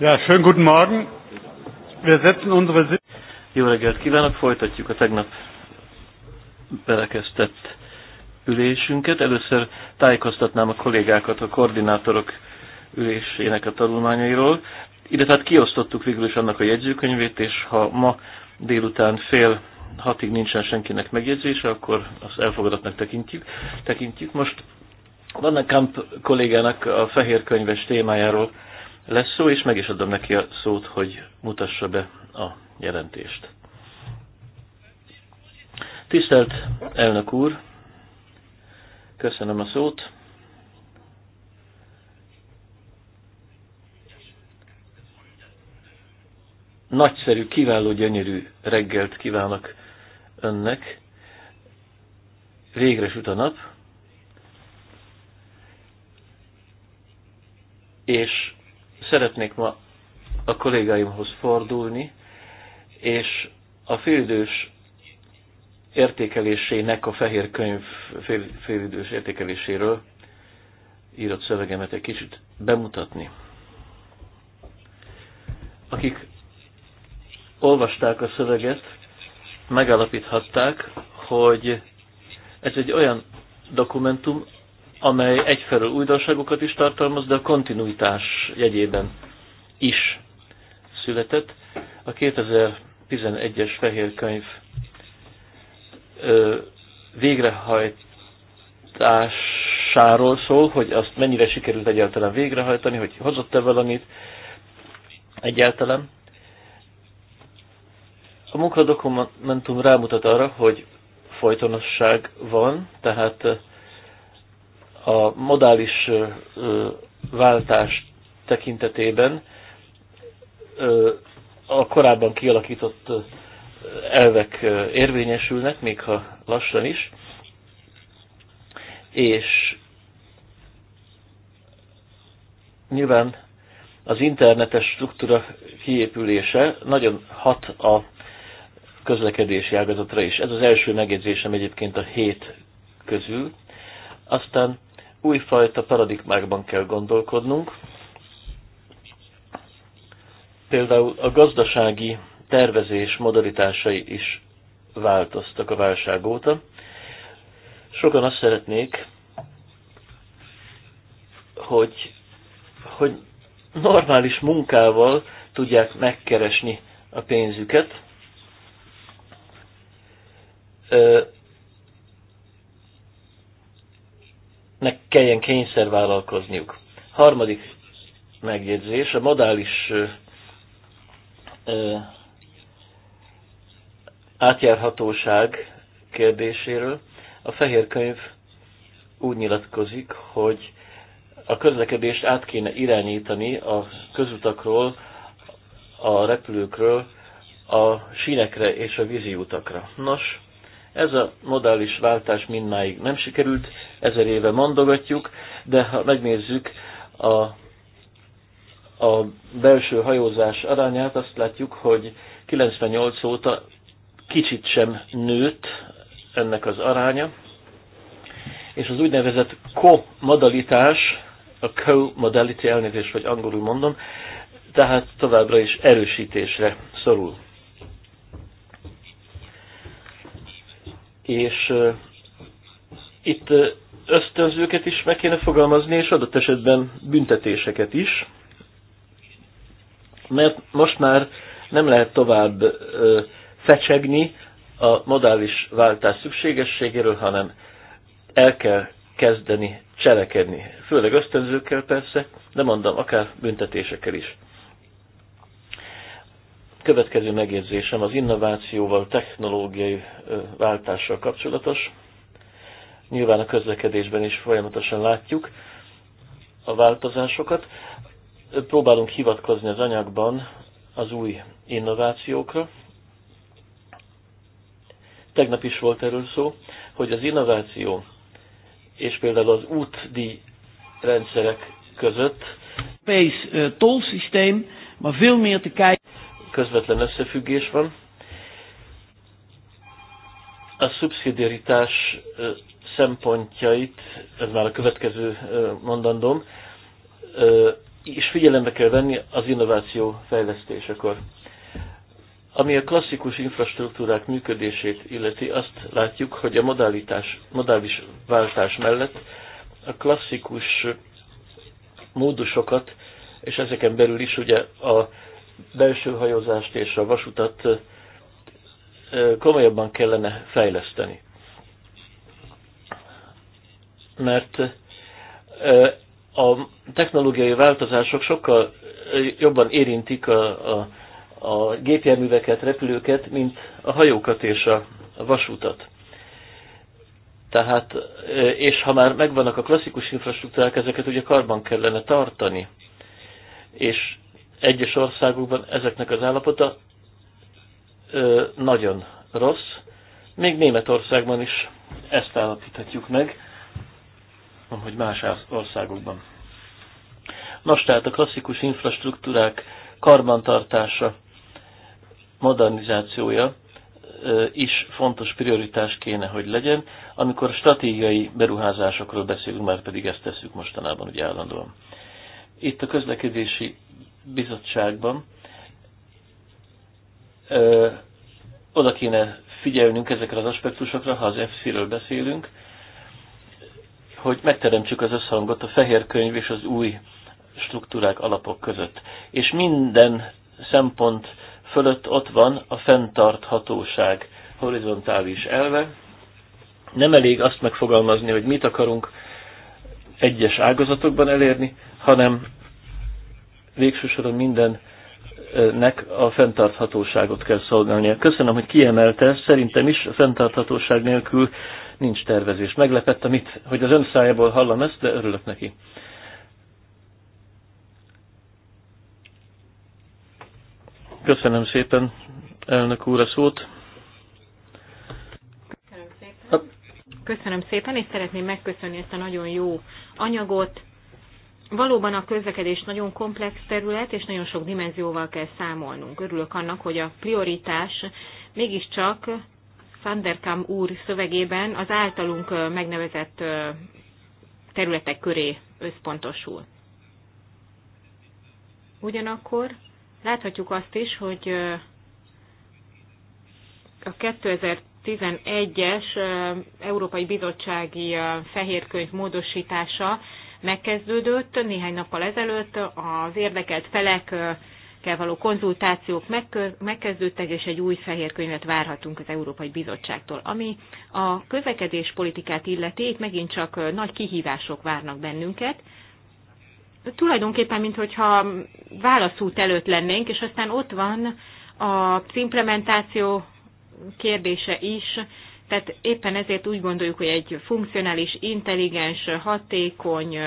Ja, schönen guten Morgen. Wir setzen unsere Sitzung. Jó reggelt kívánok, folytatjuk a tegnap belekezdett ülésünket. Először tájékoztatnám a kollégákat a koordinátorok ülésének a tanulmányairól. Ide tehát kiosztottuk végül is annak a jegyzőkönyvét, és ha ma délután fél hatig nincsen senkinek megjegyzése, akkor azt elfogadatnak tekintjük. tekintjük. Most Van Kamp kollégának a fehér könyves témájáról lesz szó, és meg is adom neki a szót, hogy mutassa be a jelentést. Tisztelt elnök úr, köszönöm a szót. Nagyszerű, kiváló, gyönyörű reggelt kívánok önnek. Végre süt a nap. És szeretnék ma a kollégáimhoz fordulni, és a félidős értékelésének a fehér könyv fél, félidős értékeléséről írott szövegemet egy kicsit bemutatni. Akik olvasták a szöveget, megállapíthatták, hogy ez egy olyan dokumentum, amely egyfelől újdonságokat is tartalmaz, de a kontinuitás jegyében is született. A 2011-es fehér könyv végrehajtásáról szól, hogy azt mennyire sikerült egyáltalán végrehajtani, hogy hozott-e valamit egyáltalán. A munkadokumentum rámutat arra, hogy folytonosság van, tehát a modális váltás tekintetében a korábban kialakított elvek érvényesülnek, még ha lassan is, és nyilván az internetes struktúra kiépülése nagyon hat a közlekedési ágazatra is. Ez az első megjegyzésem egyébként a hét közül. Aztán újfajta paradigmákban kell gondolkodnunk. Például a gazdasági tervezés modalitásai is változtak a válság óta. Sokan azt szeretnék, hogy, hogy normális munkával tudják megkeresni a pénzüket. ne kelljen kényszer vállalkozniuk. Harmadik megjegyzés, a modális ö, átjárhatóság kérdéséről. A fehér könyv úgy nyilatkozik, hogy a közlekedést át kéne irányítani a közutakról, a repülőkről, a sínekre és a vízi utakra. Nos, ez a modális váltás mindmáig nem sikerült, ezer éve mondogatjuk, de ha megnézzük a, a belső hajózás arányát, azt látjuk, hogy 98 óta kicsit sem nőtt ennek az aránya, és az úgynevezett co-modalitás, a co-modality elnézést, vagy angolul mondom, tehát továbbra is erősítésre szorul. és itt ösztönzőket is meg kéne fogalmazni, és adott esetben büntetéseket is, mert most már nem lehet tovább fecsegni a modális váltás szükségességéről, hanem el kell kezdeni cselekedni. Főleg ösztönzőkkel persze, de mondom, akár büntetésekkel is. Következő megjegyzésem az innovációval, technológiai váltással kapcsolatos. Nyilván a közlekedésben is folyamatosan látjuk a változásokat. Próbálunk hivatkozni az anyagban az új innovációkra. Tegnap is volt erről szó, hogy az innováció és például az útdi rendszerek között. Space uh, system, ma veel meer te kijken közvetlen összefüggés van. A szubszidiaritás szempontjait, ez már a következő mondandóm, és figyelembe kell venni az innováció fejlesztésekor. Ami a klasszikus infrastruktúrák működését illeti, azt látjuk, hogy a modálitás, modális váltás mellett a klasszikus módusokat, és ezeken belül is ugye a belső hajózást és a vasutat komolyabban kellene fejleszteni. Mert a technológiai változások sokkal jobban érintik a, a, a gépjárműveket, repülőket, mint a hajókat és a, vasutat. Tehát, és ha már megvannak a klasszikus infrastruktúrák, ezeket ugye karban kellene tartani. És egyes országokban ezeknek az állapota ö, nagyon rossz. Még Németországban is ezt állapíthatjuk meg, hogy más országokban. Nos, tehát a klasszikus infrastruktúrák karbantartása, modernizációja is fontos prioritás kéne, hogy legyen, amikor stratégiai beruházásokról beszélünk, már pedig ezt tesszük mostanában ugye állandóan. Itt a közlekedési bizottságban ö, oda kéne figyelnünk ezekre az aspektusokra, ha az FC-ről beszélünk, hogy megteremtsük az összhangot a fehér könyv és az új struktúrák alapok között. És minden szempont fölött ott van a fenntarthatóság horizontális elve. Nem elég azt megfogalmazni, hogy mit akarunk egyes ágazatokban elérni, hanem végső soron mindennek a fenntarthatóságot kell szolgálnia. Köszönöm, hogy kiemelte, szerintem is a fenntarthatóság nélkül nincs tervezés. Meglepett, amit, hogy az ön szájából hallom ezt, de örülök neki. Köszönöm szépen, elnök úr, a szót. Köszönöm szépen. Köszönöm szépen, és szeretném megköszönni ezt a nagyon jó anyagot. Valóban a közlekedés nagyon komplex terület, és nagyon sok dimenzióval kell számolnunk. Örülök annak, hogy a prioritás mégiscsak Sanderkam úr szövegében az általunk megnevezett területek köré összpontosul. Ugyanakkor láthatjuk azt is, hogy a 2011-es Európai Bizottsági Fehérkönyv módosítása megkezdődött néhány nappal ezelőtt, az érdekelt felekkel való konzultációk megkezdődtek, és egy új fehér könyvet várhatunk az Európai Bizottságtól. Ami a közlekedés politikát illeti, itt megint csak nagy kihívások várnak bennünket, tulajdonképpen, mintha válaszút előtt lennénk, és aztán ott van az implementáció kérdése is, tehát éppen ezért úgy gondoljuk, hogy egy funkcionális, intelligens, hatékony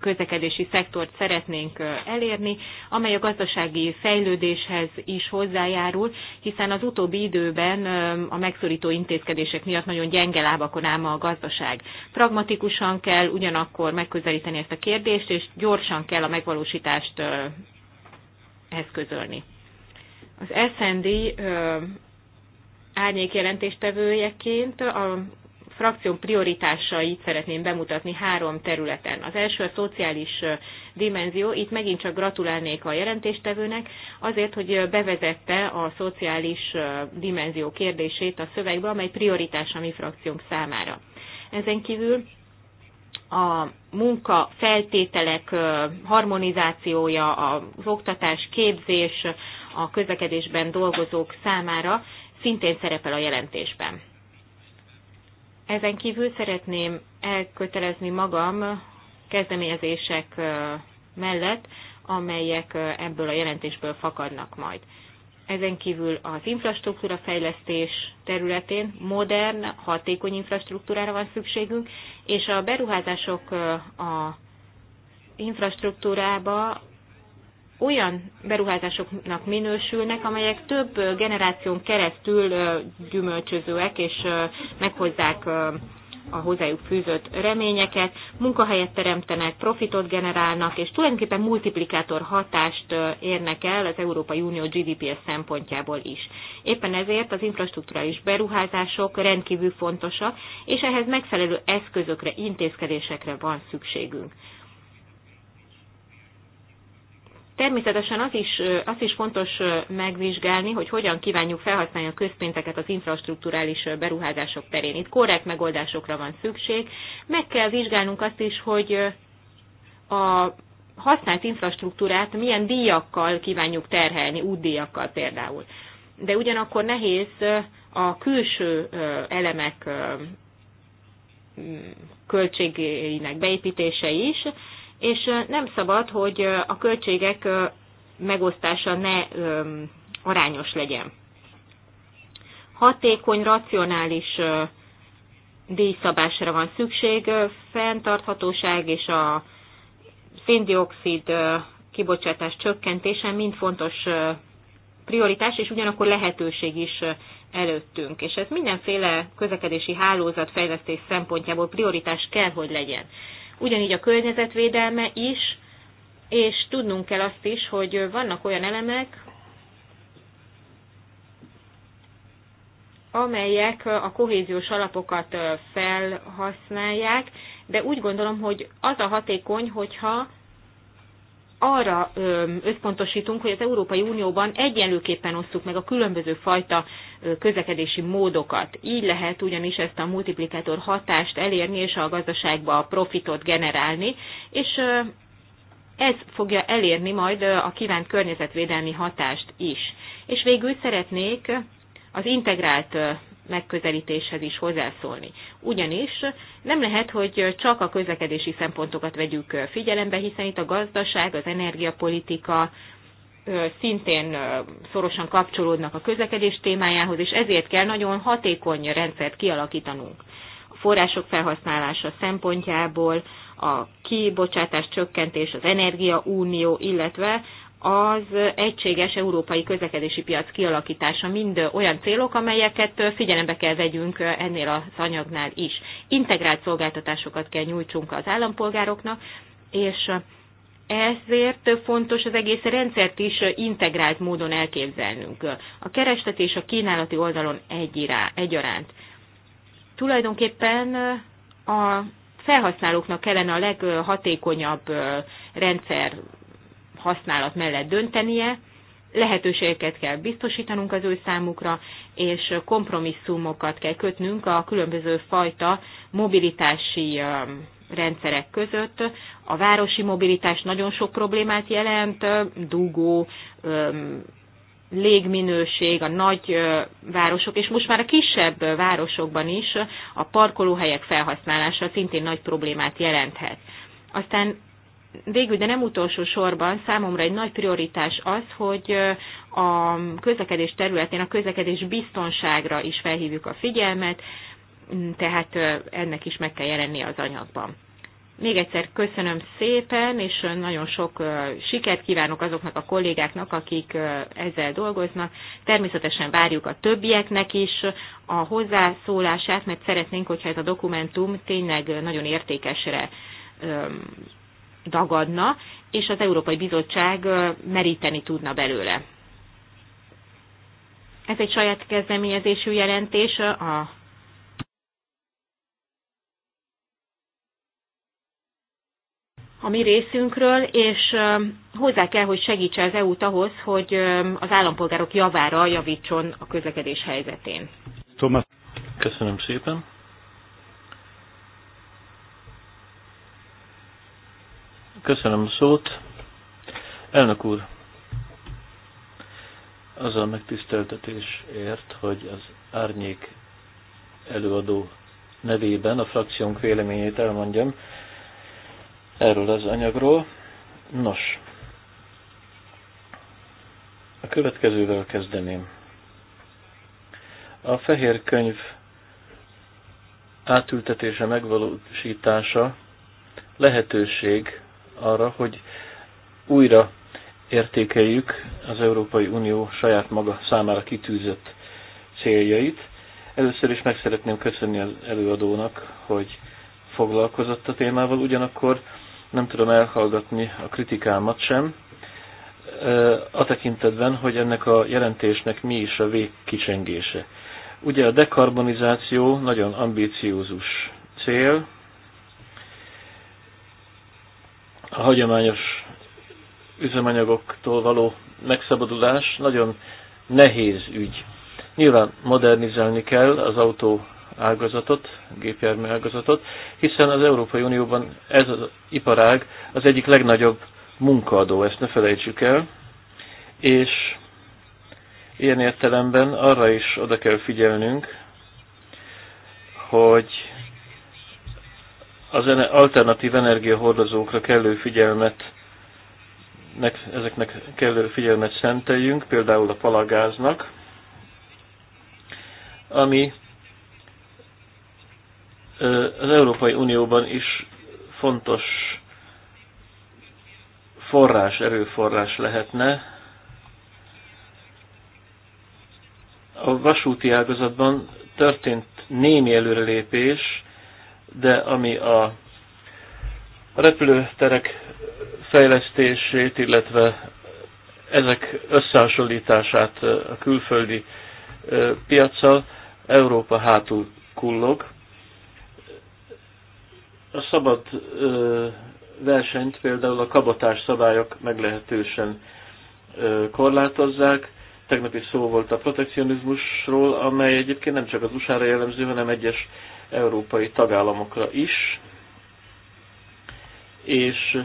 közlekedési szektort szeretnénk elérni, amely a gazdasági fejlődéshez is hozzájárul, hiszen az utóbbi időben a megszorító intézkedések miatt nagyon gyenge lábakon áll ma a gazdaság. Pragmatikusan kell ugyanakkor megközelíteni ezt a kérdést, és gyorsan kell a megvalósítást eszközölni. Az SND árnyék jelentéstevőjeként a frakció prioritásait szeretném bemutatni három területen. Az első a szociális dimenzió, itt megint csak gratulálnék a jelentéstevőnek azért, hogy bevezette a szociális dimenzió kérdését a szövegbe, amely prioritás a mi frakciónk számára. Ezen kívül a munka feltételek harmonizációja, az oktatás, képzés, a közlekedésben dolgozók számára szintén szerepel a jelentésben. Ezen kívül szeretném elkötelezni magam kezdeményezések mellett, amelyek ebből a jelentésből fakadnak majd. Ezen kívül az infrastruktúra fejlesztés területén modern, hatékony infrastruktúrára van szükségünk, és a beruházások a infrastruktúrába olyan beruházásoknak minősülnek, amelyek több generáción keresztül gyümölcsözőek, és meghozzák a hozzájuk fűzött reményeket, munkahelyet teremtenek, profitot generálnak, és tulajdonképpen multiplikátor hatást érnek el az Európai Unió GDP-es szempontjából is. Éppen ezért az infrastruktúrális beruházások rendkívül fontosak, és ehhez megfelelő eszközökre, intézkedésekre van szükségünk. Természetesen az is, az is fontos megvizsgálni, hogy hogyan kívánjuk felhasználni a közpénzeket az infrastruktúrális beruházások terén. Itt korrekt megoldásokra van szükség. Meg kell vizsgálnunk azt is, hogy a használt infrastruktúrát milyen díjakkal kívánjuk terhelni, útdíjakkal például. De ugyanakkor nehéz a külső elemek költségeinek beépítése is, és nem szabad, hogy a költségek megosztása ne arányos legyen. Hatékony, racionális díjszabásra van szükség, fenntarthatóság és a széndiokszid kibocsátás csökkentése mind fontos prioritás, és ugyanakkor lehetőség is előttünk. És ez mindenféle közlekedési hálózatfejlesztés szempontjából prioritás kell, hogy legyen ugyanígy a környezetvédelme is, és tudnunk kell azt is, hogy vannak olyan elemek, amelyek a kohéziós alapokat felhasználják, de úgy gondolom, hogy az a hatékony, hogyha arra összpontosítunk, hogy az Európai Unióban egyenlőképpen osztuk meg a különböző fajta közlekedési módokat. Így lehet ugyanis ezt a multiplikátor hatást elérni és a gazdaságba a profitot generálni, és ez fogja elérni majd a kívánt környezetvédelmi hatást is. És végül szeretnék az integrált megközelítéshez is hozzászólni. Ugyanis nem lehet, hogy csak a közlekedési szempontokat vegyük figyelembe, hiszen itt a gazdaság, az energiapolitika szintén szorosan kapcsolódnak a közlekedés témájához, és ezért kell nagyon hatékony rendszert kialakítanunk. A források felhasználása szempontjából a kibocsátás csökkentés, az energiaunió, illetve az egységes európai közlekedési piac kialakítása mind olyan célok, amelyeket figyelembe kell vegyünk ennél az anyagnál is. Integrált szolgáltatásokat kell nyújtsunk az állampolgároknak, és ezért fontos az egész rendszert is integrált módon elképzelnünk. A kereslet és a kínálati oldalon egyaránt. Tulajdonképpen a felhasználóknak kellene a leghatékonyabb rendszer használat mellett döntenie, lehetőségeket kell biztosítanunk az ő számukra, és kompromisszumokat kell kötnünk a különböző fajta mobilitási rendszerek között. A városi mobilitás nagyon sok problémát jelent, dugó, légminőség, a nagy városok, és most már a kisebb városokban is a parkolóhelyek felhasználása szintén nagy problémát jelenthet. Aztán végül, de nem utolsó sorban számomra egy nagy prioritás az, hogy a közlekedés területén a közlekedés biztonságra is felhívjuk a figyelmet, tehát ennek is meg kell jelenni az anyagban. Még egyszer köszönöm szépen, és nagyon sok sikert kívánok azoknak a kollégáknak, akik ezzel dolgoznak. Természetesen várjuk a többieknek is a hozzászólását, mert szeretnénk, hogyha ez a dokumentum tényleg nagyon értékesre dagadna, és az Európai Bizottság meríteni tudna belőle. Ez egy saját kezdeményezésű jelentés a a mi részünkről, és hozzá kell, hogy segítse az EU-t ahhoz, hogy az állampolgárok javára javítson a közlekedés helyzetén. Thomas. Köszönöm szépen. Köszönöm a szót. Elnök úr, az a megtiszteltetésért, hogy az árnyék előadó nevében a frakciónk véleményét elmondjam erről az anyagról. Nos, a következővel kezdeném. A fehér könyv átültetése, megvalósítása lehetőség arra, hogy újra értékeljük az Európai Unió saját maga számára kitűzött céljait. Először is meg szeretném köszönni az előadónak, hogy foglalkozott a témával, ugyanakkor nem tudom elhallgatni a kritikámat sem, a tekintetben, hogy ennek a jelentésnek mi is a végkicsengése. Ugye a dekarbonizáció nagyon ambíciózus cél, a hagyományos üzemanyagoktól való megszabadulás nagyon nehéz ügy. Nyilván modernizálni kell az autó ágazatot, gépjármű ágazatot, hiszen az Európai Unióban ez az iparág az egyik legnagyobb munkaadó, ezt ne felejtsük el, és ilyen értelemben arra is oda kell figyelnünk, hogy az alternatív energiahordozókra kellő figyelmet ezeknek kellő figyelmet szenteljünk, például a palagáznak, ami az Európai Unióban is fontos forrás, erőforrás lehetne. A vasúti ágazatban történt némi előrelépés, de ami a repülőterek fejlesztését, illetve ezek összehasonlítását a külföldi piacsal, Európa hátul kullog. A szabad versenyt például a kabotás szabályok meglehetősen korlátozzák. Tegnap is szó volt a protekcionizmusról, amely egyébként nem csak az USA-ra jellemző, hanem egyes európai tagállamokra is, és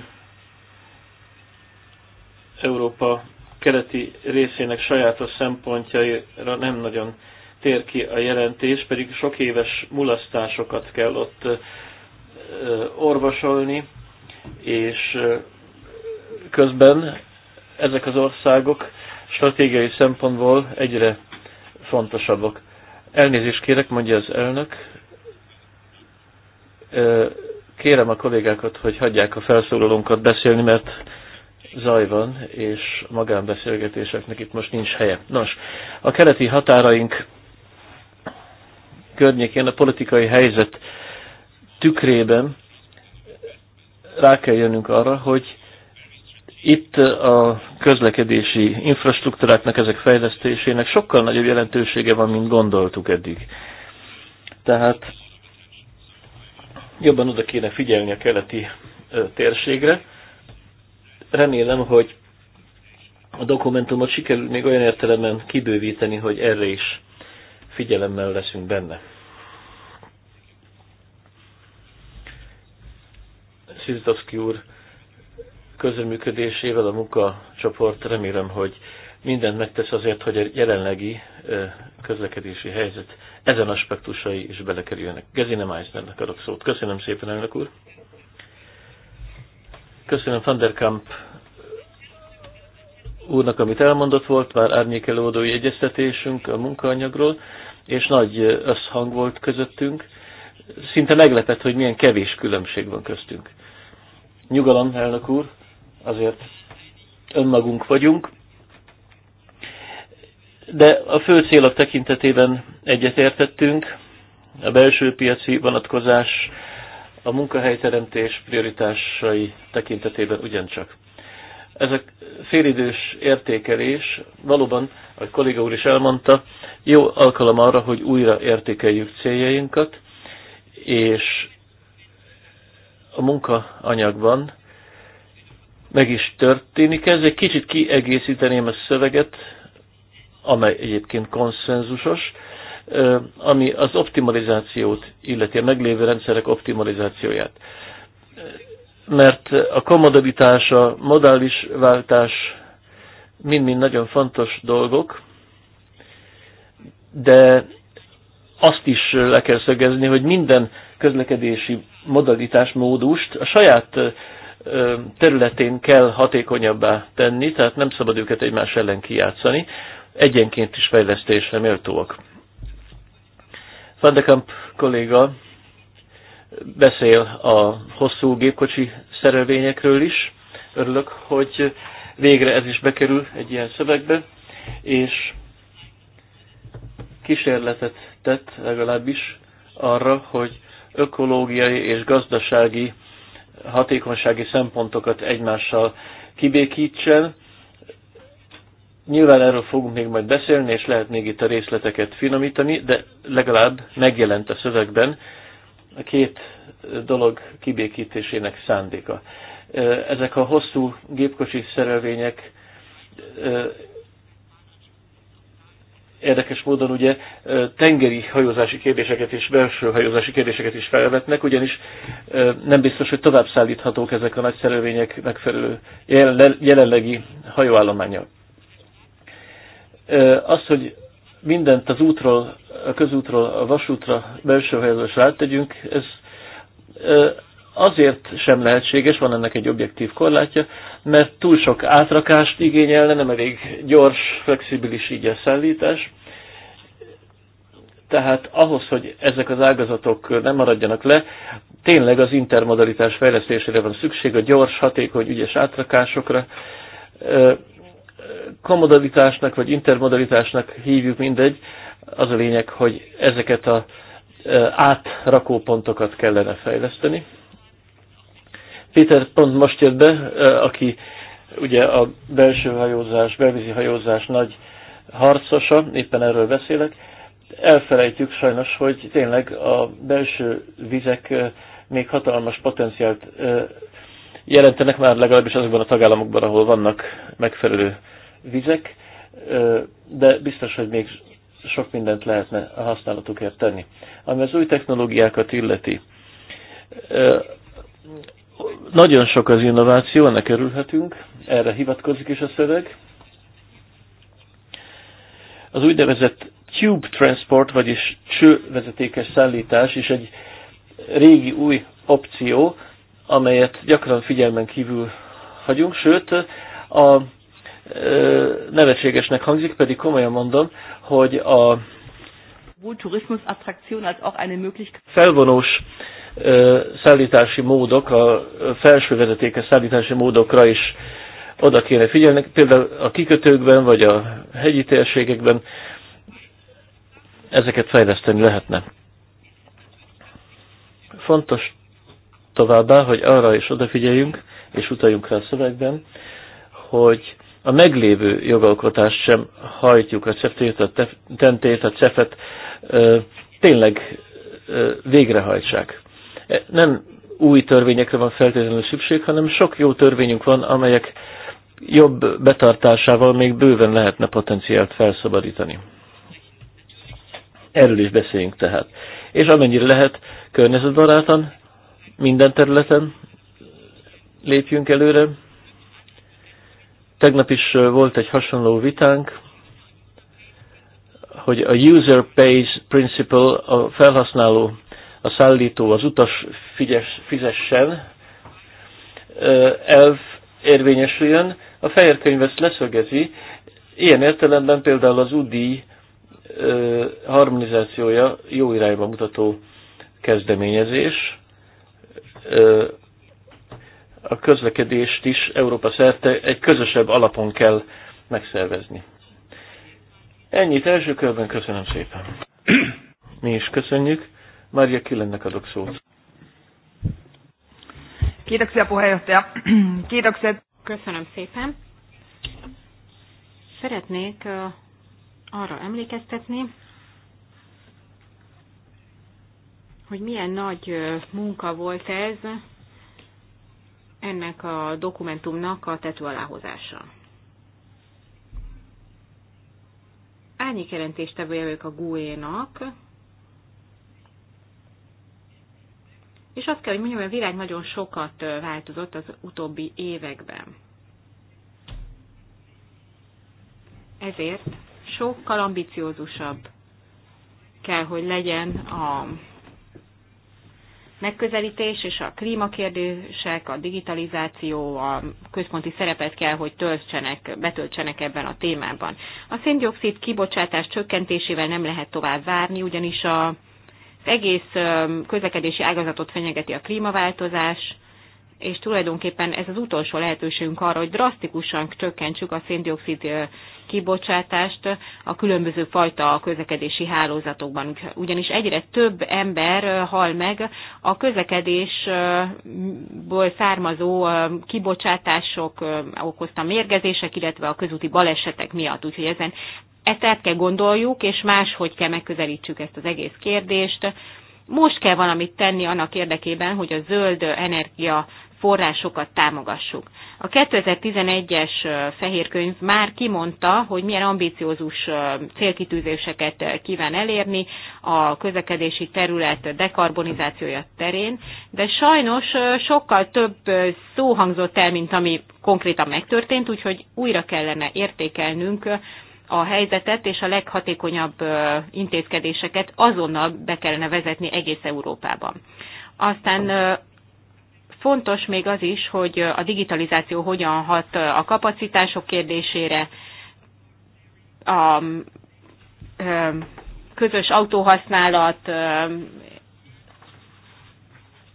Európa keleti részének sajátos szempontjaira nem nagyon tér ki a jelentés, pedig sok éves mulasztásokat kell ott orvosolni, és közben ezek az országok stratégiai szempontból egyre fontosabbak. Elnézést kérek, mondja az elnök, Kérem a kollégákat, hogy hagyják a felszólalónkat beszélni, mert zaj van, és magánbeszélgetéseknek itt most nincs helye. Nos, a keleti határaink környékén a politikai helyzet tükrében rá kell jönnünk arra, hogy itt a közlekedési infrastruktúráknak, ezek fejlesztésének sokkal nagyobb jelentősége van, mint gondoltuk eddig. Tehát Jobban oda kéne figyelni a keleti térségre. Remélem, hogy a dokumentumot sikerül még olyan értelemben kibővíteni, hogy erre is figyelemmel leszünk benne. Szizdowski úr közreműködésével a munkacsoport remélem, hogy mindent megtesz azért, hogy a jelenlegi közlekedési helyzet ezen aspektusai is belekerülnek. Gezine Meissnernek adok szót. Köszönöm szépen, elnök úr. Köszönöm Van der Kamp úrnak, amit elmondott volt, már árnyékelődői egyeztetésünk a munkaanyagról, és nagy összhang volt közöttünk. Szinte meglepett, hogy milyen kevés különbség van köztünk. Nyugalom, elnök úr, azért önmagunk vagyunk, de a fő célok tekintetében egyetértettünk, a belső piaci vonatkozás, a munkahelyteremtés prioritásai tekintetében ugyancsak. Ez a félidős értékelés valóban, ahogy kolléga úr is elmondta, jó alkalom arra, hogy újra értékeljük céljainkat, és a munkaanyagban meg is történik. Ez egy kicsit kiegészíteném a szöveget, amely egyébként konszenzusos, ami az optimalizációt illeti, a meglévő rendszerek optimalizációját. Mert a komodabitás, a modális váltás mind-mind nagyon fontos dolgok, de azt is le kell szögezni, hogy minden közlekedési modalitás, módust a saját területén kell hatékonyabbá tenni, tehát nem szabad őket egymás ellen kijátszani egyenként is fejlesztésre méltóak. Van de Kamp kolléga beszél a hosszú gépkocsi szerelvényekről is. Örülök, hogy végre ez is bekerül egy ilyen szövegbe, és kísérletet tett legalábbis arra, hogy ökológiai és gazdasági hatékonysági szempontokat egymással kibékítsen, Nyilván erről fogunk még majd beszélni, és lehet még itt a részleteket finomítani, de legalább megjelent a szövegben a két dolog kibékítésének szándéka. Ezek a hosszú gépkocsi szerelvények érdekes módon ugye tengeri hajózási kérdéseket és belső hajózási kérdéseket is felvetnek, ugyanis nem biztos, hogy tovább szállíthatók ezek a nagy szerelvények megfelelő jelenlegi hajóállományok. Az, hogy mindent az útról, a közútról, a vasútra, belső helyezésre rátegyünk, ez azért sem lehetséges, van ennek egy objektív korlátja, mert túl sok átrakást igényelne, nem elég gyors, flexibilis így a szállítás. Tehát ahhoz, hogy ezek az ágazatok nem maradjanak le, tényleg az intermodalitás fejlesztésére van szükség, a gyors, hatékony, ügyes átrakásokra, komodalitásnak vagy intermodalitásnak hívjuk mindegy, az a lényeg, hogy ezeket a e, átrakópontokat kellene fejleszteni. Péter pont most jött be, e, aki ugye a belső hajózás, belvízi hajózás nagy harcosa, éppen erről beszélek. Elfelejtjük sajnos, hogy tényleg a belső vizek e, még hatalmas potenciált jelentenek már legalábbis azokban a tagállamokban, ahol vannak megfelelő vizek, de biztos, hogy még sok mindent lehetne a használatukért tenni. Ami az új technológiákat illeti, nagyon sok az innováció, ennek örülhetünk, erre hivatkozik is a szöveg. Az úgynevezett tube transport, vagyis csővezetékes szállítás is egy régi új opció, amelyet gyakran figyelmen kívül hagyunk, sőt a nevetségesnek hangzik, pedig komolyan mondom, hogy a felvonós szállítási módok, a felső vezetékes szállítási módokra is oda kéne figyelni, például a kikötőkben, vagy a hegyi térségekben ezeket fejleszteni lehetne. Fontos továbbá, hogy arra is odafigyeljünk, és utaljunk rá a szövegben, hogy a meglévő jogalkotást sem hajtjuk, a cef a TENTÉT, a cefet et tényleg végrehajtsák. E, nem új törvényekre van feltétlenül szükség, hanem sok jó törvényünk van, amelyek jobb betartásával még bőven lehetne potenciált felszabadítani. Erről is beszéljünk tehát. És amennyire lehet, környezetbarátan, minden területen lépjünk előre, Tegnap is volt egy hasonló vitánk, hogy a user pays principle, a felhasználó, a szállító, az utas figyes, fizessen elv érvényesüljön. A fehér könyv ezt leszögezi. Ilyen értelemben például az UDI harmonizációja jó irányba mutató kezdeményezés a közlekedést is Európa szerte egy közösebb alapon kell megszervezni. Ennyit első körben köszönöm szépen. Mi is köszönjük. Mária Killennek adok szót. a pohelyosztja. Kiitokset. Köszönöm szépen. Szeretnék arra emlékeztetni, hogy milyen nagy munka volt ez, ennek a dokumentumnak a tető aláhozása. Árnyék jelentéstevője vagyok a GUE-nak, és azt kell, hogy mondjam, hogy a világ nagyon sokat változott az utóbbi években. Ezért sokkal ambiciózusabb kell, hogy legyen a megközelítés, és a klímakérdések, a digitalizáció a központi szerepet kell, hogy töltsenek, betöltsenek ebben a témában. A széndiokszid kibocsátás csökkentésével nem lehet tovább várni, ugyanis a, az egész közlekedési ágazatot fenyegeti a klímaváltozás, és tulajdonképpen ez az utolsó lehetőségünk arra, hogy drasztikusan csökkentsük a széndiokszid kibocsátást a különböző fajta közlekedési hálózatokban. Ugyanis egyre több ember hal meg a közlekedésből származó kibocsátások okozta mérgezések, illetve a közúti balesetek miatt. Úgyhogy ezen ezt át kell gondoljuk, és máshogy kell megközelítsük ezt az egész kérdést. Most kell valamit tenni annak érdekében, hogy a zöld energia forrásokat támogassuk. A 2011-es fehér könyv már kimondta, hogy milyen ambíciózus célkitűzéseket kíván elérni a közlekedési terület dekarbonizációja terén, de sajnos sokkal több szó hangzott el, mint ami konkrétan megtörtént, úgyhogy újra kellene értékelnünk a helyzetet és a leghatékonyabb intézkedéseket azonnal be kellene vezetni egész Európában. Aztán Fontos még az is, hogy a digitalizáció hogyan hat a kapacitások kérdésére, a közös autóhasználat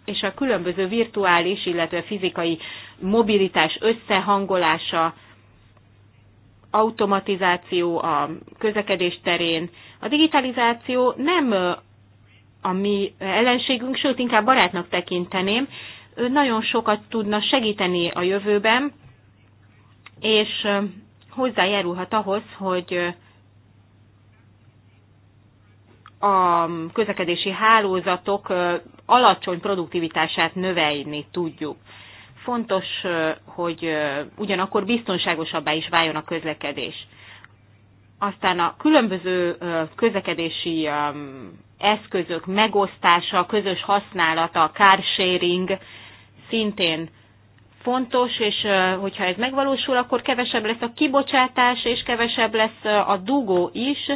és a különböző virtuális, illetve fizikai mobilitás összehangolása, automatizáció a közlekedés terén. A digitalizáció nem a mi ellenségünk, sőt inkább barátnak tekinteném, nagyon sokat tudna segíteni a jövőben, és hozzájárulhat ahhoz, hogy a közlekedési hálózatok alacsony produktivitását növelni tudjuk. Fontos, hogy ugyanakkor biztonságosabbá is váljon a közlekedés. Aztán a különböző közlekedési eszközök megosztása, közös használata, a car sharing, szintén fontos, és hogyha ez megvalósul, akkor kevesebb lesz a kibocsátás, és kevesebb lesz a dugó is,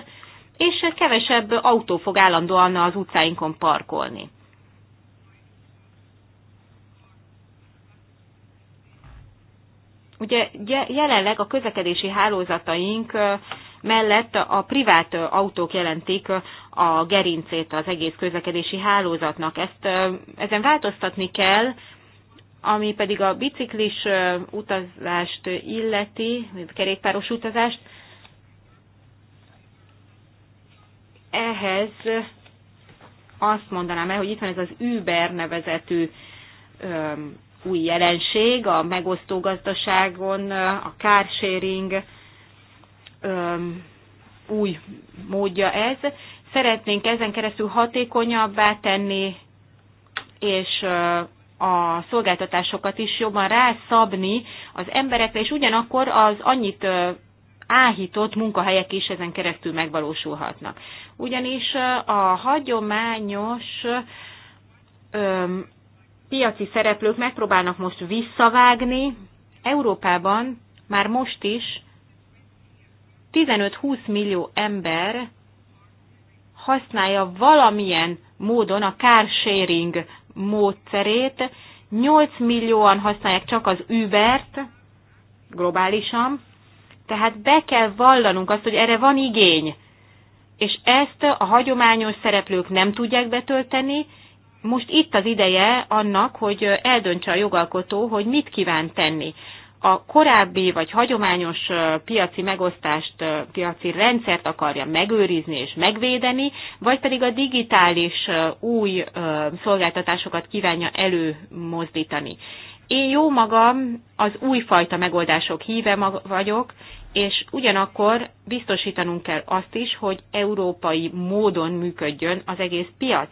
és kevesebb autó fog állandóan az utcáinkon parkolni. Ugye jelenleg a közlekedési hálózataink mellett a privát autók jelentik a gerincét az egész közlekedési hálózatnak. Ezt ezen változtatni kell, ami pedig a biciklis utazást illeti, kerékpáros utazást, ehhez azt mondanám el, hogy itt van ez az Uber nevezetű öm, új jelenség, a megosztó gazdaságon, a carsharing új módja ez. Szeretnénk ezen keresztül hatékonyabbá tenni és a szolgáltatásokat is jobban rászabni az emberekre, és ugyanakkor az annyit áhított munkahelyek is ezen keresztül megvalósulhatnak. Ugyanis a hagyományos öm, piaci szereplők megpróbálnak most visszavágni. Európában már most is 15-20 millió ember használja valamilyen módon a car sharing módszerét. 8 millióan használják csak az Uber-t globálisan, tehát be kell vallanunk azt, hogy erre van igény. És ezt a hagyományos szereplők nem tudják betölteni, most itt az ideje annak, hogy eldöntse a jogalkotó, hogy mit kíván tenni a korábbi vagy hagyományos piaci megosztást, piaci rendszert akarja megőrizni és megvédeni, vagy pedig a digitális új szolgáltatásokat kívánja előmozdítani. Én jó magam az újfajta megoldások híve vagyok, és ugyanakkor biztosítanunk kell azt is, hogy európai módon működjön az egész piac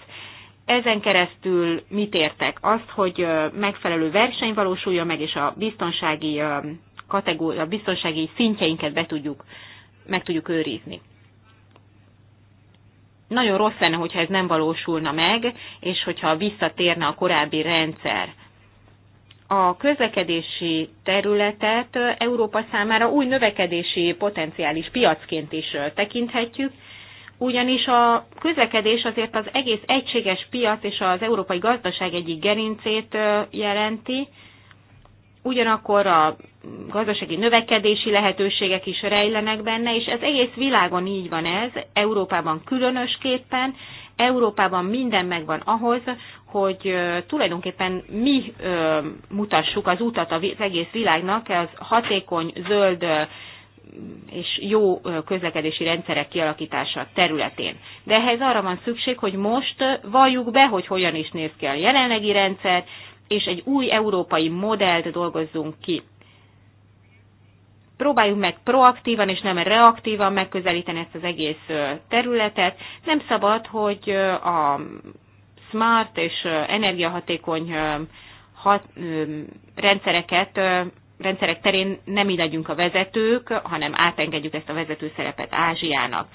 ezen keresztül mit értek? Azt, hogy megfelelő verseny valósulja meg, és a biztonsági, kategóri- a biztonsági szintjeinket be tudjuk, meg tudjuk őrizni. Nagyon rossz lenne, hogyha ez nem valósulna meg, és hogyha visszatérne a korábbi rendszer. A közlekedési területet Európa számára új növekedési potenciális piacként is tekinthetjük, ugyanis a közlekedés azért az egész egységes piac és az európai gazdaság egyik gerincét jelenti, ugyanakkor a gazdasági növekedési lehetőségek is rejlenek benne, és ez egész világon így van ez, Európában különösképpen, Európában minden megvan ahhoz, hogy tulajdonképpen mi mutassuk az utat az egész világnak, az hatékony, zöld és jó közlekedési rendszerek kialakítása területén. De ehhez arra van szükség, hogy most valljuk be, hogy hogyan is néz ki a jelenlegi rendszer, és egy új európai modellt dolgozzunk ki. Próbáljuk meg proaktívan és nem reaktívan megközelíteni ezt az egész területet. Nem szabad, hogy a smart és energiahatékony hat, rendszereket rendszerek terén nem mi legyünk a vezetők, hanem átengedjük ezt a vezető szerepet Ázsiának.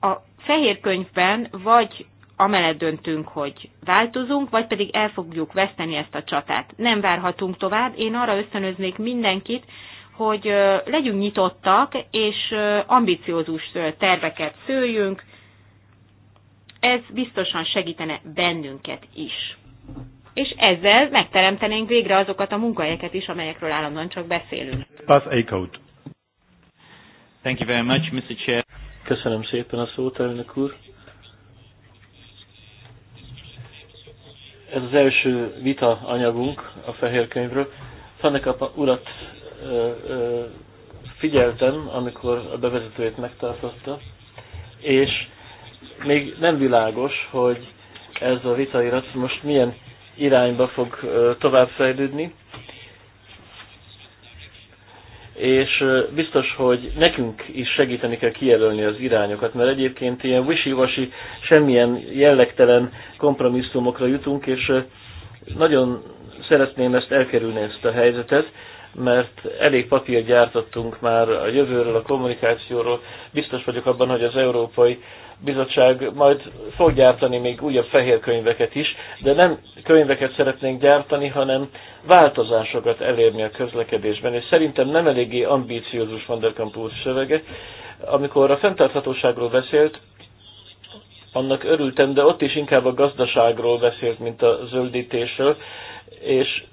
A fehér könyvben vagy amellett döntünk, hogy változunk, vagy pedig el fogjuk veszteni ezt a csatát. Nem várhatunk tovább. Én arra ösztönöznék mindenkit, hogy legyünk nyitottak, és ambiciózus terveket szőjünk. Ez biztosan segítene bennünket is és ezzel megteremtenénk végre azokat a munkahelyeket is, amelyekről állandóan csak beszélünk. Pass Eichhout. Thank you very much, Mr. Chair. Köszönöm szépen a szót, elnök úr. Ez az első vita anyagunk a fehér könyvről. a urat figyeltem, amikor a bevezetőjét megtartotta, és még nem világos, hogy ez a vitairat most milyen irányba fog továbbfejlődni. És biztos, hogy nekünk is segíteni kell kijelölni az irányokat, mert egyébként ilyen wishy semmilyen jellegtelen kompromisszumokra jutunk, és nagyon szeretném ezt elkerülni, ezt a helyzetet, mert elég papírt gyártottunk már a jövőről, a kommunikációról. Biztos vagyok abban, hogy az európai bizottság majd fog gyártani még újabb fehér könyveket is, de nem könyveket szeretnénk gyártani, hanem változásokat elérni a közlekedésben, és szerintem nem eléggé ambíciózus Van der Kampus szövege. Amikor a fenntarthatóságról beszélt, annak örültem, de ott is inkább a gazdaságról beszélt, mint a zöldítésről, és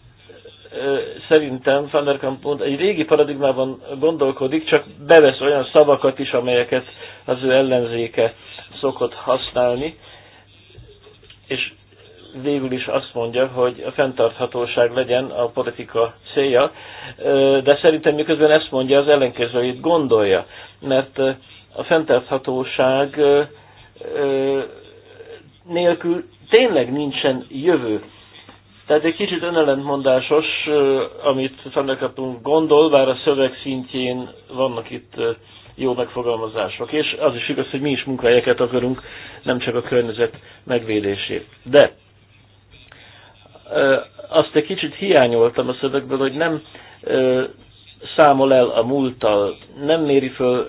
szerintem Van der Kampont egy régi paradigmában gondolkodik, csak bevesz olyan szavakat is, amelyeket az ő ellenzéke szokott használni, és végül is azt mondja, hogy a fenntarthatóság legyen a politika célja, de szerintem miközben ezt mondja, az ellenkezőjét gondolja, mert a fenntarthatóság nélkül tényleg nincsen jövő. Tehát egy kicsit önellentmondásos, amit Fenderkapunk gondol, bár a szöveg szintjén vannak itt jó megfogalmazások. És az is igaz, hogy mi is munkahelyeket akarunk, nem csak a környezet megvédését. De azt egy kicsit hiányoltam a szövegből, hogy nem számol el a múlttal, nem méri föl,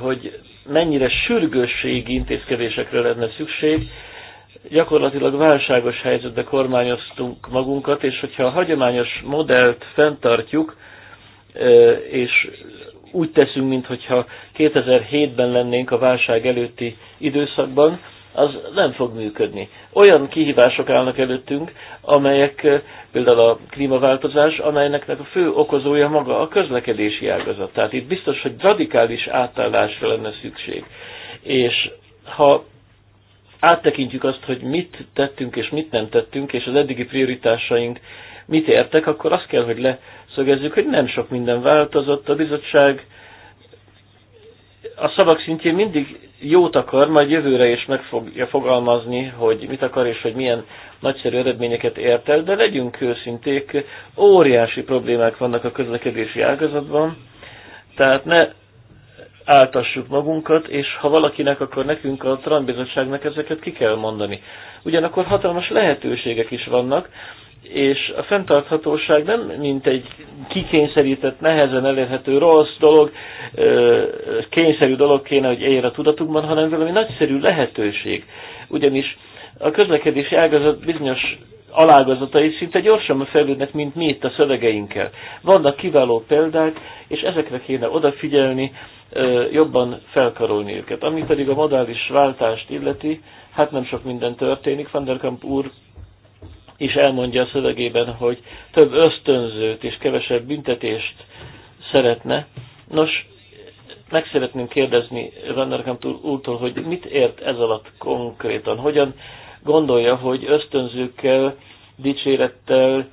hogy mennyire sürgősségi intézkedésekre lenne szükség. Gyakorlatilag válságos helyzetbe kormányoztunk magunkat, és hogyha a hagyományos modellt fenntartjuk, és úgy teszünk, mintha 2007-ben lennénk a válság előtti időszakban, az nem fog működni. Olyan kihívások állnak előttünk, amelyek eh, például a klímaváltozás, amelynek a fő okozója maga a közlekedési ágazat. Tehát itt biztos, hogy radikális átállásra lenne szükség. És ha áttekintjük azt, hogy mit tettünk és mit nem tettünk, és az eddigi prioritásaink mit értek, akkor azt kell, hogy le szögezzük, hogy nem sok minden változott. A bizottság a szavak szintjén mindig jót akar, majd jövőre is meg fogja fogalmazni, hogy mit akar és hogy milyen nagyszerű eredményeket ért el, de legyünk őszinték, óriási problémák vannak a közlekedési ágazatban, tehát ne áltassuk magunkat, és ha valakinek, akkor nekünk a Trump bizottságnak ezeket ki kell mondani. Ugyanakkor hatalmas lehetőségek is vannak, és a fenntarthatóság nem mint egy kikényszerített, nehezen elérhető rossz dolog, kényszerű dolog kéne, hogy éljen a tudatukban, hanem valami nagyszerű lehetőség. Ugyanis a közlekedési ágazat bizonyos alágazatai szinte gyorsabban fejlődnek, mint mi itt a szövegeinkkel. Vannak kiváló példák, és ezekre kéne odafigyelni, jobban felkarolni őket. Ami pedig a modális váltást illeti, hát nem sok minden történik. Van der Kamp úr is elmondja a szövegében, hogy több ösztönzőt és kevesebb büntetést szeretne. Nos, meg szeretném kérdezni Vanderkamp úrtól, hogy mit ért ez alatt konkrétan, hogyan gondolja, hogy ösztönzőkkel, dicsérettel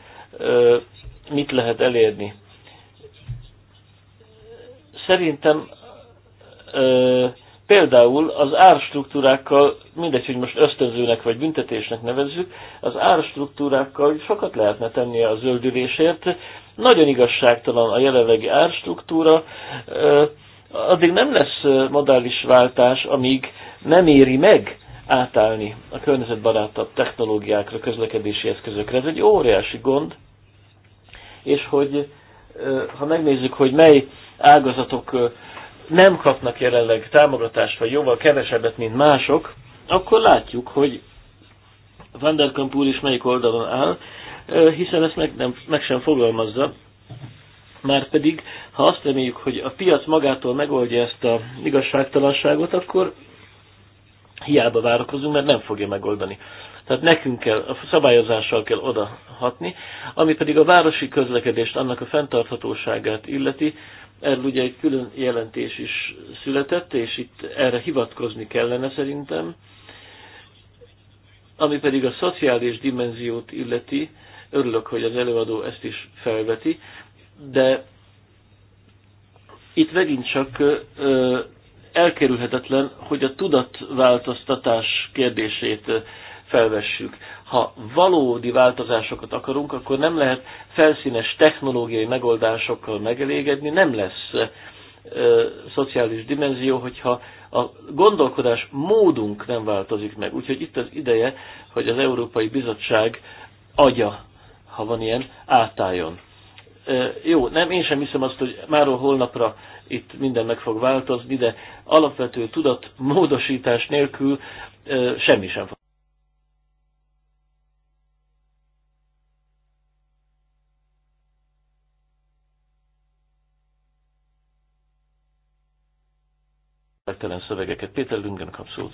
mit lehet elérni. Szerintem Például az árstruktúrákkal, mindegy, hogy most ösztönzőnek vagy büntetésnek nevezzük, az árstruktúrákkal sokat lehetne tenni a zöldülésért. Nagyon igazságtalan a jelenlegi árstruktúra. Addig nem lesz modális váltás, amíg nem éri meg átállni a környezetbarátabb technológiákra, közlekedési eszközökre. Ez egy óriási gond, és hogy ha megnézzük, hogy mely ágazatok nem kapnak jelenleg támogatást, vagy jóval kevesebbet, mint mások, akkor látjuk, hogy Van der Kamp úr is melyik oldalon áll, hiszen ezt meg, nem, meg sem fogalmazza. Márpedig, ha azt reméljük, hogy a piac magától megoldja ezt a igazságtalanságot, akkor hiába várakozunk, mert nem fogja megoldani. Tehát nekünk kell, a szabályozással kell odahatni, ami pedig a városi közlekedést, annak a fenntarthatóságát illeti, erről ugye egy külön jelentés is született, és itt erre hivatkozni kellene szerintem, ami pedig a szociális dimenziót illeti, örülök, hogy az előadó ezt is felveti, de itt megint csak elkerülhetetlen, hogy a tudatváltoztatás kérdését felvessük. Ha valódi változásokat akarunk, akkor nem lehet felszínes technológiai megoldásokkal megelégedni, nem lesz ö, szociális dimenzió, hogyha a gondolkodás módunk nem változik meg. Úgyhogy itt az ideje, hogy az Európai Bizottság agya, ha van ilyen, átálljon. Ö, jó, nem, én sem hiszem azt, hogy máról holnapra itt minden meg fog változni, de alapvető tudatmódosítás nélkül ö, semmi sem fog. értelmetlen szövegeket. Péter Lüngen kap szót.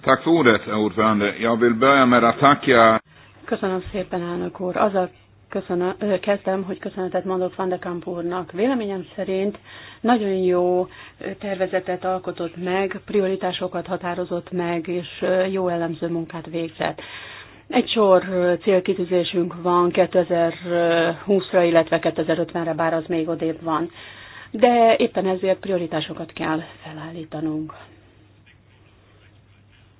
Tack för ordet, ordförande. Jag vill börja med att tacka... Köszönöm szépen, elnök úr. Azzal köszönöm, kezdem, hogy köszönetet mondok Van de Kamp úrnak. Véleményem szerint nagyon jó tervezetet alkotott meg, prioritásokat határozott meg, és jó elemző munkát végzett. Egy sor célkitűzésünk van 2020-ra, illetve 2050-re, bár az még odébb van de éppen ezért prioritásokat kell felállítanunk.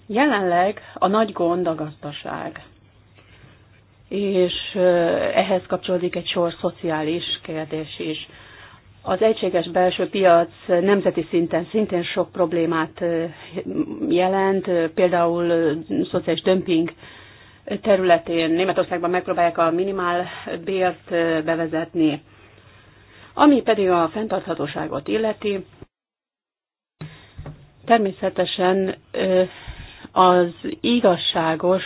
Jelenleg a nagy gond a gazdaság, és ehhez kapcsolódik egy sor szociális kérdés is. Az egységes belső piac nemzeti szinten szintén sok problémát jelent, például szociális dömping területén Németországban megpróbálják a bért bevezetni. Ami pedig a fenntarthatóságot illeti, természetesen az igazságos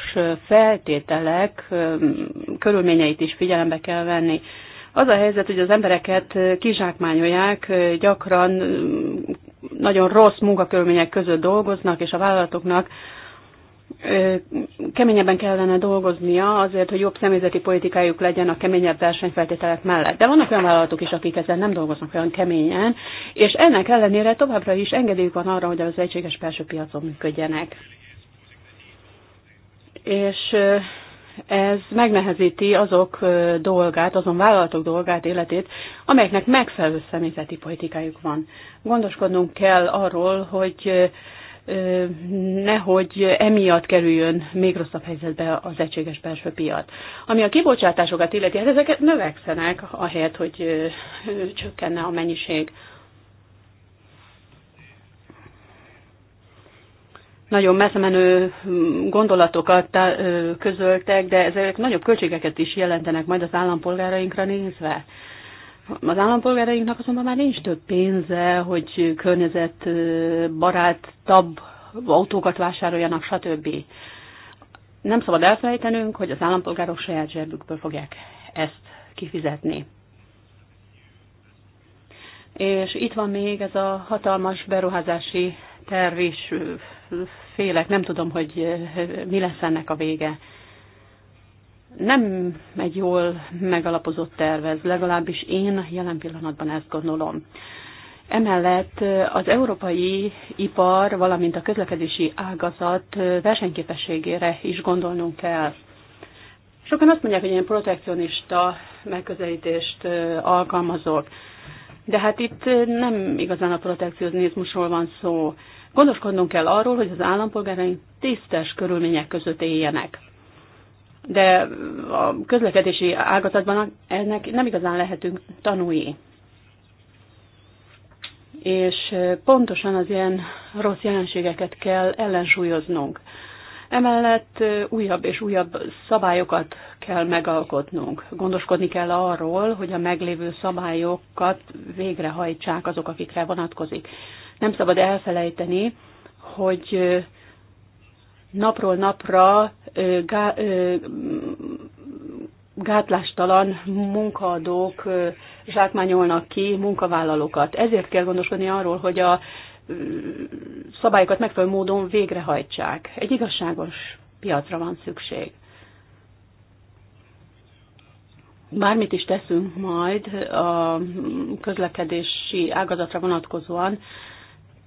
feltételek körülményeit is figyelembe kell venni. Az a helyzet, hogy az embereket kizsákmányolják, gyakran nagyon rossz munkakörülmények között dolgoznak, és a vállalatoknak keményebben kellene dolgoznia azért, hogy jobb személyzeti politikájuk legyen a keményebb versenyfeltételek mellett. De vannak olyan vállalatok is, akik ezzel nem dolgoznak olyan keményen, és ennek ellenére továbbra is engedélyük van arra, hogy az egységes belső piacon működjenek. És ez megnehezíti azok dolgát, azon vállalatok dolgát, életét, amelyeknek megfelelő személyzeti politikájuk van. Gondoskodnunk kell arról, hogy nehogy emiatt kerüljön még rosszabb helyzetbe az egységes belső piac. Ami a kibocsátásokat illeti, hát ezeket növekszenek, ahelyett, hogy csökkenne a mennyiség. Nagyon messze menő hm, gondolatokat közöltek, de ezek nagyobb költségeket is jelentenek majd az állampolgárainkra nézve. Az állampolgárainknak azonban már nincs több pénze, hogy környezetbarát, tab autókat vásároljanak, stb. Nem szabad elfelejtenünk, hogy az állampolgárok saját zsebükből fogják ezt kifizetni. És itt van még ez a hatalmas beruházási terv is, félek, nem tudom, hogy mi lesz ennek a vége nem egy jól megalapozott tervez, legalábbis én jelen pillanatban ezt gondolom. Emellett az európai ipar, valamint a közlekedési ágazat versenyképességére is gondolnunk kell. Sokan azt mondják, hogy én protekcionista megközelítést alkalmazok, de hát itt nem igazán a protekcionizmusról van szó. Gondoskodnunk kell arról, hogy az állampolgáraink tisztes körülmények között éljenek de a közlekedési ágazatban ennek nem igazán lehetünk tanúi. És pontosan az ilyen rossz jelenségeket kell ellensúlyoznunk. Emellett újabb és újabb szabályokat kell megalkotnunk. Gondoskodni kell arról, hogy a meglévő szabályokat végrehajtsák azok, akikre vonatkozik. Nem szabad elfelejteni, hogy napról napra gátlástalan munkaadók zsákmányolnak ki munkavállalókat. Ezért kell gondoskodni arról, hogy a szabályokat megfelelő módon végrehajtsák. Egy igazságos piacra van szükség. Bármit is teszünk majd a közlekedési ágazatra vonatkozóan,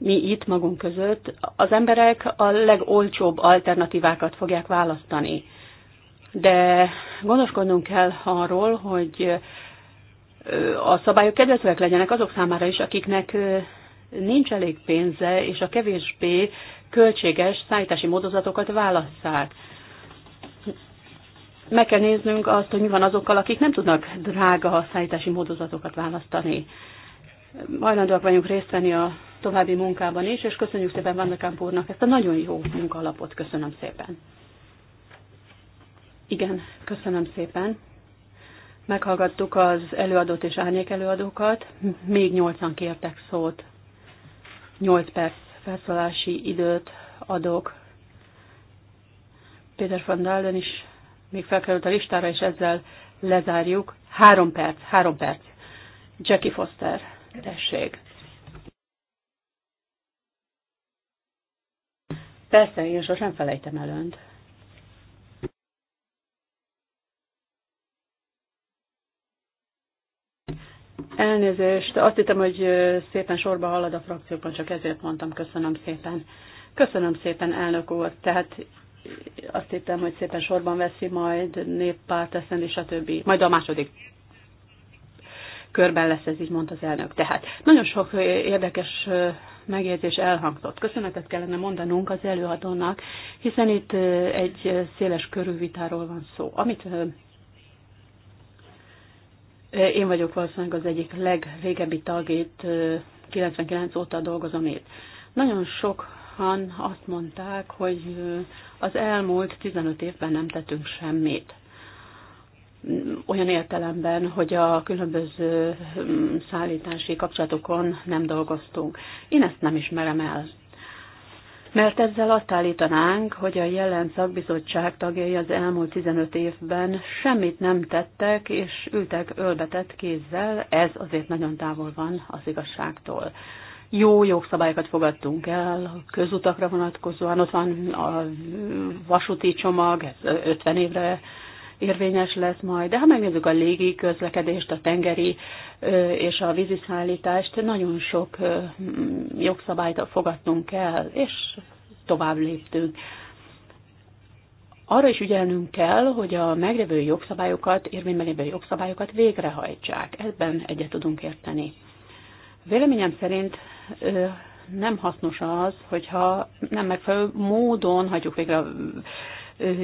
mi itt magunk között, az emberek a legolcsóbb alternatívákat fogják választani. De gondoskodnunk kell arról, hogy a szabályok kedvezőek legyenek azok számára is, akiknek nincs elég pénze, és a kevésbé költséges szállítási módozatokat válasszák. Meg kell néznünk azt, hogy mi van azokkal, akik nem tudnak drága szállítási módozatokat választani. Majlandóak vagyunk részt venni a további munkában is, és köszönjük szépen Vandekamp úrnak ezt a nagyon jó munkalapot. Köszönöm szépen. Igen, köszönöm szépen. Meghallgattuk az előadót és árnyék előadókat. Még nyolcan kértek szót. Nyolc perc felszólási időt adok. Péter van Dalen is még felkerült a listára, és ezzel lezárjuk. Három perc, három perc. Jackie Foster, tessék. Persze, én sosem felejtem el önt. Elnézést, azt hittem, hogy szépen sorba halad a frakciókban, csak ezért mondtam, köszönöm szépen. Köszönöm szépen, elnök úr. Tehát azt hittem, hogy szépen sorban veszi, majd néppárt, eszendi, stb. Majd a második körben lesz ez, így mondta az elnök. Tehát nagyon sok érdekes megjegyzés elhangzott. Köszönetet kellene mondanunk az előadónak, hiszen itt egy széles körű vitáról van szó. Amit én vagyok valószínűleg az egyik legrégebbi tagét, 99 óta dolgozom itt. Nagyon sokan azt mondták, hogy az elmúlt 15 évben nem tettünk semmit olyan értelemben, hogy a különböző hm, szállítási kapcsolatokon nem dolgoztunk. Én ezt nem ismerem el. Mert ezzel azt állítanánk, hogy a jelen szakbizottság tagjai az elmúlt 15 évben semmit nem tettek, és ültek ölbetett kézzel, ez azért nagyon távol van az igazságtól. Jó jogszabályokat fogadtunk el, közutakra vonatkozóan, ott van a vasúti csomag, ez 50 évre érvényes lesz majd. De ha megnézzük a légi közlekedést, a tengeri és a víziszállítást, nagyon sok jogszabályt fogadtunk el, és tovább léptünk. Arra is ügyelnünk kell, hogy a meglevő jogszabályokat, érvényben lévő jogszabályokat végrehajtsák. Ebben egyet tudunk érteni. Véleményem szerint nem hasznos az, hogyha nem megfelelő módon hagyjuk végre a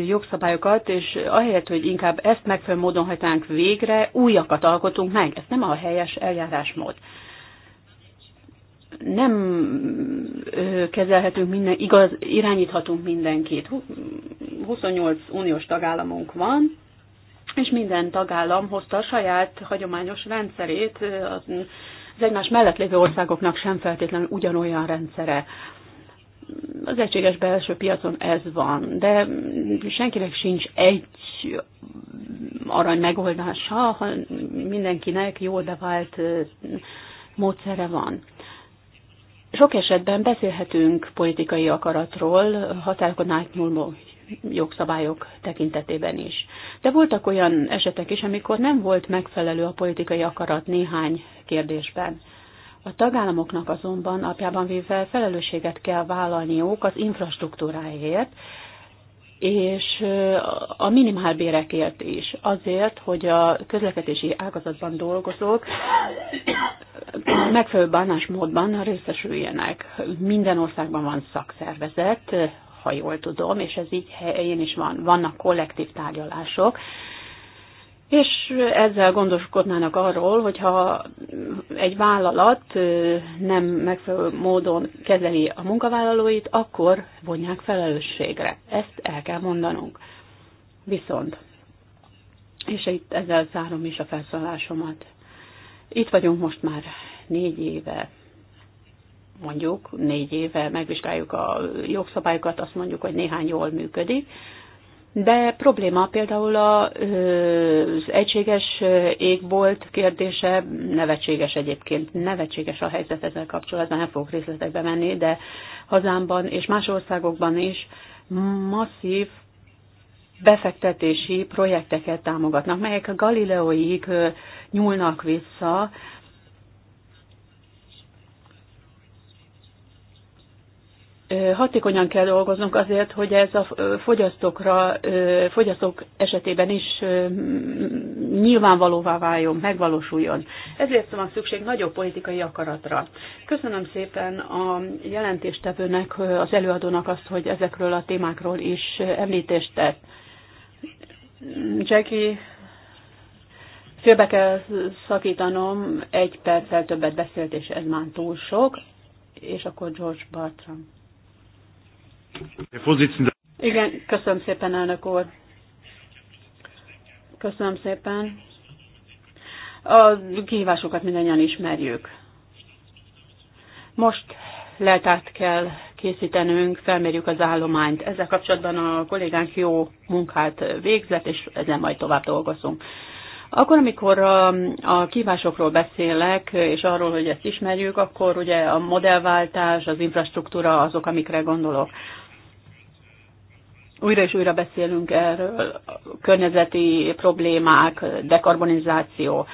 jogszabályokat, és ahelyett, hogy inkább ezt megfelelő módon hajtánk végre, újakat alkotunk meg. Ez nem a helyes eljárásmód. Nem kezelhetünk minden, igaz, irányíthatunk mindenkit. 28 uniós tagállamunk van, és minden tagállam hozta a saját hagyományos rendszerét, az egymás mellett lévő országoknak sem feltétlenül ugyanolyan rendszere az egységes belső piacon ez van, de senkinek sincs egy arany megoldása, ha mindenkinek jó bevált módszere van. Sok esetben beszélhetünk politikai akaratról, határokon átnyúló jogszabályok tekintetében is. De voltak olyan esetek is, amikor nem volt megfelelő a politikai akarat néhány kérdésben. A tagállamoknak azonban apjában véve felelősséget kell vállalniuk az infrastruktúráért, és a minimálbérekért is. Azért, hogy a közlekedési ágazatban dolgozók megfelelő bánásmódban részesüljenek. Minden országban van szakszervezet, ha jól tudom, és ez így helyén is van. Vannak kollektív tárgyalások, és ezzel gondoskodnának arról, hogyha egy vállalat nem megfelelő módon kezeli a munkavállalóit, akkor vonják felelősségre. Ezt el kell mondanunk. Viszont, és itt ezzel zárom is a felszólásomat. Itt vagyunk most már négy éve, mondjuk négy éve megvizsgáljuk a jogszabályokat, azt mondjuk, hogy néhány jól működik, de probléma például az egységes égbolt kérdése nevetséges egyébként. Nevetséges a helyzet ezzel kapcsolatban, nem fogok részletekbe menni, de hazámban és más országokban is masszív befektetési projekteket támogatnak, melyek a galileóig nyúlnak vissza, hatékonyan kell dolgoznunk azért, hogy ez a fogyasztókra, fogyasztók esetében is nyilvánvalóvá váljon, megvalósuljon. Ezért van szükség nagyobb politikai akaratra. Köszönöm szépen a jelentéstevőnek, az előadónak azt, hogy ezekről a témákról is említést tett. Jackie, félbe kell szakítanom, egy perccel többet beszélt, és ez már túl sok, és akkor George Bartram. Igen, köszönöm szépen, elnök úr. Köszönöm szépen. A kihívásokat mindannyian ismerjük. Most leltárt kell készítenünk, felmérjük az állományt. Ezzel kapcsolatban a kollégánk jó munkát végzett, és ezen majd tovább dolgozunk. Akkor, amikor a, a kívásokról beszélek, és arról, hogy ezt ismerjük, akkor ugye a modellváltás, az infrastruktúra azok, amikre gondolok újra és újra beszélünk erről, környezeti problémák, dekarbonizáció.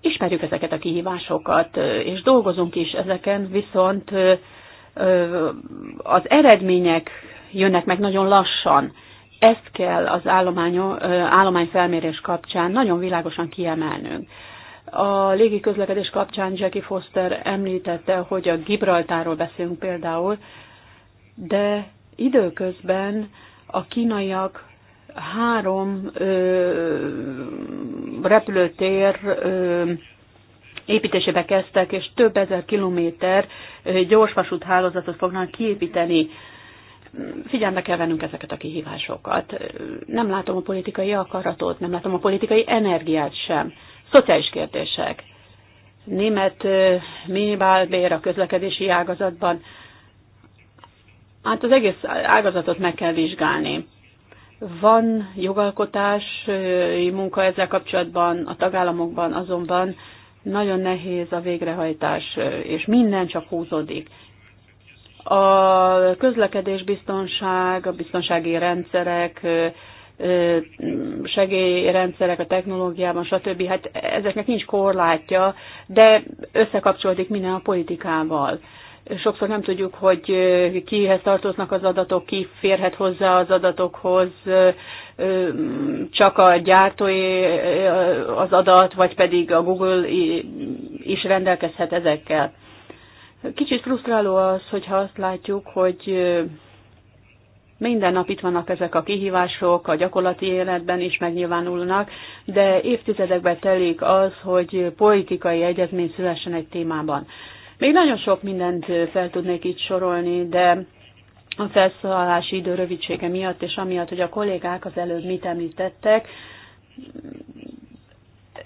Ismerjük ezeket a kihívásokat, és dolgozunk is ezeken, viszont az eredmények jönnek meg nagyon lassan. Ezt kell az állomány, állományfelmérés kapcsán nagyon világosan kiemelnünk. A légi közlekedés kapcsán Jackie Foster említette, hogy a Gibraltáról beszélünk például, de Időközben a kínaiak három ö, repülőtér ö, építésébe kezdtek, és több ezer kilométer gyorsvasút hálózatot fognak kiépíteni. Figyelme kell vennünk ezeket a kihívásokat. Nem látom a politikai akaratot, nem látom a politikai energiát sem. Szociális kérdések. Német minimálbér a közlekedési ágazatban hát az egész ágazatot meg kell vizsgálni. Van jogalkotási munka ezzel kapcsolatban a tagállamokban, azonban nagyon nehéz a végrehajtás, és minden csak húzódik. A közlekedés biztonság, a biztonsági rendszerek, segélyrendszerek a technológiában, stb. Hát ezeknek nincs korlátja, de összekapcsolódik minden a politikával sokszor nem tudjuk, hogy kihez tartoznak az adatok, ki férhet hozzá az adatokhoz, csak a gyártói az adat, vagy pedig a Google is rendelkezhet ezekkel. Kicsit frusztráló az, hogyha azt látjuk, hogy minden nap itt vannak ezek a kihívások, a gyakorlati életben is megnyilvánulnak, de évtizedekbe telik az, hogy politikai egyezmény szülessen egy témában. Még nagyon sok mindent fel tudnék itt sorolni, de a felszólalási idő rövidsége miatt, és amiatt, hogy a kollégák az előbb mit említettek,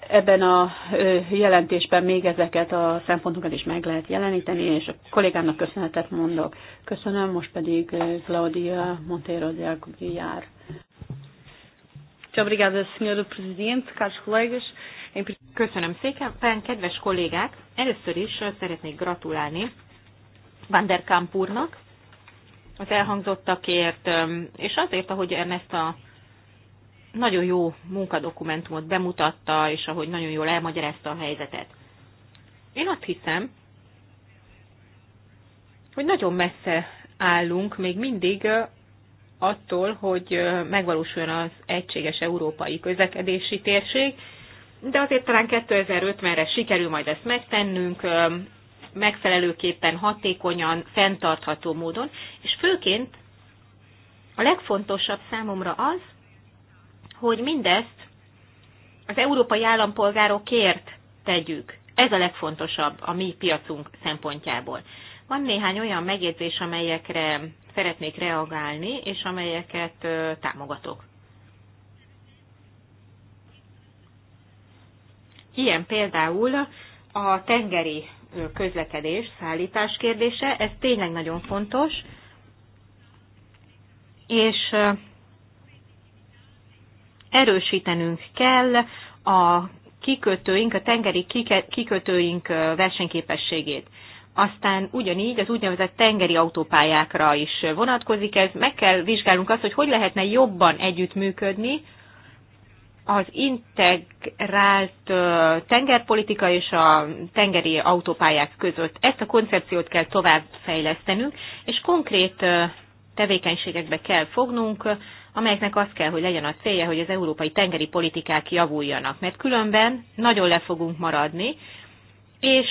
ebben a jelentésben még ezeket a szempontokat is meg lehet jeleníteni, és a kollégámnak köszönetet mondok. Köszönöm, most pedig Claudia Monteiro de Aguiar. Muito obrigada, Sr. Presidente, caros colegas. Én köszönöm szépen, kedves kollégák! Először is szeretnék gratulálni Van der Kamp úrnak az elhangzottakért, és azért, ahogy ezt a nagyon jó munkadokumentumot bemutatta, és ahogy nagyon jól elmagyarázta a helyzetet. Én azt hiszem, hogy nagyon messze állunk még mindig attól, hogy megvalósuljon az egységes európai közlekedési térség, de azért talán 2050-re sikerül majd ezt megtennünk, megfelelőképpen, hatékonyan, fenntartható módon, és főként a legfontosabb számomra az, hogy mindezt az európai állampolgárokért tegyük. Ez a legfontosabb a mi piacunk szempontjából. Van néhány olyan megjegyzés, amelyekre szeretnék reagálni, és amelyeket támogatok. Ilyen például a tengeri közlekedés, szállítás kérdése, ez tényleg nagyon fontos, és erősítenünk kell a kikötőink, a tengeri kikötőink versenyképességét. Aztán ugyanígy az úgynevezett tengeri autópályákra is vonatkozik ez. Meg kell vizsgálnunk azt, hogy hogy lehetne jobban együttműködni az integrált tengerpolitika és a tengeri autópályák között. Ezt a koncepciót kell tovább fejlesztenünk és konkrét tevékenységekbe kell fognunk, amelyeknek az kell, hogy legyen a célja, hogy az európai tengeri politikák javuljanak, mert különben nagyon le fogunk maradni, és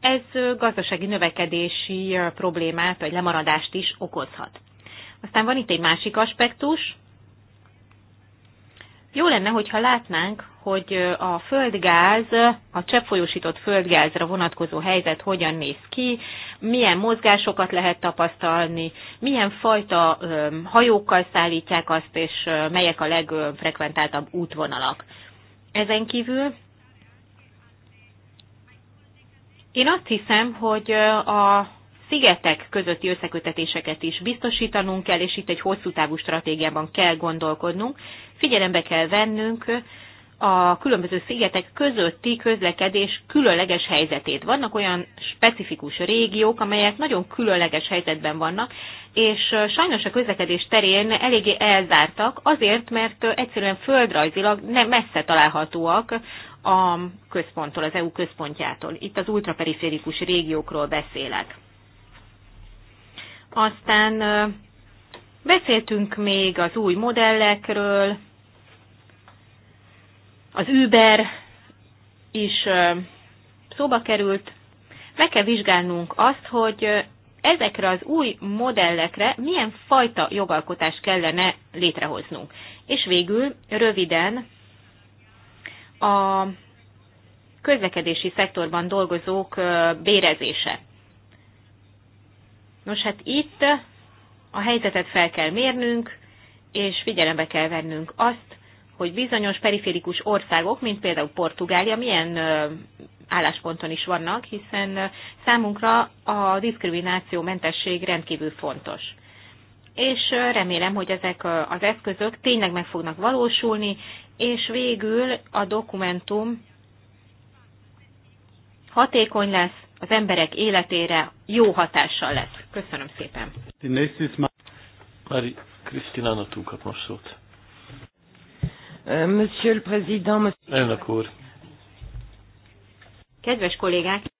ez gazdasági növekedési problémát vagy lemaradást is okozhat. Aztán van itt egy másik aspektus, jó lenne, hogyha látnánk, hogy a földgáz, a cseppfolyósított földgázra vonatkozó helyzet hogyan néz ki, milyen mozgásokat lehet tapasztalni, milyen fajta hajókkal szállítják azt, és melyek a legfrekventáltabb útvonalak. Ezen kívül én azt hiszem, hogy a szigetek közötti összekötetéseket is biztosítanunk kell, és itt egy hosszú távú stratégiában kell gondolkodnunk. Figyelembe kell vennünk a különböző szigetek közötti közlekedés különleges helyzetét. Vannak olyan specifikus régiók, amelyek nagyon különleges helyzetben vannak, és sajnos a közlekedés terén eléggé elzártak, azért, mert egyszerűen földrajzilag nem messze találhatóak a központtól, az EU központjától. Itt az ultraperiférikus régiókról beszélek. Aztán beszéltünk még az új modellekről, az Uber is szóba került. Meg kell vizsgálnunk azt, hogy ezekre az új modellekre milyen fajta jogalkotás kellene létrehoznunk. És végül röviden a közlekedési szektorban dolgozók bérezése. Nos, hát itt a helyzetet fel kell mérnünk, és figyelembe kell vennünk azt, hogy bizonyos periférikus országok, mint például Portugália, milyen állásponton is vannak, hiszen számunkra a diszkrimináció mentesség rendkívül fontos. És remélem, hogy ezek az eszközök tényleg meg fognak valósulni, és végül a dokumentum hatékony lesz, az emberek életére jó hatással lesz. Köszönöm szépen. Mari uh, Monsieur le Président, Elnök úr. Kedves kollégák,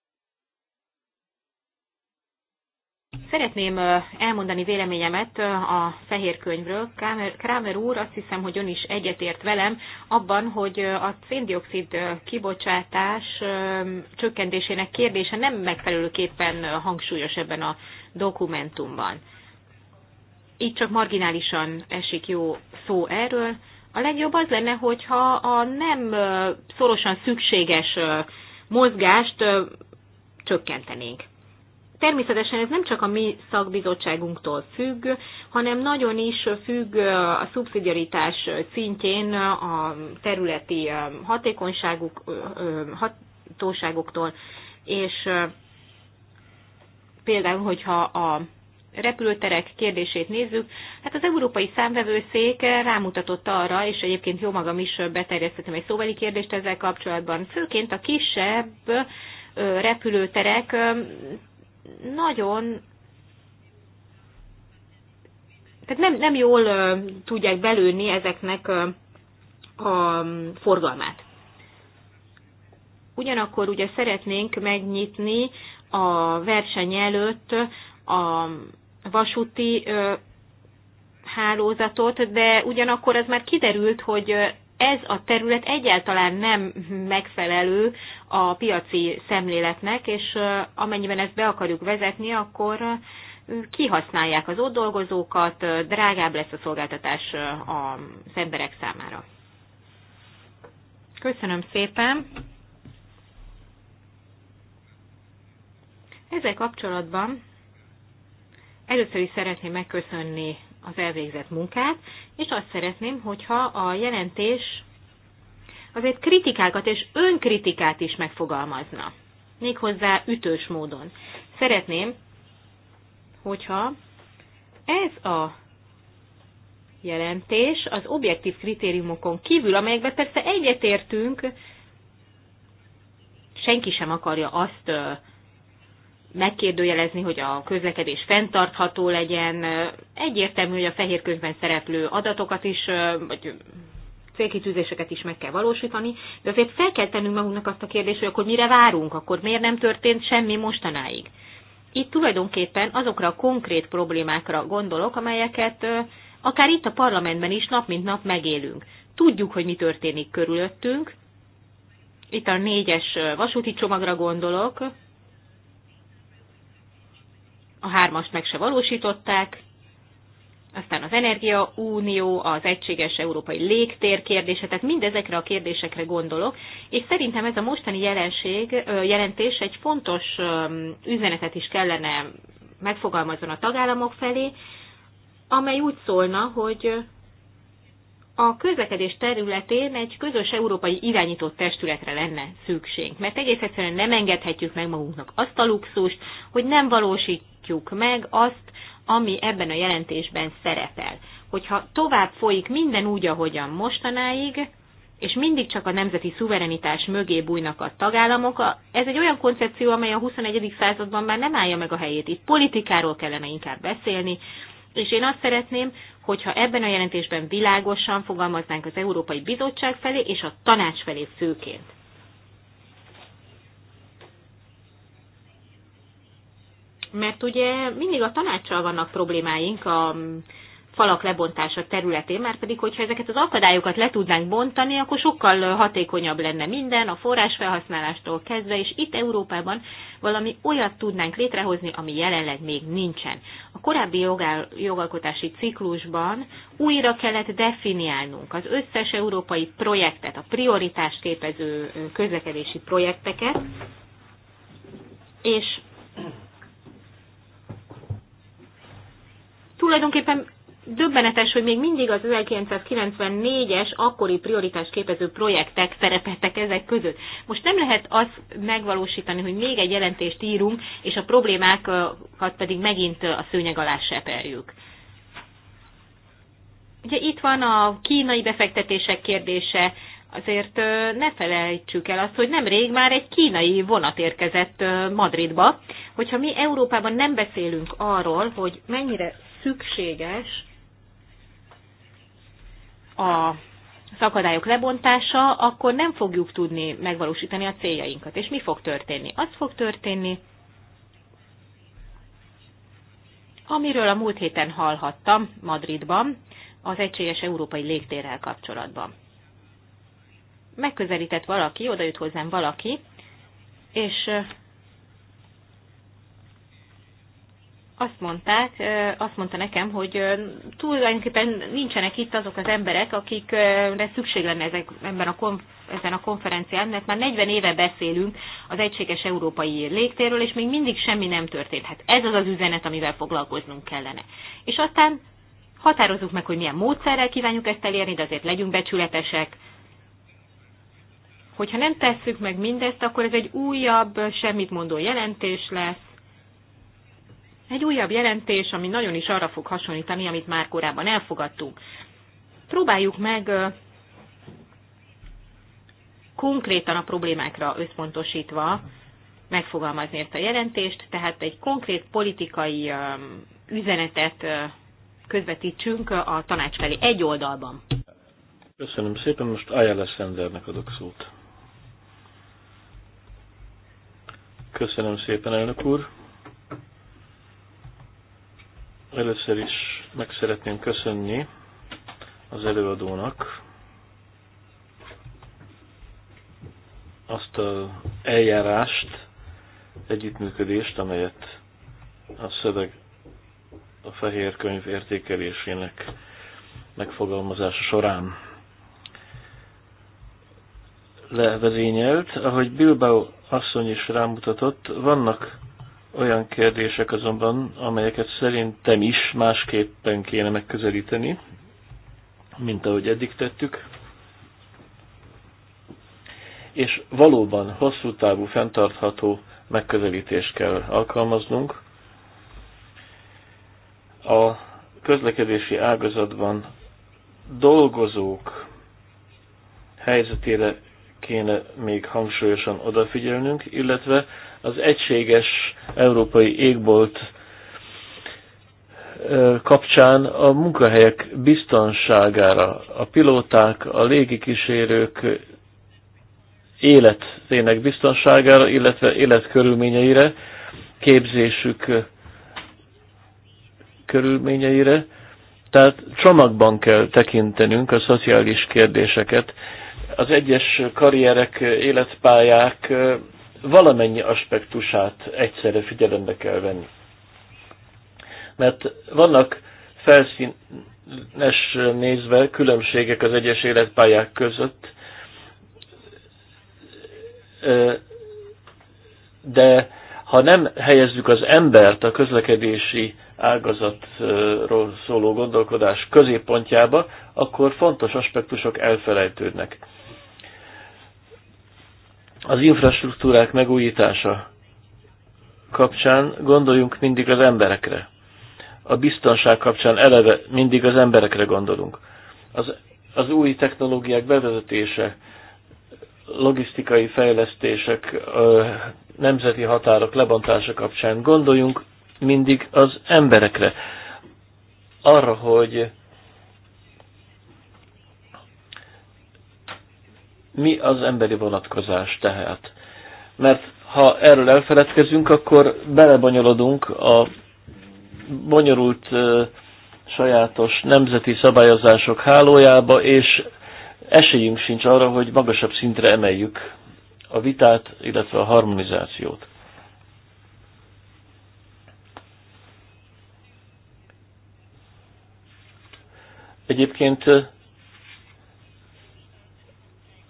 Szeretném elmondani véleményemet a fehér könyvről. Kramer úr azt hiszem, hogy ön is egyetért velem abban, hogy a széndiokszid kibocsátás csökkentésének kérdése nem megfelelőképpen hangsúlyos ebben a dokumentumban. Így csak marginálisan esik jó szó erről. A legjobb az lenne, hogyha a nem szorosan szükséges mozgást csökkentenénk. Természetesen ez nem csak a mi szakbizottságunktól függ, hanem nagyon is függ a szubszidiaritás szintjén a területi hatékonyságuk, hatóságoktól, és például, hogyha a repülőterek kérdését nézzük, hát az Európai Számvevőszék rámutatott arra, és egyébként jó magam is beterjesztettem egy szóbeli kérdést ezzel kapcsolatban, főként a kisebb repülőterek nagyon tehát nem, nem jól ö, tudják belőni ezeknek ö, a forgalmát. Ugyanakkor ugye szeretnénk megnyitni a verseny előtt a vasúti ö, hálózatot, de ugyanakkor ez már kiderült, hogy ez a terület egyáltalán nem megfelelő a piaci szemléletnek, és amennyiben ezt be akarjuk vezetni, akkor kihasználják az ott dolgozókat, drágább lesz a szolgáltatás az emberek számára. Köszönöm szépen! Ezzel kapcsolatban először is szeretném megköszönni az elvégzett munkát, és azt szeretném, hogyha a jelentés azért kritikákat és önkritikát is megfogalmazna. Méghozzá ütős módon. Szeretném, hogyha ez a jelentés az objektív kritériumokon kívül, amelyekben persze egyetértünk, senki sem akarja azt megkérdőjelezni, hogy a közlekedés fenntartható legyen. Egyértelmű, hogy a fehér könyvben szereplő adatokat is, vagy célkitűzéseket is meg kell valósítani, de azért fel kell tennünk magunknak azt a kérdést, hogy akkor mire várunk, akkor miért nem történt semmi mostanáig. Itt tulajdonképpen azokra a konkrét problémákra gondolok, amelyeket akár itt a parlamentben is nap mint nap megélünk. Tudjuk, hogy mi történik körülöttünk. Itt a négyes vasúti csomagra gondolok. A hármast meg se valósították aztán az Energia Unió, az egységes európai légtér kérdése, tehát mindezekre a kérdésekre gondolok, és szerintem ez a mostani jelenség, jelentés egy fontos üzenetet is kellene megfogalmazon a tagállamok felé, amely úgy szólna, hogy a közlekedés területén egy közös európai irányított testületre lenne szükség, mert egész egyszerűen nem engedhetjük meg magunknak azt a luxust, hogy nem valósítjuk meg azt, ami ebben a jelentésben szerepel. Hogyha tovább folyik minden úgy, ahogyan mostanáig, és mindig csak a nemzeti szuverenitás mögé bújnak a tagállamok, ez egy olyan koncepció, amely a 21. században már nem állja meg a helyét. Itt politikáról kellene inkább beszélni, és én azt szeretném, hogyha ebben a jelentésben világosan fogalmaznánk az Európai Bizottság felé és a tanács felé főként. mert ugye mindig a tanácssal vannak problémáink a falak lebontása területén, mert pedig, hogyha ezeket az akadályokat le tudnánk bontani, akkor sokkal hatékonyabb lenne minden, a forrás felhasználástól kezdve, és itt Európában valami olyat tudnánk létrehozni, ami jelenleg még nincsen. A korábbi jogál, jogalkotási ciklusban újra kellett definiálnunk az összes európai projektet, a prioritást képező közlekedési projekteket, és Tulajdonképpen döbbenetes, hogy még mindig az 1994-es akkori prioritás képező projektek szerepeltek ezek között. Most nem lehet azt megvalósítani, hogy még egy jelentést írunk, és a problémákat pedig megint a szőnyeg alá seperjük. Ugye itt van a kínai befektetések kérdése, azért ne felejtsük el azt, hogy nemrég már egy kínai vonat érkezett Madridba. Hogyha mi Európában nem beszélünk arról, hogy mennyire szükséges a szakadályok lebontása, akkor nem fogjuk tudni megvalósítani a céljainkat. És mi fog történni? Az fog történni, amiről a múlt héten hallhattam Madridban, az egységes európai légtérrel kapcsolatban megközelített valaki, oda jut hozzám valaki, és azt mondták, azt mondta nekem, hogy tulajdonképpen nincsenek itt azok az emberek, akikre szükség lenne ezek, ebben a konf, ezen a konferencián, mert már 40 éve beszélünk az egységes európai légtérről, és még mindig semmi nem történt. Hát ez az az üzenet, amivel foglalkoznunk kellene. És aztán határozzuk meg, hogy milyen módszerrel kívánjuk ezt elérni, de azért legyünk becsületesek, Hogyha nem tesszük meg mindezt, akkor ez egy újabb, semmit mondó jelentés lesz, egy újabb jelentés, ami nagyon is arra fog hasonlítani, amit már korábban elfogadtunk. Próbáljuk meg konkrétan a problémákra összpontosítva megfogalmazni ezt a jelentést, tehát egy konkrét politikai üzenetet közvetítsünk a tanács felé egy oldalban. Köszönöm szépen, most Ayala Szendernek adok szót. Köszönöm szépen, elnök úr. Először is meg szeretném köszönni az előadónak azt az eljárást, együttműködést, amelyet a szöveg a fehér könyv értékelésének megfogalmazása során levezényelt. Ahogy Bilbao asszony is rámutatott. Vannak olyan kérdések azonban, amelyeket szerintem is másképpen kéne megközelíteni, mint ahogy eddig tettük. És valóban hosszú távú, fenntartható megközelítést kell alkalmaznunk. A közlekedési ágazatban dolgozók helyzetére kéne még hangsúlyosan odafigyelnünk, illetve az egységes európai égbolt kapcsán a munkahelyek biztonságára, a pilóták, a légikísérők életének biztonságára, illetve életkörülményeire, képzésük körülményeire. Tehát csomagban kell tekintenünk a szociális kérdéseket, az egyes karrierek, életpályák valamennyi aspektusát egyszerre figyelembe kell venni. Mert vannak felszínes nézve különbségek az egyes életpályák között, de ha nem helyezzük az embert a közlekedési ágazatról szóló gondolkodás középpontjába, akkor fontos aspektusok elfelejtődnek. Az infrastruktúrák megújítása kapcsán gondoljunk mindig az emberekre. A biztonság kapcsán eleve mindig az emberekre gondolunk. Az, az új technológiák bevezetése, logisztikai fejlesztések, nemzeti határok lebontása kapcsán gondoljunk mindig az emberekre. Arra, hogy mi az emberi vonatkozás tehát. Mert ha erről elfeledkezünk, akkor belebonyolodunk a bonyolult sajátos nemzeti szabályozások hálójába, és esélyünk sincs arra, hogy magasabb szintre emeljük a vitát, illetve a harmonizációt. Egyébként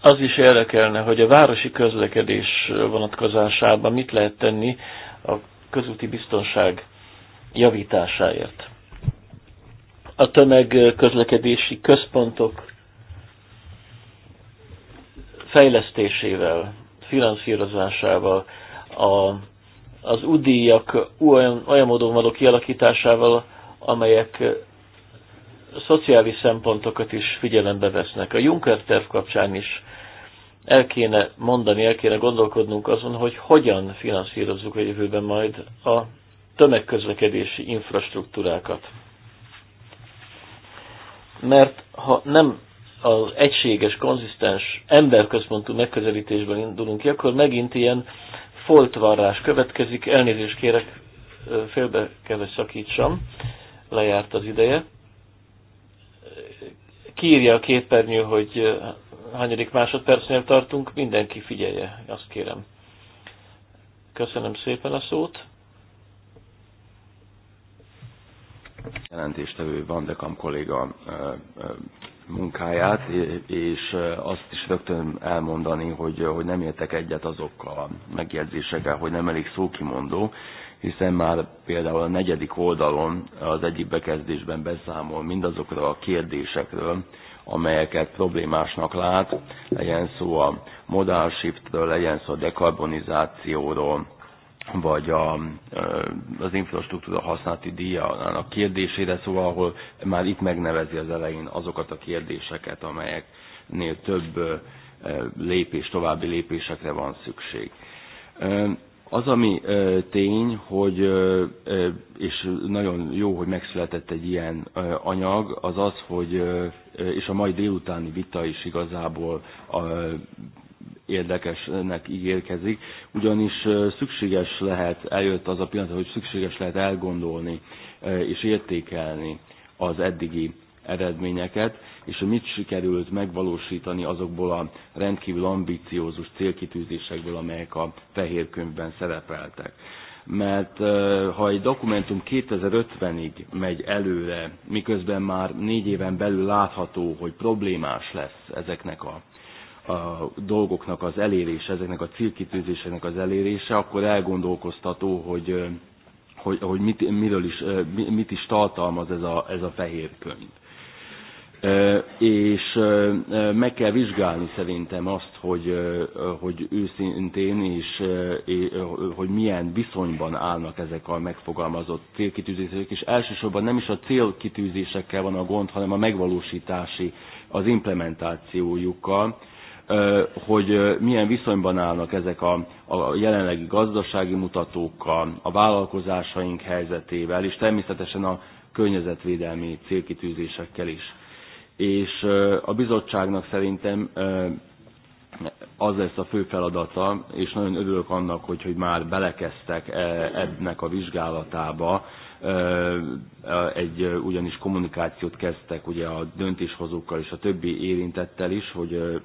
az is érdekelne, hogy a városi közlekedés vonatkozásában mit lehet tenni a közúti biztonság javításáért. A tömegközlekedési központok fejlesztésével, finanszírozásával, a, az udíjak olyan, olyan módon való kialakításával, amelyek szociális szempontokat is figyelembe vesznek. A Juncker terv kapcsán is el kéne mondani, el kéne gondolkodnunk azon, hogy hogyan finanszírozzuk a jövőben majd a tömegközlekedési infrastruktúrákat. Mert ha nem az egységes, konzisztens, emberközpontú megközelítésben indulunk ki, akkor megint ilyen foltvarrás következik. Elnézést kérek, félbe kell, hogy szakítsam, lejárt az ideje kiírja a képernyő, hogy hányadik másodpercnél tartunk, mindenki figyelje, azt kérem. Köszönöm szépen a szót. Jelentéstevő Vandekam kolléga munkáját, és azt is rögtön elmondani, hogy, hogy nem értek egyet azokkal a megjegyzésekkel, hogy nem elég szókimondó, hiszen már például a negyedik oldalon az egyik bekezdésben beszámol mindazokra a kérdésekről, amelyeket problémásnak lát, legyen szó a modal shiftről, legyen szó a dekarbonizációról, vagy a, az infrastruktúra használati díjának kérdésére, szóval ahol már itt megnevezi az elején azokat a kérdéseket, amelyeknél több lépés, további lépésekre van szükség. Az, ami tény, hogy, és nagyon jó, hogy megszületett egy ilyen anyag, az az, hogy, és a mai délutáni vita is igazából a, érdekesnek ígérkezik, ugyanis szükséges lehet, eljött az a pillanat, hogy szükséges lehet elgondolni és értékelni az eddigi eredményeket, és hogy mit sikerült megvalósítani azokból a rendkívül ambiciózus célkitűzésekből, amelyek a fehér könyvben szerepeltek mert ha egy dokumentum 2050-ig megy előre, miközben már négy éven belül látható, hogy problémás lesz ezeknek a, a dolgoknak az elérése, ezeknek a célkitűzéseknek az elérése, akkor elgondolkoztató, hogy, hogy, hogy mit, miről is, mit is tartalmaz ez a, ez a fehér könyv és meg kell vizsgálni szerintem azt, hogy, hogy őszintén és hogy milyen viszonyban állnak ezek a megfogalmazott célkitűzések, és elsősorban nem is a célkitűzésekkel van a gond, hanem a megvalósítási, az implementációjukkal, hogy milyen viszonyban állnak ezek a, a jelenlegi gazdasági mutatókkal, a vállalkozásaink helyzetével, és természetesen a környezetvédelmi célkitűzésekkel is és a bizottságnak szerintem az lesz a fő feladata, és nagyon örülök annak, hogy, hogy már belekezdtek e, ennek a vizsgálatába, egy ugyanis kommunikációt kezdtek ugye a döntéshozókkal és a többi érintettel is, hogy,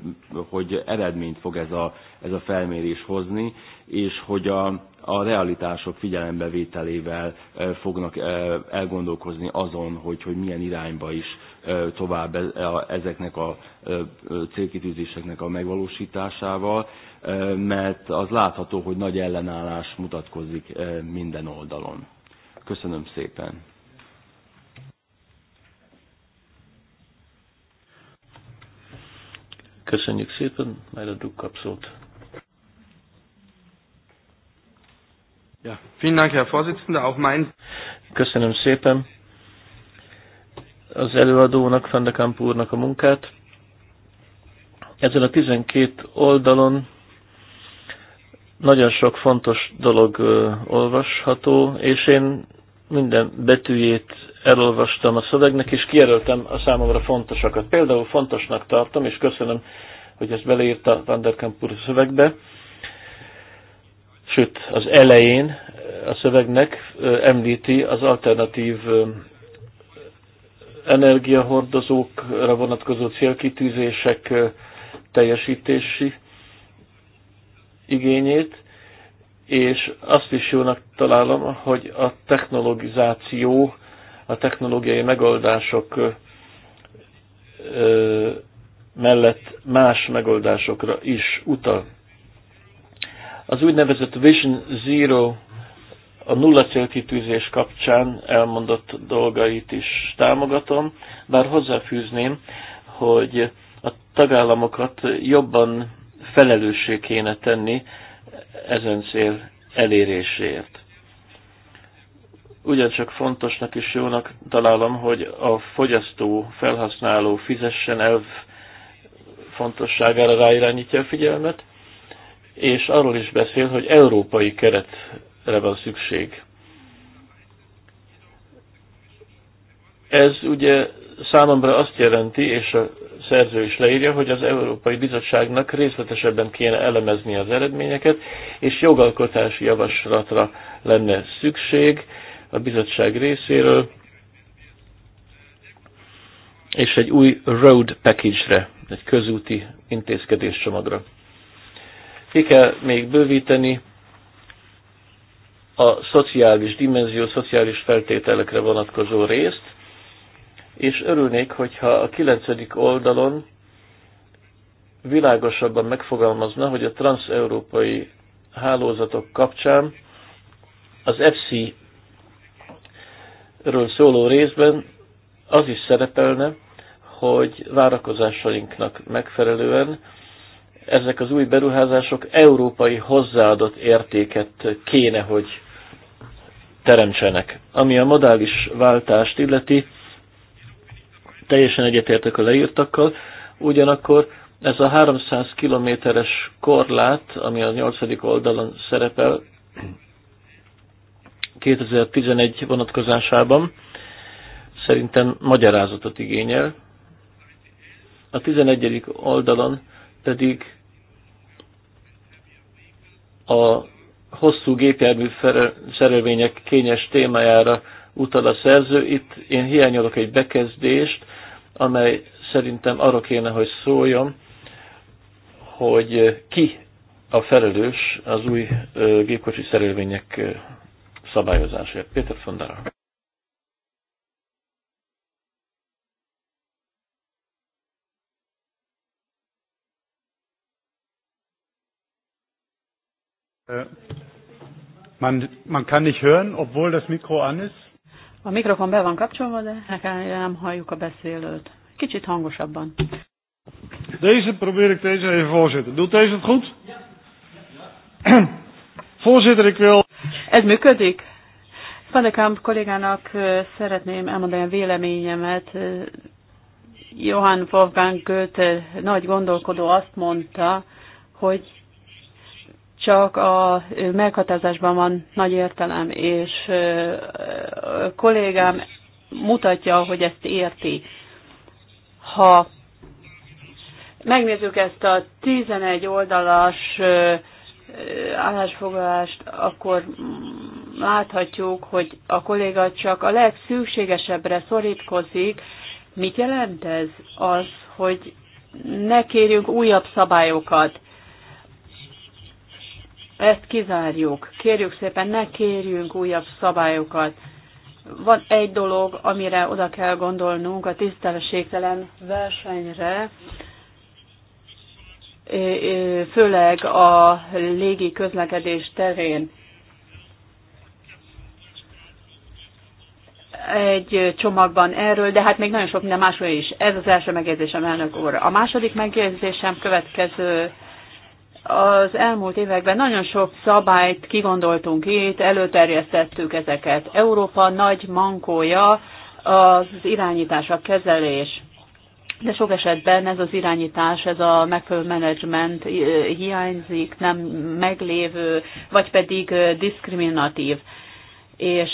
hogy eredményt fog ez a, ez a felmérés hozni, és hogy a, a realitások figyelembevételével fognak elgondolkozni azon, hogy, hogy milyen irányba is tovább e, ezeknek a célkitűzéseknek a megvalósításával, mert az látható, hogy nagy ellenállás mutatkozik minden oldalon. Köszönöm szépen! Köszönjük szépen, majd a Duk kap szót. Ja, vielen Dank, Herr Vorsitzender, auch mein... Köszönöm szépen az előadónak, Fendekamp úrnak a munkát. Ezen a 12 oldalon nagyon sok fontos dolog olvasható, és én minden betűjét elolvastam a szövegnek, és kijelöltem a számomra fontosakat. Például fontosnak tartom, és köszönöm, hogy ezt beleírta Van úr szövegbe, sőt, az elején a szövegnek említi az alternatív energiahordozókra vonatkozó célkitűzések teljesítési igényét, és azt is jónak találom, hogy a technologizáció, a technológiai megoldások mellett más megoldásokra is utal. Az úgynevezett Vision Zero a nulla célkitűzés kapcsán elmondott dolgait is támogatom, bár hozzáfűzném, hogy a tagállamokat jobban felelőssé kéne tenni ezen cél eléréséért. Ugyancsak fontosnak és jónak találom, hogy a fogyasztó, felhasználó fizessen elv fontosságára ráirányítja a figyelmet, és arról is beszél, hogy európai keret erre van szükség. Ez ugye számomra azt jelenti, és a szerző is leírja, hogy az Európai Bizottságnak részletesebben kéne elemezni az eredményeket, és jogalkotási javaslatra lenne szükség a bizottság részéről, és egy új road package-re, egy közúti intézkedéscsomagra. Ki kell még bővíteni a szociális dimenzió, szociális feltételekre vonatkozó részt, és örülnék, hogyha a kilencedik oldalon világosabban megfogalmazna, hogy a transeurópai hálózatok kapcsán az EFSI ről szóló részben az is szerepelne, hogy várakozásainknak megfelelően ezek az új beruházások európai hozzáadott értéket kéne, hogy teremtsenek. Ami a modális váltást illeti, teljesen egyetértek a leírtakkal, ugyanakkor ez a 300 kilométeres korlát, ami a 8. oldalon szerepel 2011 vonatkozásában, szerintem magyarázatot igényel. A 11. oldalon pedig a hosszú gépjármű szerelvények kényes témájára utal a szerző. Itt én hiányolok egy bekezdést, amely szerintem arra kéne, hogy szóljon, hogy ki a felelős az új gépkocsi szerelvények szabályozásért. Péter Uh. Man, man kann nicht hören, obwohl das Mikro an ist. A mikrofon be van kapcsolva, de nem halljuk a beszélőt. Kicsit hangosabban. Deze probeer ik deze even voorzitter. Doet deze het goed? Ja. ja. voorzitter, ik wil... Ez működik? Van de Kamp kollégának szeretném elmondani a véleményemet. Johann Wolfgang Goethe nagy gondolkodó azt mondta, hogy csak a meghatározásban van nagy értelem, és a kollégám mutatja, hogy ezt érti. Ha megnézzük ezt a 11 oldalas állásfoglalást, akkor láthatjuk, hogy a kolléga csak a legszükségesebbre szorítkozik. Mit jelent ez? Az, hogy ne kérjünk újabb szabályokat. Ezt kizárjuk. Kérjük szépen, ne kérjünk újabb szabályokat. Van egy dolog, amire oda kell gondolnunk, a tisztességtelen versenyre, főleg a légi közlekedés terén. egy csomagban erről, de hát még nagyon sok minden másról is. Ez az első megjegyzésem, elnök úr. A második megjegyzésem következő az elmúlt években nagyon sok szabályt kigondoltunk itt, előterjesztettük ezeket. Európa nagy mankója az irányítás, a kezelés. De sok esetben ez az irányítás, ez a megfelelő menedzsment hiányzik, nem meglévő, vagy pedig diszkriminatív. És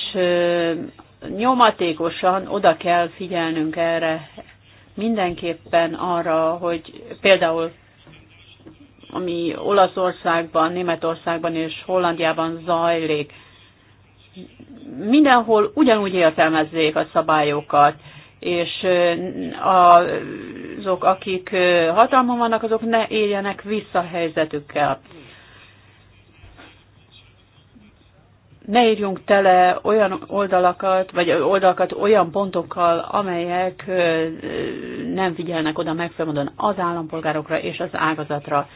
nyomatékosan oda kell figyelnünk erre mindenképpen arra, hogy például ami Olaszországban, Németországban és Hollandiában zajlik. Mindenhol ugyanúgy értelmezzék a szabályokat, és azok, akik hatalmon vannak, azok ne éljenek vissza helyzetükkel. ne írjunk tele olyan oldalakat, vagy oldalakat olyan pontokkal, amelyek nem figyelnek oda megfelelően az állampolgárokra és az ágazatra.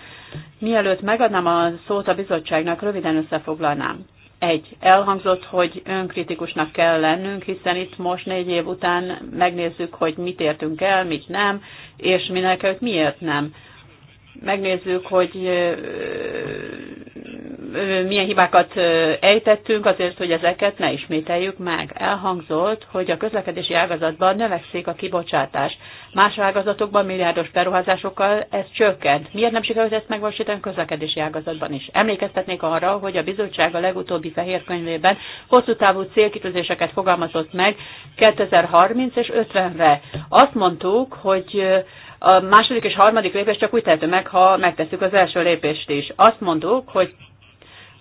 Mielőtt megadnám a szót a bizottságnak, röviden összefoglalnám. Egy, elhangzott, hogy önkritikusnak kell lennünk, hiszen itt most négy év után megnézzük, hogy mit értünk el, mit nem, és minek miért nem megnézzük, hogy milyen hibákat ejtettünk azért, hogy ezeket ne ismételjük meg. Elhangzott, hogy a közlekedési ágazatban növekszik a kibocsátás. Más ágazatokban milliárdos beruházásokkal ez csökkent. Miért nem sikerült ezt megvalósítani a közlekedési ágazatban is? Emlékeztetnék arra, hogy a bizottság a legutóbbi fehér könyvében hosszú távú célkitűzéseket fogalmazott meg 2030 és 50-re. Azt mondtuk, hogy a második és harmadik lépés csak úgy tehető meg, ha megtesszük az első lépést is. Azt mondtuk, hogy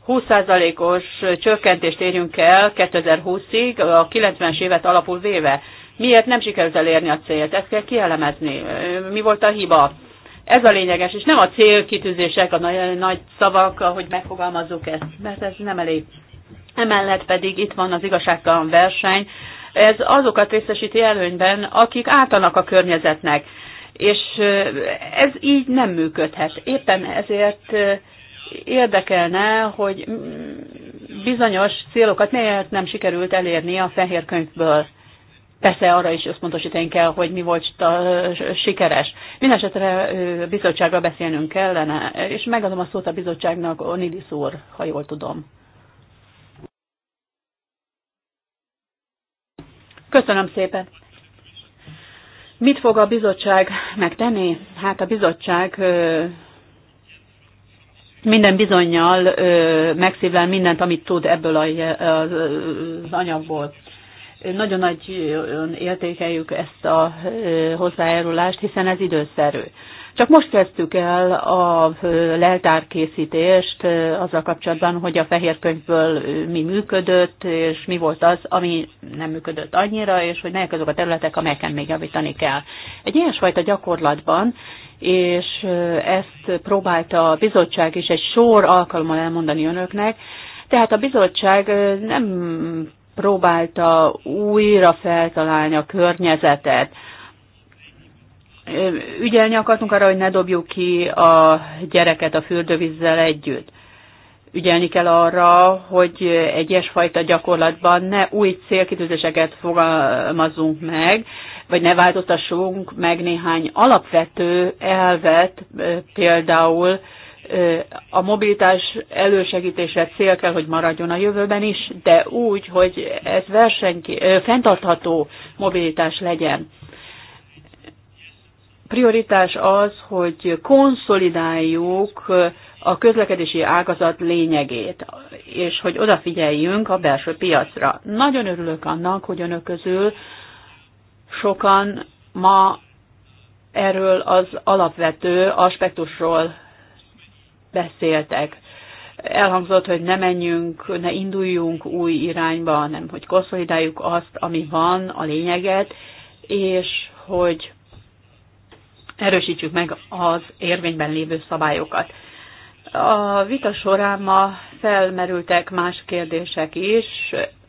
20%-os csökkentést érjünk el 2020-ig, a 90-es évet alapul véve. Miért nem sikerült elérni a célt? Ezt kell kielemezni. Mi volt a hiba? Ez a lényeges, és nem a célkitűzések, a nagy, nagy szavak, hogy megfogalmazzuk ezt, mert ez nem elég. Emellett pedig itt van az igazságtalan verseny. Ez azokat részesíti előnyben, akik ártanak a környezetnek és ez így nem működhet. Éppen ezért érdekelne, hogy bizonyos célokat miért nem sikerült elérni a fehér könyvből. Persze arra is összpontosítani kell, hogy mi volt a sikeres. Mindenesetre bizottságra beszélnünk kellene, és megadom a szót a bizottságnak, Onidis úr, ha jól tudom. Köszönöm szépen. Mit fog a bizottság megtenni? Hát a bizottság minden bizonyjal megszívvel mindent, amit tud ebből az anyagból. Nagyon nagy értékeljük ezt a hozzájárulást, hiszen ez időszerű. Csak most kezdtük el a leltárkészítést azzal kapcsolatban, hogy a fehér könyvből mi működött, és mi volt az, ami nem működött annyira, és hogy melyek azok a területek, amelyeken még javítani kell. Egy ilyesfajta gyakorlatban és ezt próbálta a bizottság is egy sor alkalommal elmondani önöknek. Tehát a bizottság nem próbálta újra feltalálni a környezetet ügyelni akartunk arra, hogy ne dobjuk ki a gyereket a fürdővízzel együtt. Ügyelni kell arra, hogy egy ilyesfajta gyakorlatban ne új célkitűzéseket fogalmazunk meg, vagy ne változtassunk meg néhány alapvető elvet, például a mobilitás elősegítése cél kell, hogy maradjon a jövőben is, de úgy, hogy ez verseny, fenntartható mobilitás legyen prioritás az, hogy konszolidáljuk a közlekedési ágazat lényegét, és hogy odafigyeljünk a belső piacra. Nagyon örülök annak, hogy önök közül sokan ma erről az alapvető aspektusról beszéltek. Elhangzott, hogy ne menjünk, ne induljunk új irányba, hanem hogy konszolidáljuk azt, ami van, a lényeget, és hogy erősítsük meg az érvényben lévő szabályokat. A vita során ma felmerültek más kérdések is,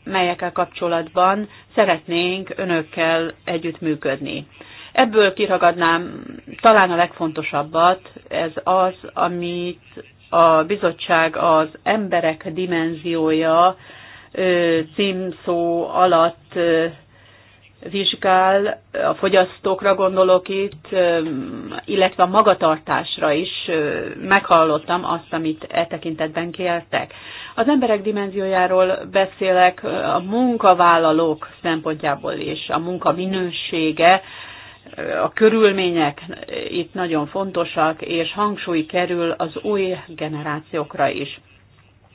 melyekkel kapcsolatban szeretnénk önökkel együttműködni. Ebből kiragadnám talán a legfontosabbat, ez az, amit a bizottság az emberek dimenziója címszó alatt vizsgál, a fogyasztókra gondolok itt, illetve a magatartásra is meghallottam azt, amit e tekintetben kértek. Az emberek dimenziójáról beszélek a munkavállalók szempontjából is, a munka minősége, a körülmények itt nagyon fontosak, és hangsúly kerül az új generációkra is.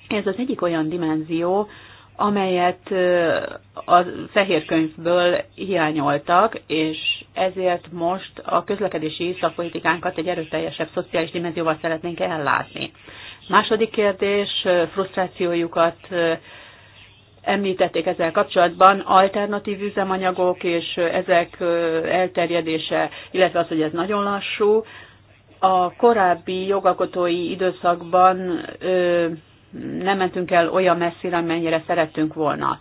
Ez az egyik olyan dimenzió, amelyet a fehér könyvből hiányoltak, és ezért most a közlekedési szakpolitikánkat egy erőteljesebb szociális dimenzióval szeretnénk ellátni. Második kérdés, frusztrációjukat említették ezzel kapcsolatban, alternatív üzemanyagok és ezek elterjedése, illetve az, hogy ez nagyon lassú. A korábbi jogalkotói időszakban nem mentünk el olyan messzire, amennyire szerettünk volna.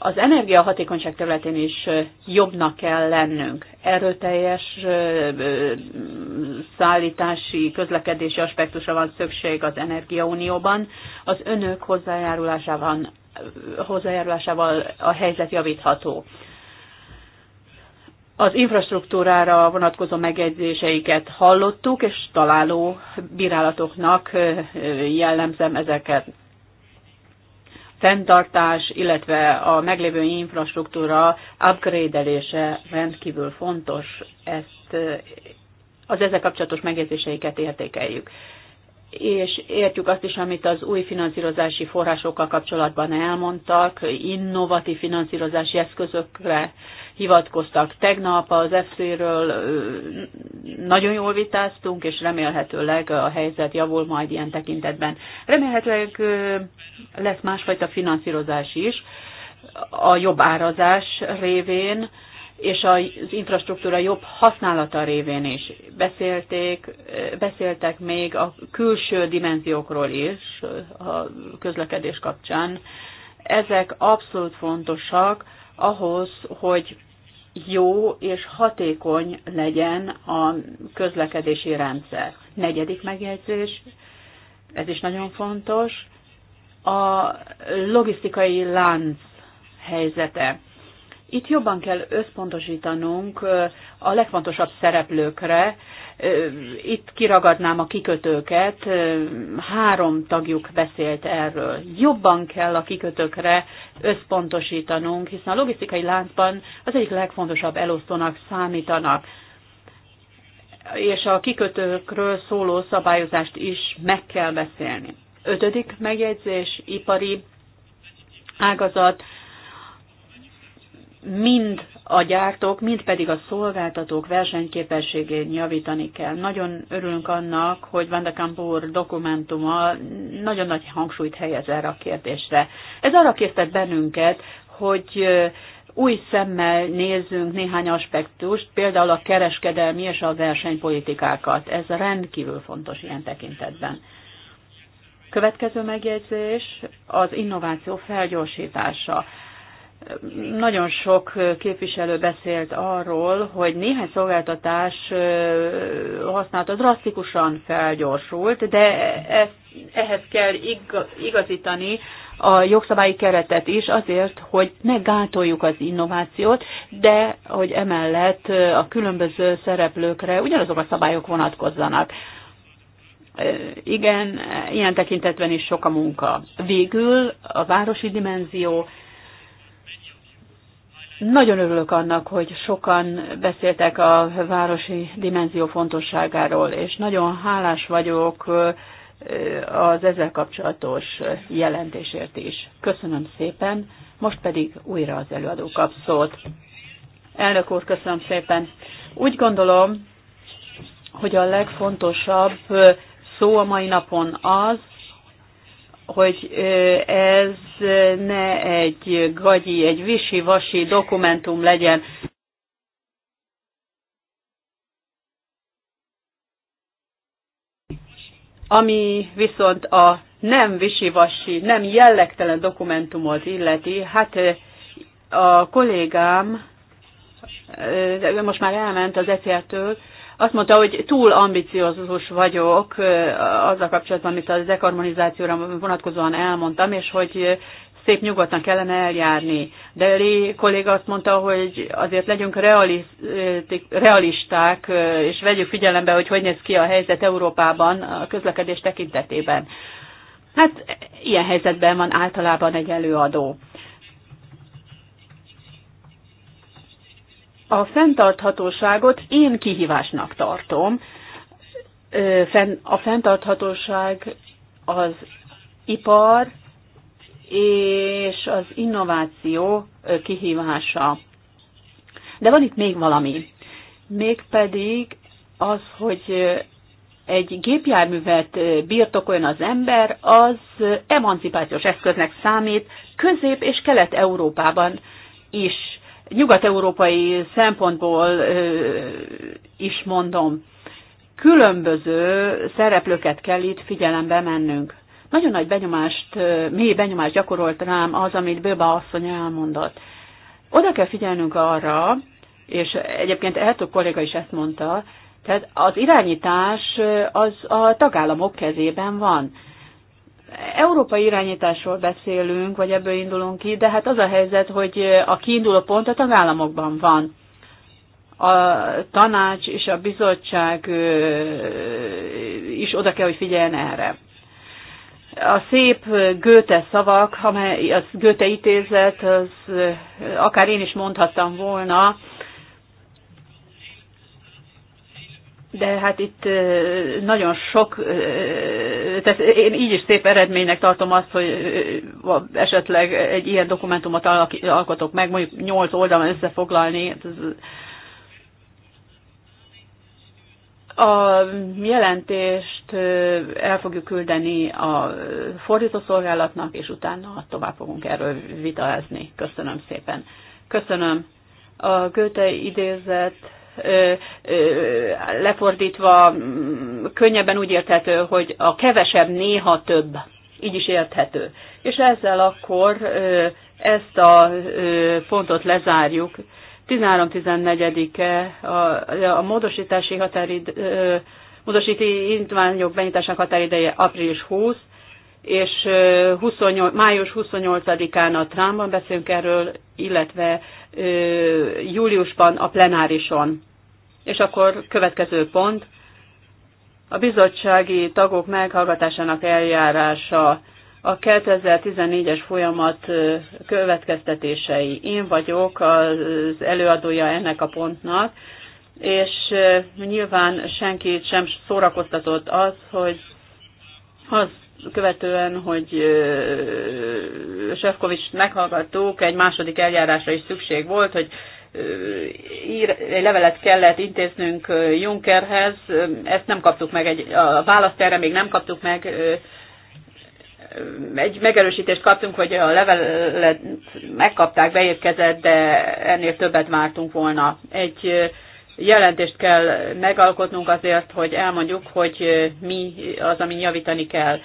Az energiahatékonyság területén is jobbnak kell lennünk. Erőteljes szállítási, közlekedési aspektusa van szükség az Energiaunióban. Az önök hozzájárulásával, hozzájárulásával a helyzet javítható. Az infrastruktúrára vonatkozó megjegyzéseiket hallottuk, és találó bírálatoknak jellemzem ezeket. Fenntartás, illetve a meglévő infrastruktúra upgrade-elése rendkívül fontos, ezt az ezzel kapcsolatos megjegyzéseiket értékeljük és értjük azt is, amit az új finanszírozási forrásokkal kapcsolatban elmondtak, innovatív finanszírozási eszközökre hivatkoztak. Tegnap az FC-ről nagyon jól vitáztunk, és remélhetőleg a helyzet javul majd ilyen tekintetben. Remélhetőleg lesz másfajta finanszírozás is a jobb árazás révén, és az infrastruktúra jobb használata révén is. Beszélték, beszéltek még a külső dimenziókról is a közlekedés kapcsán. Ezek abszolút fontosak ahhoz, hogy jó és hatékony legyen a közlekedési rendszer. Negyedik megjegyzés, ez is nagyon fontos, a logisztikai lánc helyzete itt jobban kell összpontosítanunk a legfontosabb szereplőkre. Itt kiragadnám a kikötőket, három tagjuk beszélt erről. Jobban kell a kikötőkre összpontosítanunk, hiszen a logisztikai láncban az egyik legfontosabb elosztónak számítanak és a kikötőkről szóló szabályozást is meg kell beszélni. Ötödik megjegyzés, ipari ágazat, mind a gyártók, mind pedig a szolgáltatók versenyképességét javítani kell. Nagyon örülünk annak, hogy Van de Kampur dokumentuma nagyon nagy hangsúlyt helyez erre a kérdésre. Ez arra késztet bennünket, hogy új szemmel nézzünk néhány aspektust, például a kereskedelmi és a versenypolitikákat. Ez rendkívül fontos ilyen tekintetben. Következő megjegyzés az innováció felgyorsítása nagyon sok képviselő beszélt arról, hogy néhány szolgáltatás használata drasztikusan felgyorsult, de ezt, ehhez kell igazítani a jogszabályi keretet is azért, hogy ne gátoljuk az innovációt, de hogy emellett a különböző szereplőkre ugyanazok a szabályok vonatkozzanak. Igen, ilyen tekintetben is sok a munka. Végül a városi dimenzió, nagyon örülök annak, hogy sokan beszéltek a városi dimenzió fontosságáról, és nagyon hálás vagyok az ezzel kapcsolatos jelentésért is. Köszönöm szépen, most pedig újra az előadó kap szót. Elnök úr, köszönöm szépen. Úgy gondolom, hogy a legfontosabb szó a mai napon az, hogy ez ne egy gagyi, egy visi-vasi dokumentum legyen. Ami viszont a nem visi visi-vasi, nem jellegtelen dokumentumot illeti, hát a kollégám most már elment az ECR-től, azt mondta, hogy túl ambiciózus vagyok azzal kapcsolatban, amit a dekarbonizációra vonatkozóan elmondtam, és hogy szép nyugodtan kellene eljárni. De Lé kolléga azt mondta, hogy azért legyünk realisták, és vegyük figyelembe, hogy hogy néz ki a helyzet Európában a közlekedés tekintetében. Hát ilyen helyzetben van általában egy előadó. A fenntarthatóságot én kihívásnak tartom. A fenntarthatóság az ipar és az innováció kihívása. De van itt még valami. Mégpedig az, hogy egy gépjárművet birtokoljon az ember, az emancipációs eszköznek számít Közép- és Kelet-Európában is nyugat-európai szempontból is mondom, különböző szereplőket kell itt figyelembe mennünk. Nagyon nagy benyomást, mély benyomást gyakorolt rám az, amit Bőba asszony elmondott. Oda kell figyelnünk arra, és egyébként Eltó kolléga is ezt mondta, tehát az irányítás az a tagállamok kezében van európai irányításról beszélünk, vagy ebből indulunk ki, de hát az a helyzet, hogy a kiinduló pont a tagállamokban van. A tanács és a bizottság is oda kell, hogy figyeljen erre. A szép Göte szavak, amely az Göte ítézet, az akár én is mondhattam volna, de hát itt nagyon sok, tehát én így is szép eredménynek tartom azt, hogy esetleg egy ilyen dokumentumot alkotok meg, mondjuk nyolc oldalon összefoglalni. Hát a jelentést el fogjuk küldeni a fordítószolgálatnak, és utána tovább fogunk erről vitázni. Köszönöm szépen. Köszönöm. A Göte idézett lefordítva könnyebben úgy érthető, hogy a kevesebb néha több. Így is érthető. És ezzel akkor ezt a pontot lezárjuk. 13-14-e a, a módosítási határid, módosíti intványok benyitásának határideje április 20, és 28, május 28-án a trámban beszélünk erről, illetve júliusban a plenárison. És akkor következő pont, a bizottsági tagok meghallgatásának eljárása, a 2014-es folyamat következtetései. Én vagyok az előadója ennek a pontnak, és nyilván senkit sem szórakoztatott az, hogy az követően, hogy Sefkovics meghallgattuk, egy második eljárásra is szükség volt, hogy ír, egy levelet kellett intéznünk Junckerhez, ezt nem kaptuk meg, egy, a választ erre még nem kaptuk meg, egy megerősítést kaptunk, hogy a levelet megkapták, beérkezett, de ennél többet vártunk volna. Egy jelentést kell megalkotnunk azért, hogy elmondjuk, hogy mi az, ami javítani kell.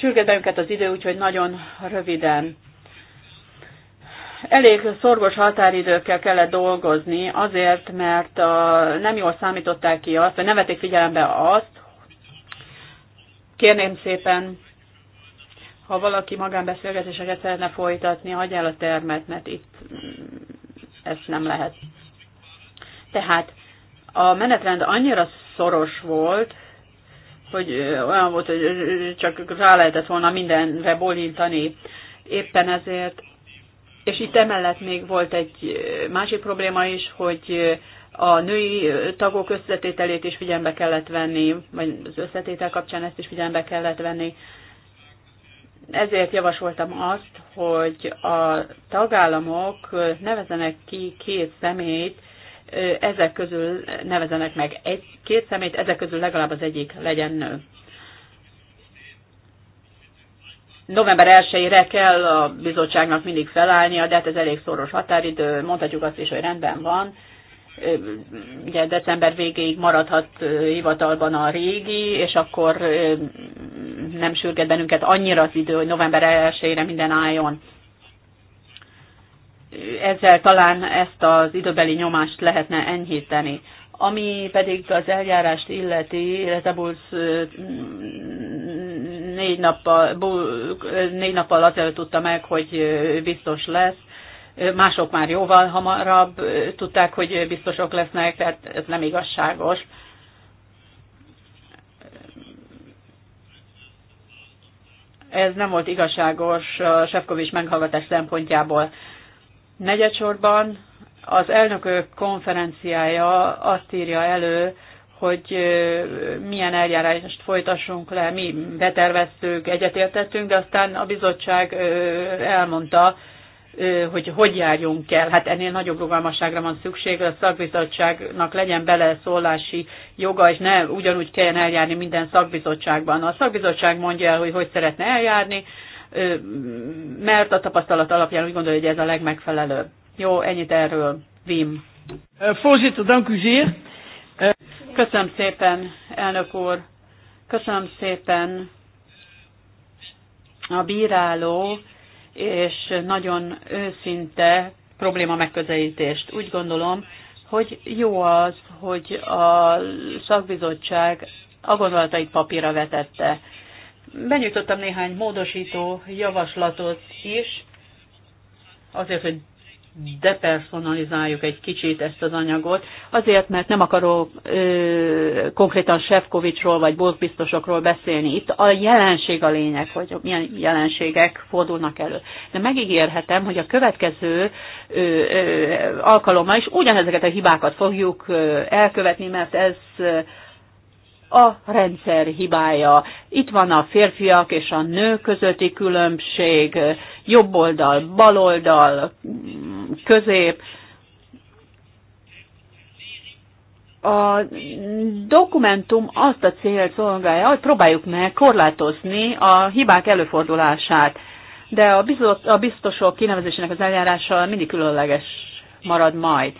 Sürgedelmüket az idő, úgyhogy nagyon röviden elég szorgos határidőkkel kellett dolgozni, azért, mert a, uh, nem jól számították ki azt, vagy nem vették figyelembe azt, kérném szépen, ha valaki magánbeszélgetéseket szeretne folytatni, hagyja el a termet, mert itt mm, ezt nem lehet. Tehát a menetrend annyira szoros volt, hogy olyan volt, hogy csak rá lehetett volna mindenre bolintani. Éppen ezért és itt emellett még volt egy másik probléma is, hogy a női tagok összetételét is figyelembe kellett venni, vagy az összetétel kapcsán ezt is figyelembe kellett venni. Ezért javasoltam azt, hogy a tagállamok nevezenek ki két személyt, ezek közül nevezenek meg egy, két szemét, ezek közül legalább az egyik legyen nő. november 1-re kell a bizottságnak mindig felállnia, de hát ez elég szoros határidő, mondhatjuk azt is, hogy rendben van. Ugye december végéig maradhat hivatalban a régi, és akkor nem sürget bennünket annyira az idő, hogy november 1 minden álljon. Ezzel talán ezt az időbeli nyomást lehetne enyhíteni. Ami pedig az eljárást illeti, illetve négy nappal, négy nappal azelőtt tudta meg, hogy biztos lesz. Mások már jóval hamarabb tudták, hogy biztosok lesznek, tehát ez nem igazságos. Ez nem volt igazságos a Sefkovics meghallgatás szempontjából. Negyedsorban az elnökök konferenciája azt írja elő, hogy milyen eljárást folytassunk le. Mi beterveztük, egyetértettünk, de aztán a bizottság elmondta, hogy hogy járjunk el. Hát ennél nagyobb rugalmasságra van szükség, a szakbizottságnak legyen beleszólási joga, és ne ugyanúgy kelljen eljárni minden szakbizottságban. A szakbizottság mondja el, hogy hogy szeretne eljárni, mert a tapasztalat alapján úgy gondolja, hogy ez a legmegfelelőbb. Jó, ennyit erről. Vim. Eh, voorzitter, dank u zeer. Köszönöm szépen, elnök úr. Köszönöm szépen a bíráló és nagyon őszinte probléma megközelítést. Úgy gondolom, hogy jó az, hogy a szakbizottság a gondolatait papírra vetette. Benyújtottam néhány módosító javaslatot is, azért, hogy depersonalizáljuk egy kicsit ezt az anyagot, azért, mert nem akarok ö, konkrétan Sefcovicsról vagy boltbiztosokról beszélni. Itt a jelenség a lényeg, hogy milyen jelenségek fordulnak elő. De megígérhetem, hogy a következő ö, ö, alkalommal is ugyanezeket a hibákat fogjuk ö, elkövetni, mert ez a rendszer hibája. Itt van a férfiak és a nő közötti különbség, jobb oldal, bal oldal, közép. A dokumentum azt a cél szolgálja, hogy próbáljuk meg korlátozni a hibák előfordulását, de a, a biztosok kinevezésének az eljárása mindig különleges marad majd.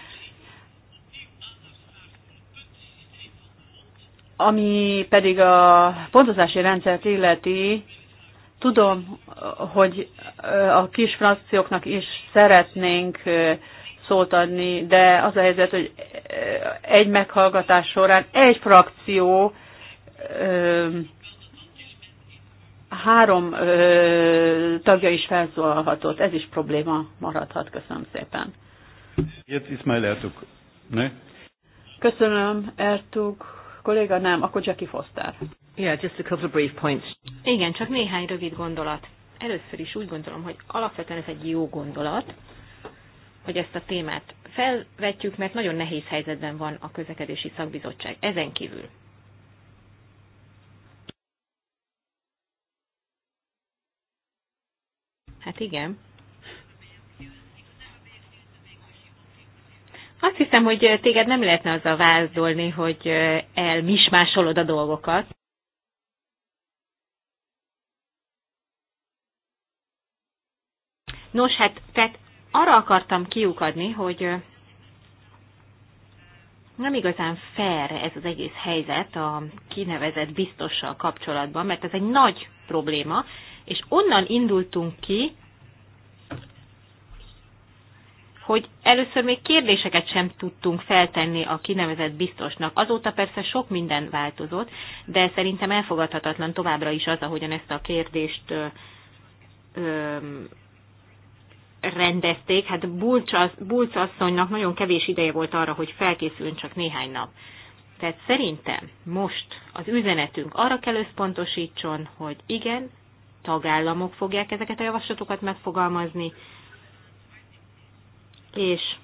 Ami pedig a pontozási rendszert illeti, tudom, hogy a kis frakcióknak is szeretnénk szót adni, de az a helyzet, hogy egy meghallgatás során egy frakció három tagja is felszólalhatott. Ez is probléma maradhat. Köszönöm szépen. Jetzt Ismail Ertug. Ne? Köszönöm, Ertug kolléga nem, akkor Jackie Foster. Yeah, just a couple of brief points. Igen, csak néhány rövid gondolat. Először is úgy gondolom, hogy alapvetően ez egy jó gondolat, hogy ezt a témát felvetjük, mert nagyon nehéz helyzetben van a közlekedési szakbizottság ezen kívül. Hát igen, Azt hiszem, hogy téged nem lehetne azzal vázolni, hogy elmismásolod a dolgokat. Nos, hát tehát arra akartam kiukadni, hogy nem igazán fair ez az egész helyzet a kinevezett biztossal kapcsolatban, mert ez egy nagy probléma, és onnan indultunk ki, hogy először még kérdéseket sem tudtunk feltenni a kinevezett biztosnak. Azóta persze sok minden változott, de szerintem elfogadhatatlan továbbra is az, ahogyan ezt a kérdést ö, ö, rendezték. Hát Bulc asszonynak nagyon kevés ideje volt arra, hogy felkészüljön csak néhány nap. Tehát szerintem most az üzenetünk arra kell összpontosítson, hogy igen, tagállamok fogják ezeket a javaslatokat megfogalmazni, és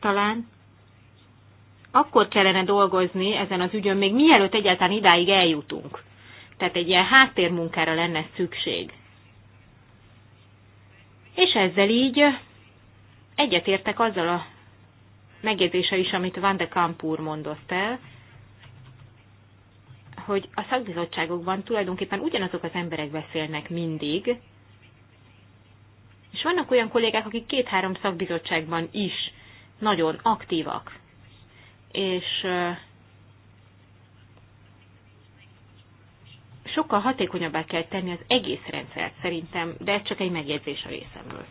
talán akkor kellene dolgozni ezen az ügyön, még mielőtt egyáltalán idáig eljutunk. Tehát egy ilyen háttérmunkára lenne szükség. És ezzel így egyetértek azzal a megjegyzése is, amit Van de Kamp úr mondott el, hogy a szakbizottságokban tulajdonképpen ugyanazok az emberek beszélnek mindig, és vannak olyan kollégák, akik két-három szakbizottságban is nagyon aktívak. És sokkal hatékonyabbá kell tenni az egész rendszert szerintem, de ez csak egy megjegyzés a részemről.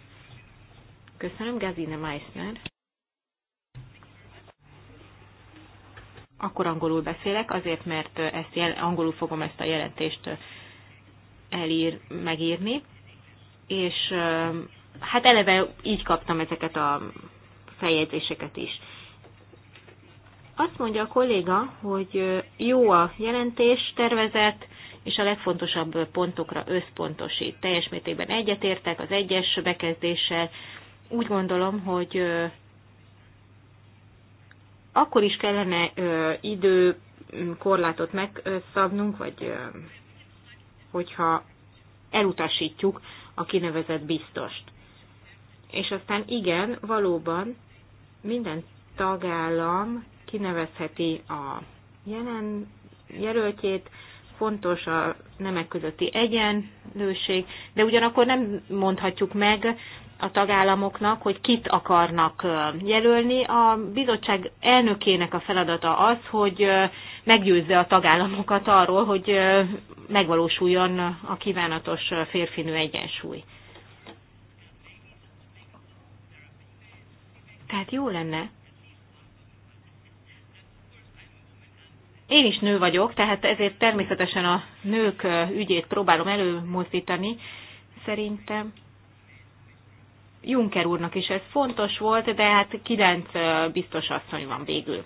Köszönöm, Gazine Meissner. Akkor angolul beszélek, azért, mert ezt jel, angolul fogom ezt a jelentést elír, megírni és hát eleve így kaptam ezeket a feljegyzéseket is. Azt mondja a kolléga, hogy jó a jelentés tervezet, és a legfontosabb pontokra összpontosít. Teljes mértékben egyetértek az egyes bekezdéssel. Úgy gondolom, hogy akkor is kellene idő korlátot megszabnunk, vagy hogyha elutasítjuk a kinevezett biztost. És aztán igen, valóban minden tagállam kinevezheti a jelen jelöltjét, fontos a nemek közötti egyenlőség, de ugyanakkor nem mondhatjuk meg a tagállamoknak, hogy kit akarnak jelölni. A bizottság elnökének a feladata az, hogy meggyőzze a tagállamokat arról, hogy megvalósuljon a kívánatos férfinő egyensúly. Tehát jó lenne. Én is nő vagyok, tehát ezért természetesen a nők ügyét próbálom előmozdítani. Szerintem Juncker úrnak is ez fontos volt, de hát kilenc biztos asszony van végül.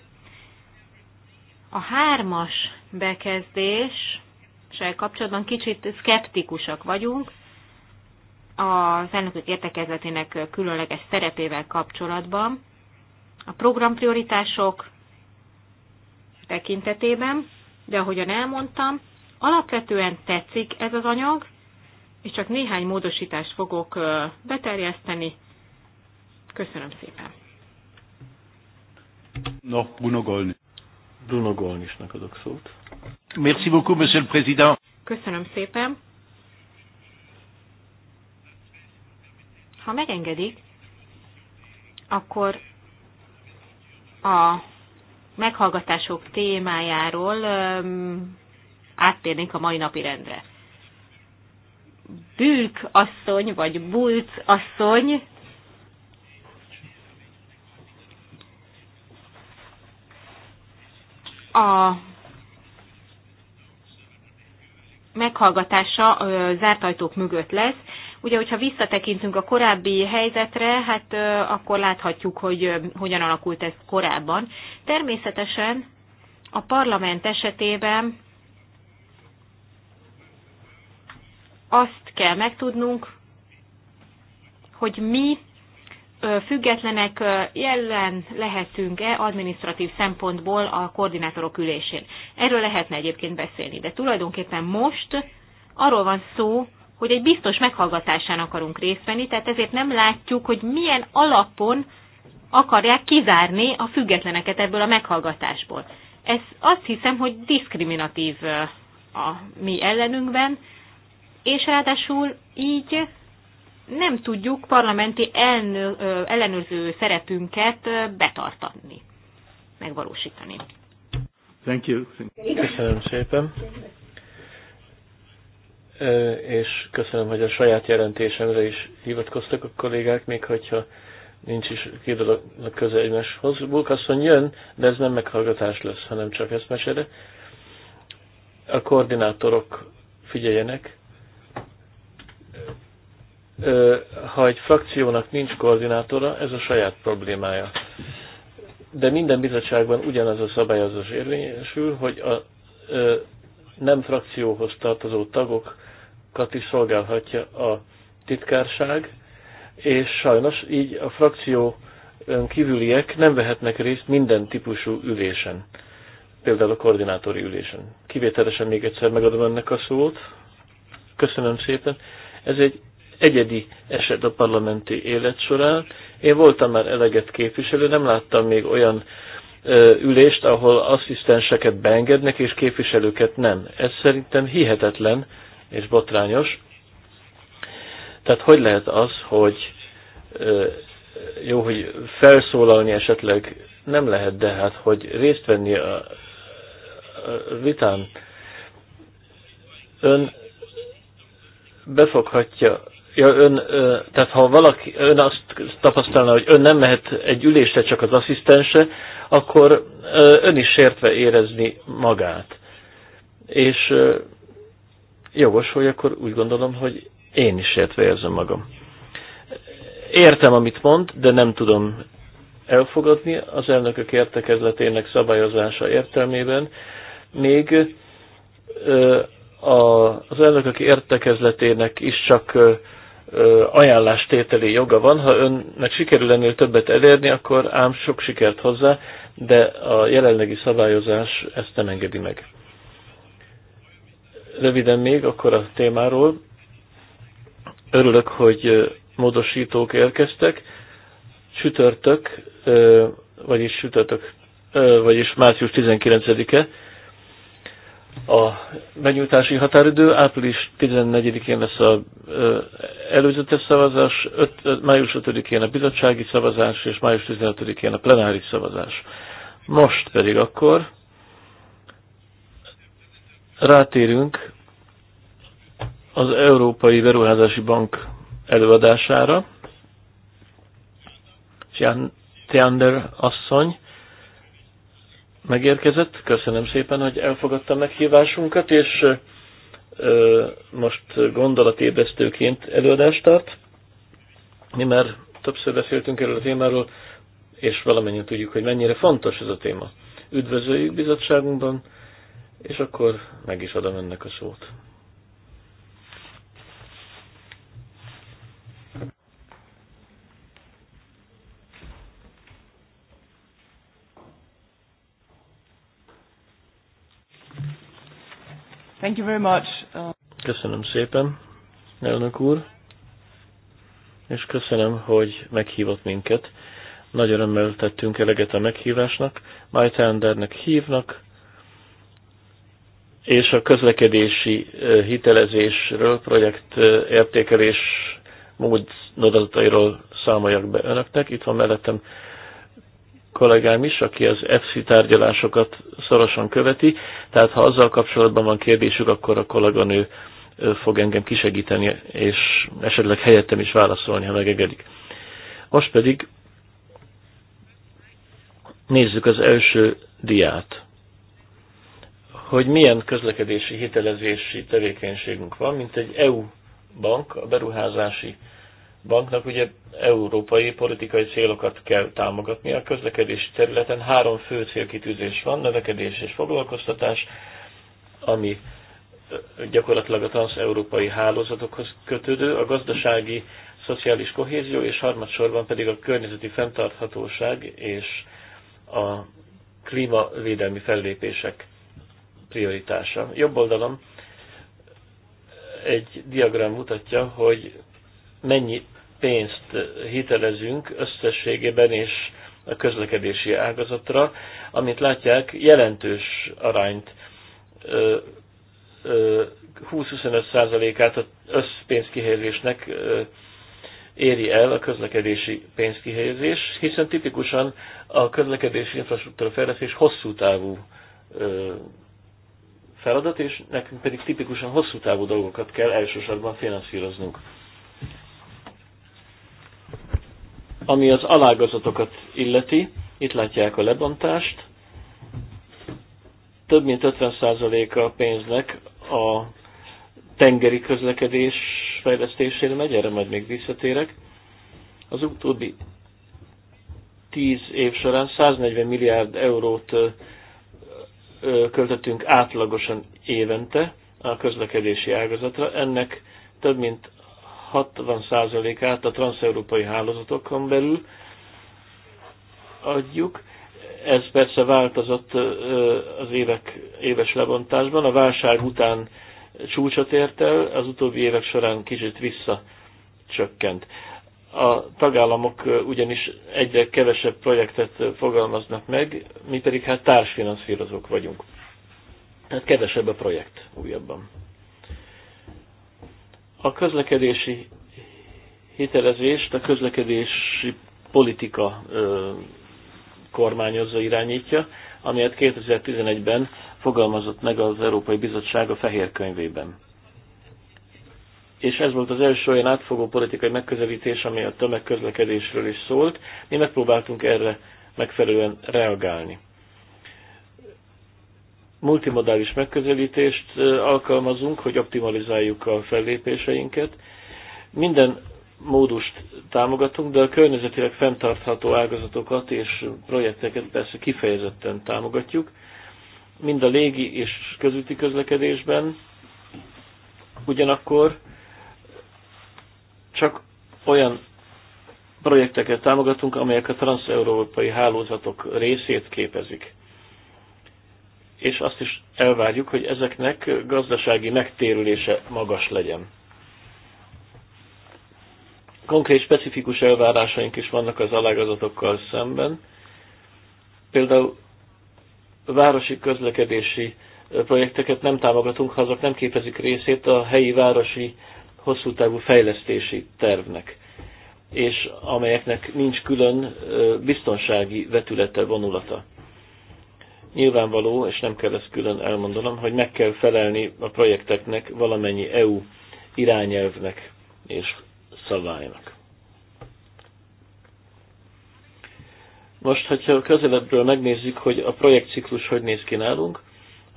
A hármas bekezdés kapcsolatban kicsit szkeptikusak vagyunk az elnökök értekezletének különleges szerepével kapcsolatban, a programprioritások tekintetében, de ahogyan elmondtam, alapvetően tetszik ez az anyag, és csak néhány módosítást fogok beterjeszteni. Köszönöm szépen. No, Bruno Golnis. Bruno adok szót. Merci beaucoup, monsieur le président. Köszönöm szépen. Ha megengedik, akkor a meghallgatások témájáról áttérnénk a mai napi rendre bűk asszony, vagy Bulc asszony, a meghallgatása zárt ajtók mögött lesz, Ugye, hogyha visszatekintünk a korábbi helyzetre, hát akkor láthatjuk, hogy hogyan alakult ez korábban. Természetesen a parlament esetében azt kell megtudnunk, hogy mi függetlenek jelen lehetünk-e adminisztratív szempontból a koordinátorok ülésén. Erről lehetne egyébként beszélni, de tulajdonképpen most arról van szó, hogy egy biztos meghallgatásán akarunk részt venni, tehát ezért nem látjuk, hogy milyen alapon akarják kizárni a függetleneket ebből a meghallgatásból. Ez azt hiszem, hogy diszkriminatív a mi ellenünkben, és ráadásul így nem tudjuk parlamenti ellenőrző szerepünket betartatni, megvalósítani. Thank you. Köszönöm szépen. És köszönöm, hogy a saját jelentésemre is hivatkoztak a kollégák, még hogyha nincs is két a köze egymáshoz. Bulkasszony jön, de ez nem meghallgatás lesz, hanem csak eszmesere. A koordinátorok figyeljenek, ha egy frakciónak nincs koordinátora, ez a saját problémája. De minden bizottságban ugyanaz a szabályozás érvényesül, hogy a nem frakcióhoz tartozó tagokat is szolgálhatja a titkárság, és sajnos így a frakció kívüliek nem vehetnek részt minden típusú ülésen, például a koordinátori ülésen. Kivételesen még egyszer megadom ennek a szót. Köszönöm szépen. Ez egy egyedi eset a parlamenti élet során. Én voltam már eleget képviselő, nem láttam még olyan ülést, ahol asszisztenseket beengednek, és képviselőket nem. Ez szerintem hihetetlen és botrányos. Tehát hogy lehet az, hogy jó, hogy felszólalni esetleg nem lehet, de hát, hogy részt venni a vitán ön befoghatja ja, ön, tehát ha valaki ön azt tapasztalna, hogy ön nem mehet egy ülésre csak az asszisztense, akkor ön is sértve érezni magát. És jogos, hogy akkor úgy gondolom, hogy én is sértve érzem magam. Értem, amit mond, de nem tudom elfogadni az elnökök értekezletének szabályozása értelmében. Még az elnökök értekezletének is csak ajánlástételi joga van. Ha önnek sikerül ennél többet elérni, akkor ám sok sikert hozzá, de a jelenlegi szabályozás ezt nem engedi meg. Röviden még akkor a témáról. Örülök, hogy módosítók érkeztek. Csütörtök, vagyis csütörtök, vagyis március 19-e, a benyújtási határidő. Április 14-én lesz a előzetes szavazás, 5, május 5-én a bizottsági szavazás, és május 15-én a plenáris szavazás. Most pedig akkor rátérünk az Európai Beruházási Bank előadására. Tiander asszony megérkezett. Köszönöm szépen, hogy elfogadta meghívásunkat, és most gondolatébresztőként előadást tart. Mi már többször beszéltünk erről a témáról, és valamennyien tudjuk, hogy mennyire fontos ez a téma. Üdvözöljük bizottságunkban, és akkor meg is adom ennek a szót. Thank you very much. Köszönöm szépen, elnök úr, és köszönöm, hogy meghívott minket. Nagy örömmel tettünk eleget a meghívásnak. Endernek hívnak, és a közlekedési hitelezésről, projekt értékelés módozatairól számoljak be önöknek. Itt van mellettem kollégám is, aki az EFSI tárgyalásokat szorosan követi, tehát ha azzal kapcsolatban van kérdésük, akkor a kolléganő fog engem kisegíteni, és esetleg helyettem is válaszolni, ha megegedik. Most pedig nézzük az első diát, hogy milyen közlekedési hitelezési tevékenységünk van, mint egy EU bank, a beruházási banknak ugye európai politikai célokat kell támogatni. A közlekedési területen három fő célkitűzés van, növekedés és foglalkoztatás, ami gyakorlatilag a transz-európai hálózatokhoz kötődő, a gazdasági, szociális kohézió, és harmadsorban pedig a környezeti fenntarthatóság és a klímavédelmi fellépések prioritása. Jobb oldalon egy diagram mutatja, hogy mennyi pénzt hitelezünk összességében és a közlekedési ágazatra, amit látják, jelentős arányt 20-25%-át az összpénzkihelyezésnek éri el a közlekedési pénzkihelyezés, hiszen tipikusan a közlekedési infrastruktúra fejlesztés hosszú távú feladat, és nekünk pedig tipikusan hosszú távú dolgokat kell elsősorban finanszíroznunk. Ami az alágazatokat illeti, itt látják a lebontást. Több mint 50%-a a pénznek a tengeri közlekedés fejlesztésére megy, erre majd még visszatérek. Az utóbbi 10 év során 140 milliárd eurót költöttünk átlagosan évente a közlekedési ágazatra. Ennek több mint 60%-át a transeurópai hálózatokon belül adjuk. Ez persze változott az évek, éves lebontásban. A válság után csúcsot ért el, az utóbbi évek során kicsit visszacsökkent. A tagállamok ugyanis egyre kevesebb projektet fogalmaznak meg, mi pedig hát társfinanszírozók vagyunk. Tehát kevesebb a projekt újabban. A közlekedési hitelezést a közlekedési politika ö, kormányozza, irányítja, amelyet 2011-ben fogalmazott meg az Európai Bizottság a Fehér Könyvében. És ez volt az első olyan átfogó politikai megközelítés, ami a tömegközlekedésről is szólt. Mi megpróbáltunk erre megfelelően reagálni multimodális megközelítést alkalmazunk, hogy optimalizáljuk a fellépéseinket. Minden módust támogatunk, de a környezetileg fenntartható ágazatokat és projekteket persze kifejezetten támogatjuk. Mind a légi és közúti közlekedésben ugyanakkor csak olyan projekteket támogatunk, amelyek a transeurópai hálózatok részét képezik és azt is elvárjuk, hogy ezeknek gazdasági megtérülése magas legyen. Konkrét specifikus elvárásaink is vannak az alágazatokkal szemben. Például városi közlekedési projekteket nem támogatunk, ha azok nem képezik részét a helyi városi hosszú távú fejlesztési tervnek, és amelyeknek nincs külön biztonsági vetülete, vonulata nyilvánvaló, és nem kell ezt külön elmondanom, hogy meg kell felelni a projekteknek valamennyi EU irányelvnek és szabálynak. Most, hogyha közelebbről megnézzük, hogy a projektciklus hogy néz ki nálunk,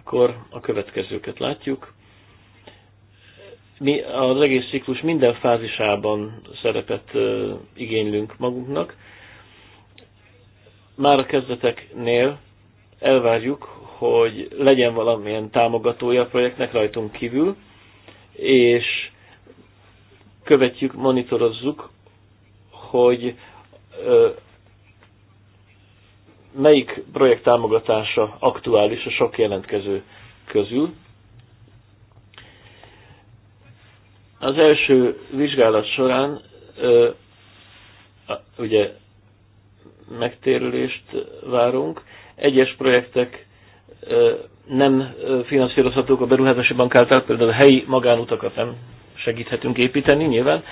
akkor a következőket látjuk. Mi az egész ciklus minden fázisában szerepet igénylünk magunknak. Már a kezdeteknél elvárjuk, hogy legyen valamilyen támogatója a projektnek rajtunk kívül, és követjük, monitorozzuk, hogy melyik projekt támogatása aktuális a sok jelentkező közül. Az első vizsgálat során ugye megtérülést várunk, egyes projektek nem finanszírozhatók a beruházási bank által, például a helyi magánutakat nem segíthetünk építeni nyilván.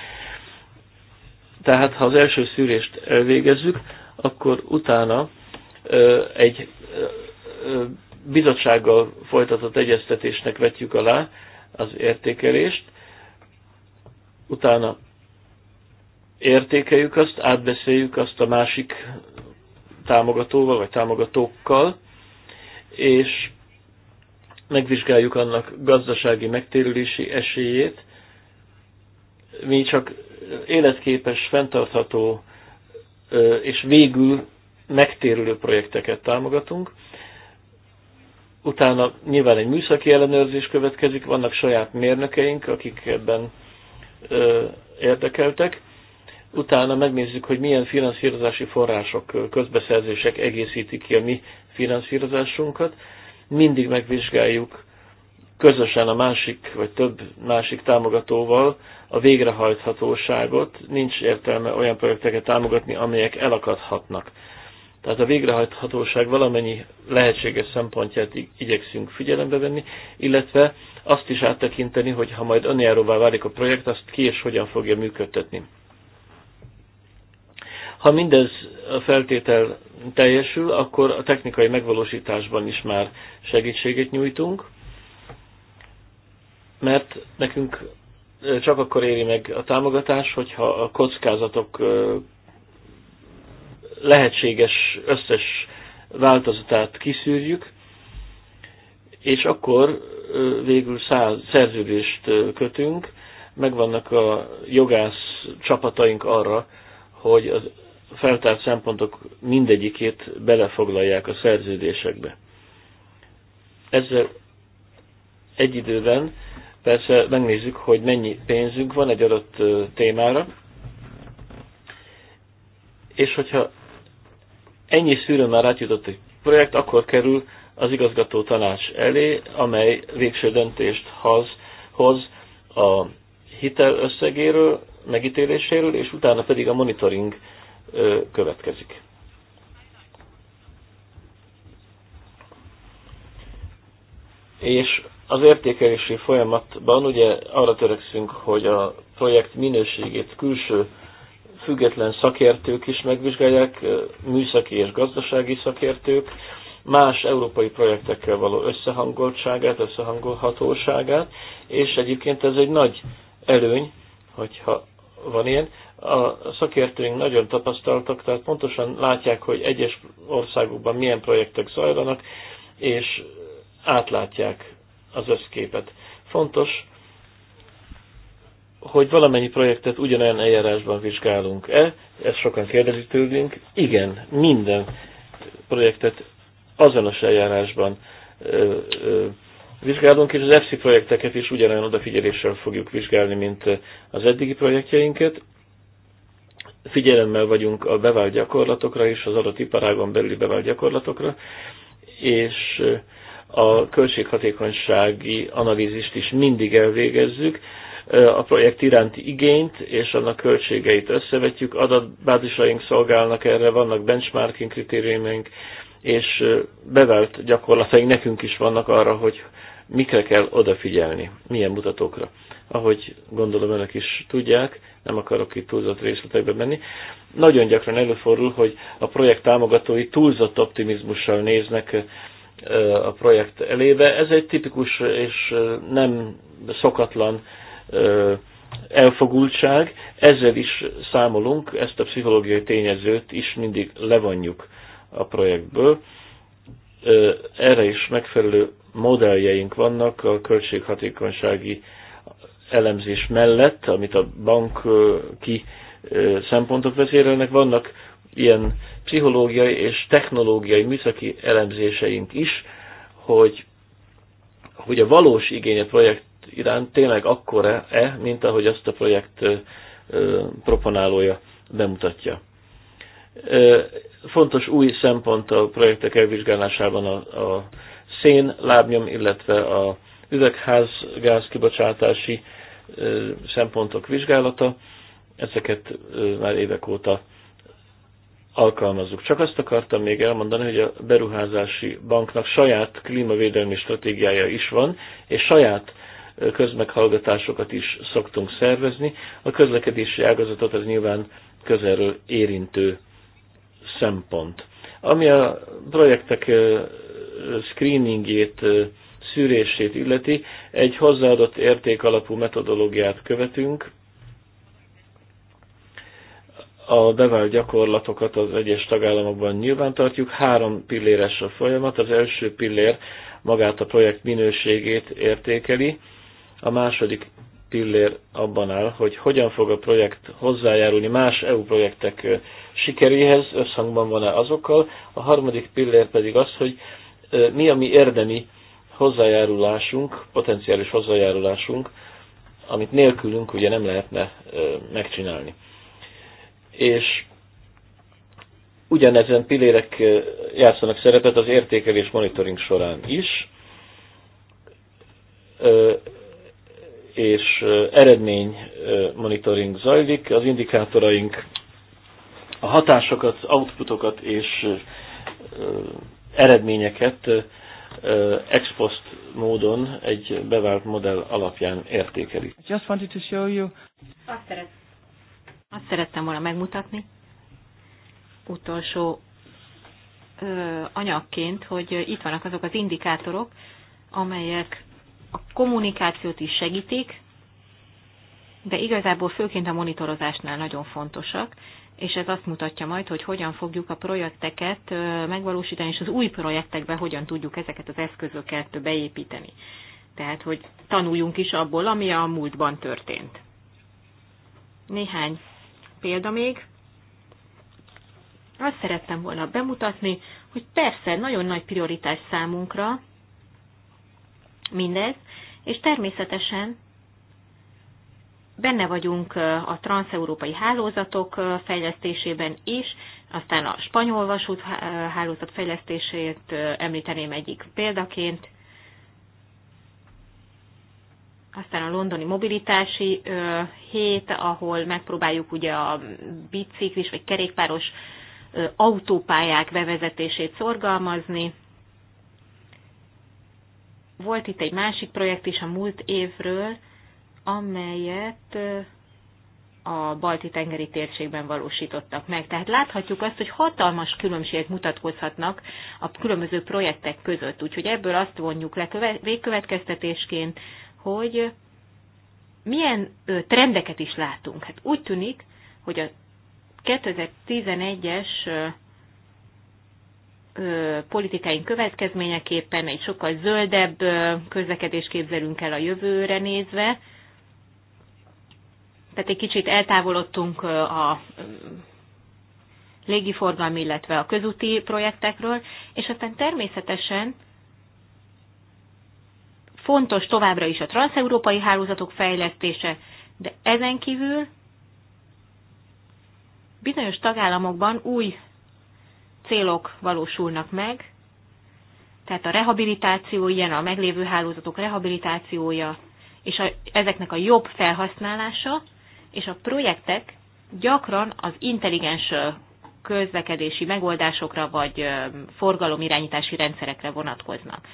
Tehát ha az első szűrést elvégezzük, akkor utána egy bizottsággal folytatott egyeztetésnek vetjük alá az értékelést, utána értékeljük azt, átbeszéljük azt a másik támogatóval vagy támogatókkal, és megvizsgáljuk annak gazdasági megtérülési esélyét. Mi csak életképes, fenntartható és végül megtérülő projekteket támogatunk. Utána nyilván egy műszaki ellenőrzés következik, vannak saját mérnökeink, akik ebben érdekeltek, Utána megnézzük, hogy milyen finanszírozási források, közbeszerzések egészítik ki a mi finanszírozásunkat. Mindig megvizsgáljuk közösen a másik, vagy több másik támogatóval a végrehajthatóságot. Nincs értelme olyan projekteket támogatni, amelyek elakadhatnak. Tehát a végrehajthatóság valamennyi lehetséges szempontját igyekszünk figyelembe venni, illetve azt is áttekinteni, hogy ha majd önjáróvá válik a projekt, azt ki és hogyan fogja működtetni. Ha mindez a feltétel teljesül, akkor a technikai megvalósításban is már segítséget nyújtunk, mert nekünk csak akkor éri meg a támogatás, hogyha a kockázatok lehetséges összes változatát kiszűrjük, és akkor végül szerződést kötünk, megvannak a jogász csapataink arra, hogy az feltárt szempontok mindegyikét belefoglalják a szerződésekbe. Ezzel egy időben persze megnézzük, hogy mennyi pénzünk van egy adott témára, és hogyha ennyi szűrőn már átjutott egy projekt, akkor kerül az igazgató tanács elé, amely végső döntést hoz, hoz a hitel összegéről, megítéléséről, és utána pedig a monitoring következik. És az értékelési folyamatban ugye arra törekszünk, hogy a projekt minőségét külső független szakértők is megvizsgálják, műszaki és gazdasági szakértők, más európai projektekkel való összehangoltságát, összehangolhatóságát, és egyébként ez egy nagy előny, hogyha van ilyen. A szakértőink nagyon tapasztaltak, tehát pontosan látják, hogy egyes országokban milyen projektek zajlanak, és átlátják az összképet. Fontos, hogy valamennyi projektet ugyanolyan eljárásban vizsgálunk-e, ezt sokan kérdezik tőlünk, igen, minden projektet azonos eljárásban ö, ö, vizsgálunk, és az EFSI projekteket is ugyanolyan odafigyeléssel fogjuk vizsgálni, mint az eddigi projektjeinket. Figyelemmel vagyunk a bevált gyakorlatokra és az adott iparágon belüli bevált gyakorlatokra, és a költséghatékonysági analízist is mindig elvégezzük, a projekt iránti igényt és annak költségeit összevetjük, adatbázisaink szolgálnak erre, vannak benchmarking kritériumaink, és bevált gyakorlataink nekünk is vannak arra, hogy mikre kell odafigyelni, milyen mutatókra. Ahogy gondolom önök is tudják, nem akarok itt túlzott részletekbe menni, nagyon gyakran előfordul, hogy a projekt támogatói túlzott optimizmussal néznek a projekt elébe. Ez egy tipikus és nem szokatlan elfogultság, ezzel is számolunk, ezt a pszichológiai tényezőt is mindig levonjuk a projektből. Erre is megfelelő modelljeink vannak a költséghatékonysági elemzés mellett, amit a bank ki szempontok vezérelnek. Vannak ilyen pszichológiai és technológiai műszaki elemzéseink is, hogy, hogy a valós igény a projekt iránt tényleg akkora-e, mint ahogy azt a projekt proponálója bemutatja. Fontos új szempont a projektek elvizsgálásában a, a szén lábnyom, illetve a üvegházgáz kibocsátási szempontok vizsgálata. Ezeket már évek óta alkalmazzuk. Csak azt akartam még elmondani, hogy a beruházási banknak saját klímavédelmi stratégiája is van, és saját közmeghallgatásokat is szoktunk szervezni. A közlekedési ágazatot az nyilván közelről érintő szempont. Ami a projektek screeningét, szűrését illeti, egy hozzáadott érték alapú metodológiát követünk, a bevált gyakorlatokat az egyes tagállamokban nyilvántartjuk. Három pilléres a folyamat. Az első pillér magát a projekt minőségét értékeli, a második pillér abban áll, hogy hogyan fog a projekt hozzájárulni más EU projektek sikeréhez, összhangban van-e azokkal, a harmadik pillér pedig az, hogy mi a mi érdemi hozzájárulásunk, potenciális hozzájárulásunk, amit nélkülünk ugye nem lehetne megcsinálni. És ugyanezen pillérek játszanak szerepet az értékelés monitoring során is, és eredmény monitoring zajlik. Az indikátoraink a hatásokat, outputokat és eredményeket ex post módon egy bevált modell alapján értékelik. Just wanted to show you. Azt, szeret, azt szerettem volna megmutatni utolsó ö, anyagként, hogy itt vannak azok az indikátorok, amelyek a kommunikációt is segítik, de igazából főként a monitorozásnál nagyon fontosak, és ez azt mutatja majd, hogy hogyan fogjuk a projekteket megvalósítani, és az új projektekbe hogyan tudjuk ezeket az eszközöket beépíteni. Tehát, hogy tanuljunk is abból, ami a múltban történt. Néhány példa még. Azt szerettem volna bemutatni, hogy persze nagyon nagy prioritás számunkra mindez, és természetesen benne vagyunk a transeurópai hálózatok fejlesztésében is, aztán a spanyol vasút hálózat fejlesztését említeném egyik példaként, aztán a londoni mobilitási hét, ahol megpróbáljuk ugye a biciklis vagy kerékpáros autópályák bevezetését szorgalmazni, volt itt egy másik projekt is a múlt évről, amelyet a balti tengeri térségben valósítottak meg. Tehát láthatjuk azt, hogy hatalmas különbségek mutatkozhatnak a különböző projektek között. Úgyhogy ebből azt vonjuk le végkövetkeztetésként, hogy milyen trendeket is látunk. Hát úgy tűnik, hogy a 2011-es politikáink következményeképpen egy sokkal zöldebb közlekedést képzelünk el a jövőre nézve. Tehát egy kicsit eltávolodtunk a légiforgalmi, illetve a közúti projektekről, és aztán természetesen fontos továbbra is a transeurópai hálózatok fejlesztése, de ezen kívül bizonyos tagállamokban új célok valósulnak meg, tehát a rehabilitáció, ilyen a meglévő hálózatok rehabilitációja, és a, ezeknek a jobb felhasználása, és a projektek gyakran az intelligens közlekedési megoldásokra vagy forgalomirányítási rendszerekre vonatkoznak.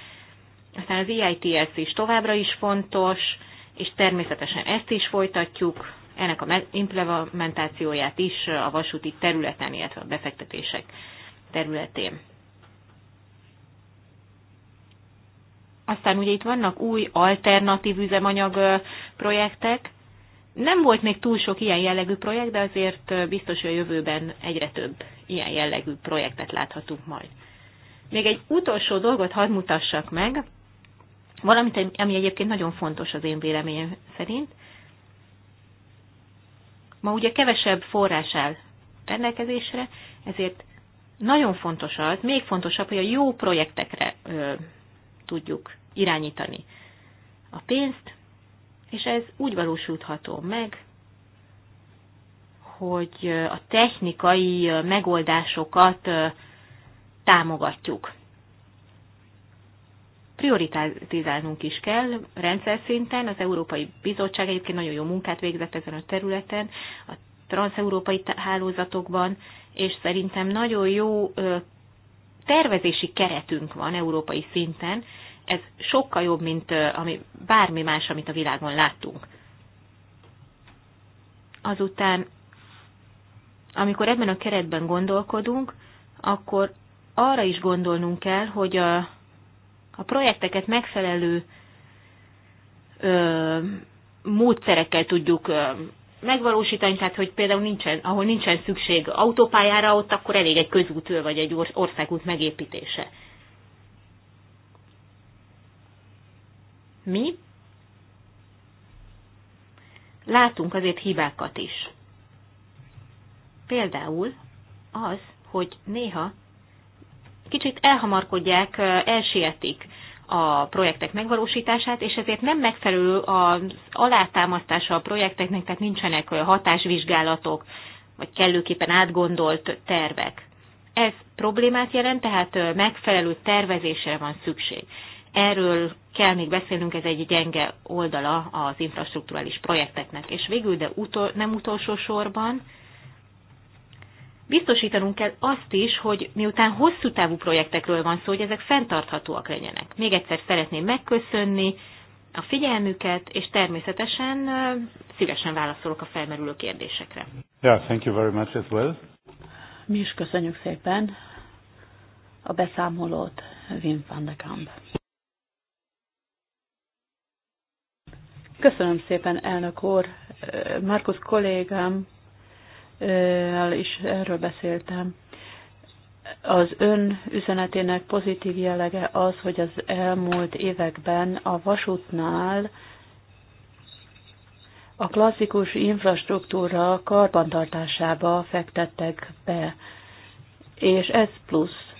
Aztán az EITS is továbbra is fontos, és természetesen ezt is folytatjuk, ennek a implementációját is a vasúti területen, illetve a befektetések területén. Aztán ugye itt vannak új alternatív üzemanyag projektek. Nem volt még túl sok ilyen jellegű projekt, de azért biztos, hogy a jövőben egyre több ilyen jellegű projektet láthatunk majd. Még egy utolsó dolgot hadd mutassak meg, valamit, ami egyébként nagyon fontos az én véleményem szerint. Ma ugye kevesebb forrás áll rendelkezésre, ezért nagyon fontos az, még fontosabb, hogy a jó projektekre ö, tudjuk irányítani a pénzt, és ez úgy valósulható meg, hogy a technikai megoldásokat támogatjuk. Prioritizálnunk is kell rendszer szinten, az Európai Bizottság egyébként nagyon jó munkát végzett ezen a területen, a transeurópai hálózatokban, és szerintem nagyon jó tervezési keretünk van európai szinten, ez sokkal jobb, mint ami, bármi más, amit a világon láttunk. Azután, amikor ebben a keretben gondolkodunk, akkor arra is gondolnunk kell, hogy a, a projekteket megfelelő ö, módszerekkel tudjuk ö, megvalósítani, tehát hogy például nincsen, ahol nincsen szükség autópályára, ott akkor elég egy közútől vagy egy országút megépítése. Mi látunk azért hibákat is. Például az, hogy néha kicsit elhamarkodják, eh, elsietik a projektek megvalósítását, és ezért nem megfelelő az alátámasztása a projekteknek, tehát nincsenek hatásvizsgálatok, vagy kellőképpen átgondolt tervek. Ez problémát jelent, tehát megfelelő tervezésre van szükség. Erről kell még beszélnünk, ez egy gyenge oldala az infrastruktúrális projekteknek. És végül, de utol, nem utolsó sorban, biztosítanunk kell azt is, hogy miután hosszú távú projektekről van szó, hogy ezek fenntarthatóak legyenek. Még egyszer szeretném megköszönni a figyelmüket, és természetesen szívesen válaszolok a felmerülő kérdésekre. Yeah, thank you very much as well. Mi is köszönjük szépen a beszámolót, Wim van de Kamp. Köszönöm szépen, elnök úr. Markus kollégám is erről beszéltem. Az ön üzenetének pozitív jellege az, hogy az elmúlt években a vasútnál a klasszikus infrastruktúra karbantartásába fektettek be, és ez plusz.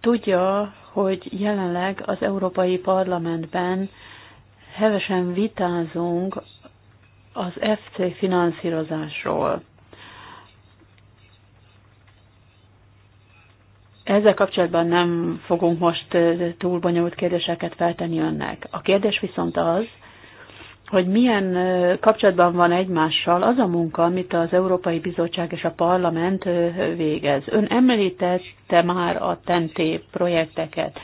Tudja, hogy jelenleg az Európai Parlamentben hevesen vitázunk az FC finanszírozásról. Ezzel kapcsolatban nem fogunk most túl bonyolult kérdéseket feltenni önnek. A kérdés viszont az, hogy milyen kapcsolatban van egymással az a munka, amit az Európai Bizottság és a Parlament végez. Ön említette már a TENTÉ projekteket.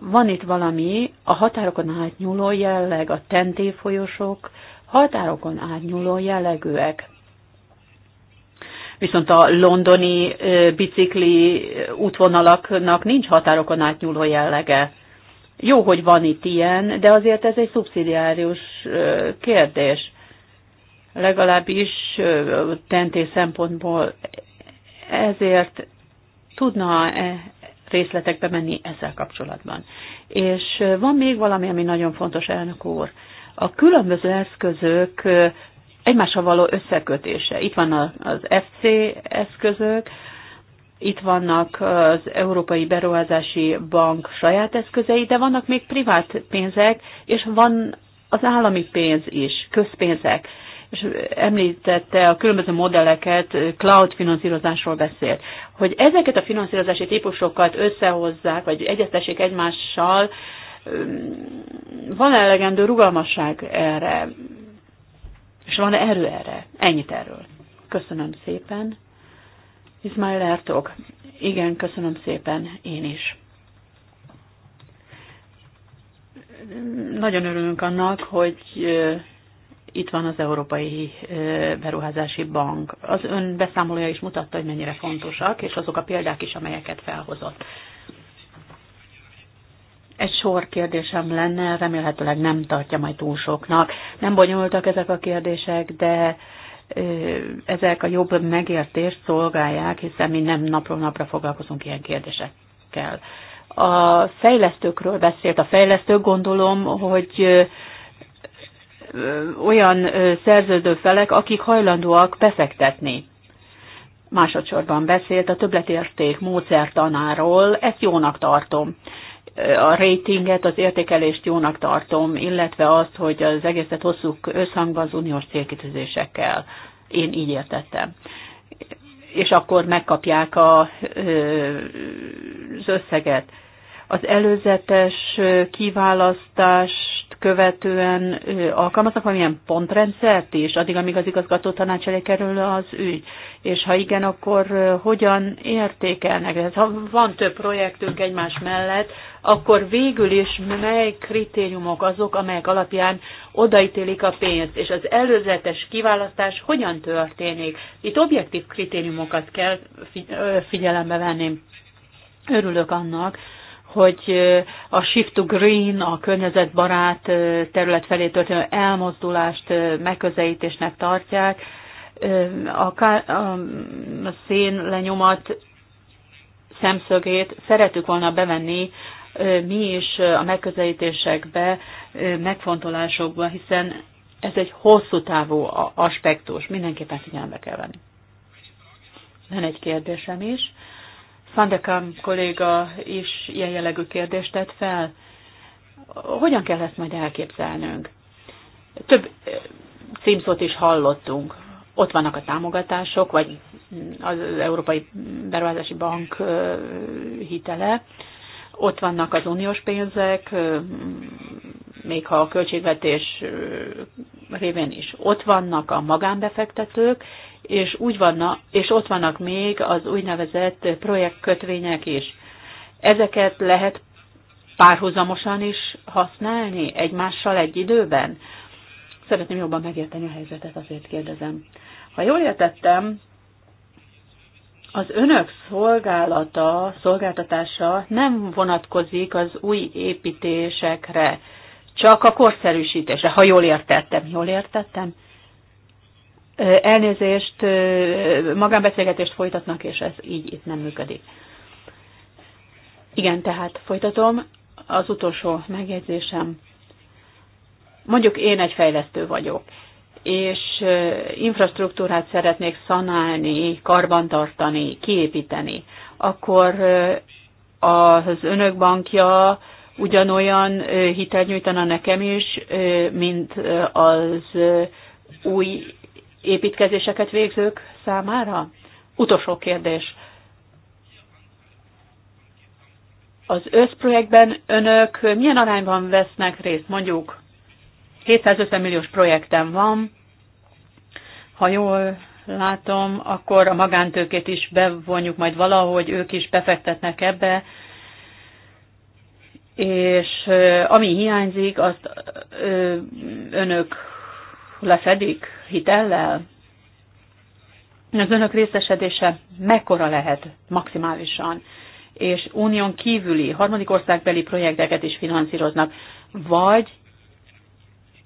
Van itt valami, a határokon átnyúló jelleg, a TENTÉ folyosok, határokon átnyúló jellegűek. Viszont a londoni bicikli útvonalaknak nincs határokon átnyúló jellege. Jó, hogy van itt ilyen, de azért ez egy szubszidiárius kérdés. Legalábbis tenté szempontból ezért tudna -e részletekbe menni ezzel kapcsolatban. És van még valami, ami nagyon fontos, elnök úr a különböző eszközök egymással való összekötése. Itt van az FC eszközök, itt vannak az Európai Beruházási Bank saját eszközei, de vannak még privát pénzek, és van az állami pénz is, közpénzek. És említette a különböző modelleket, cloud finanszírozásról beszélt. Hogy ezeket a finanszírozási típusokat összehozzák, vagy egyeztessék egymással, van elegendő rugalmasság erre, és van erő erre. Ennyit erről. Köszönöm szépen. Ismail Ertog. Igen, köszönöm szépen, én is. Nagyon örülünk annak, hogy itt van az Európai Beruházási Bank. Az ön beszámolója is mutatta, hogy mennyire fontosak, és azok a példák is, amelyeket felhozott. Egy sor kérdésem lenne, remélhetőleg nem tartja majd túl soknak. Nem bonyolultak ezek a kérdések, de ezek a jobb megértést szolgálják, hiszen mi nem napról napra foglalkozunk ilyen kérdésekkel. A fejlesztőkről beszélt. A fejlesztő, gondolom, hogy olyan szerződő felek, akik hajlandóak befektetni. Másodszorban beszélt a többletérték módszertanáról, ezt jónak tartom a ratinget, az értékelést jónak tartom, illetve azt, hogy az egészet hozzuk összhangba az uniós célkitűzésekkel. Én így értettem. És akkor megkapják a, az összeget. Az előzetes kiválasztás követően alkalmaznak valamilyen pontrendszert is, addig, amíg az igazgató tanács elé kerül az ügy? És ha igen, akkor hogyan értékelnek? Tehát, ha van több projektünk egymás mellett, akkor végül is mely kritériumok azok, amelyek alapján odaítélik a pénzt, és az előzetes kiválasztás hogyan történik? Itt objektív kritériumokat kell figyelembe venni. Örülök annak, hogy a shift to green, a környezetbarát terület felé történő elmozdulást megközelítésnek tartják. A, ká- a szén lenyomat szemszögét szeretük volna bevenni mi is a megközelítésekbe, megfontolásokba, hiszen ez egy hosszú távú aspektus, mindenképpen figyelme kell venni. Van egy kérdésem is. Fandekam kolléga is ilyen jellegű kérdést tett fel. Hogyan kell ezt majd elképzelnünk? Több eh, címszót is hallottunk. Ott vannak a támogatások, vagy az Európai Beruházási Bank eh, hitele, ott vannak az uniós pénzek, eh, még ha a költségvetés révén is ott vannak a magánbefektetők, és, úgy vanna és ott vannak még az úgynevezett projektkötvények is. Ezeket lehet párhuzamosan is használni, egymással egy időben? Szeretném jobban megérteni a helyzetet, azért kérdezem. Ha jól értettem, az önök szolgálata, szolgáltatása nem vonatkozik az új építésekre, csak a korszerűsítésre, ha jól értettem. Jól értettem? elnézést, magánbeszélgetést folytatnak, és ez így itt nem működik. Igen, tehát folytatom. Az utolsó megjegyzésem. Mondjuk én egy fejlesztő vagyok, és infrastruktúrát szeretnék szanálni, karbantartani, kiépíteni, akkor az önök bankja ugyanolyan hitelt nyújtana nekem is, mint az új építkezéseket végzők számára? Utolsó kérdés. Az összprojektben önök milyen arányban vesznek részt? Mondjuk 750 milliós projektem van, ha jól látom, akkor a magántőkét is bevonjuk majd valahogy, ők is befektetnek ebbe, és ami hiányzik, azt önök lefedik hitellel, az önök részesedése mekkora lehet maximálisan, és unión kívüli, harmadik országbeli projekteket is finanszíroznak, vagy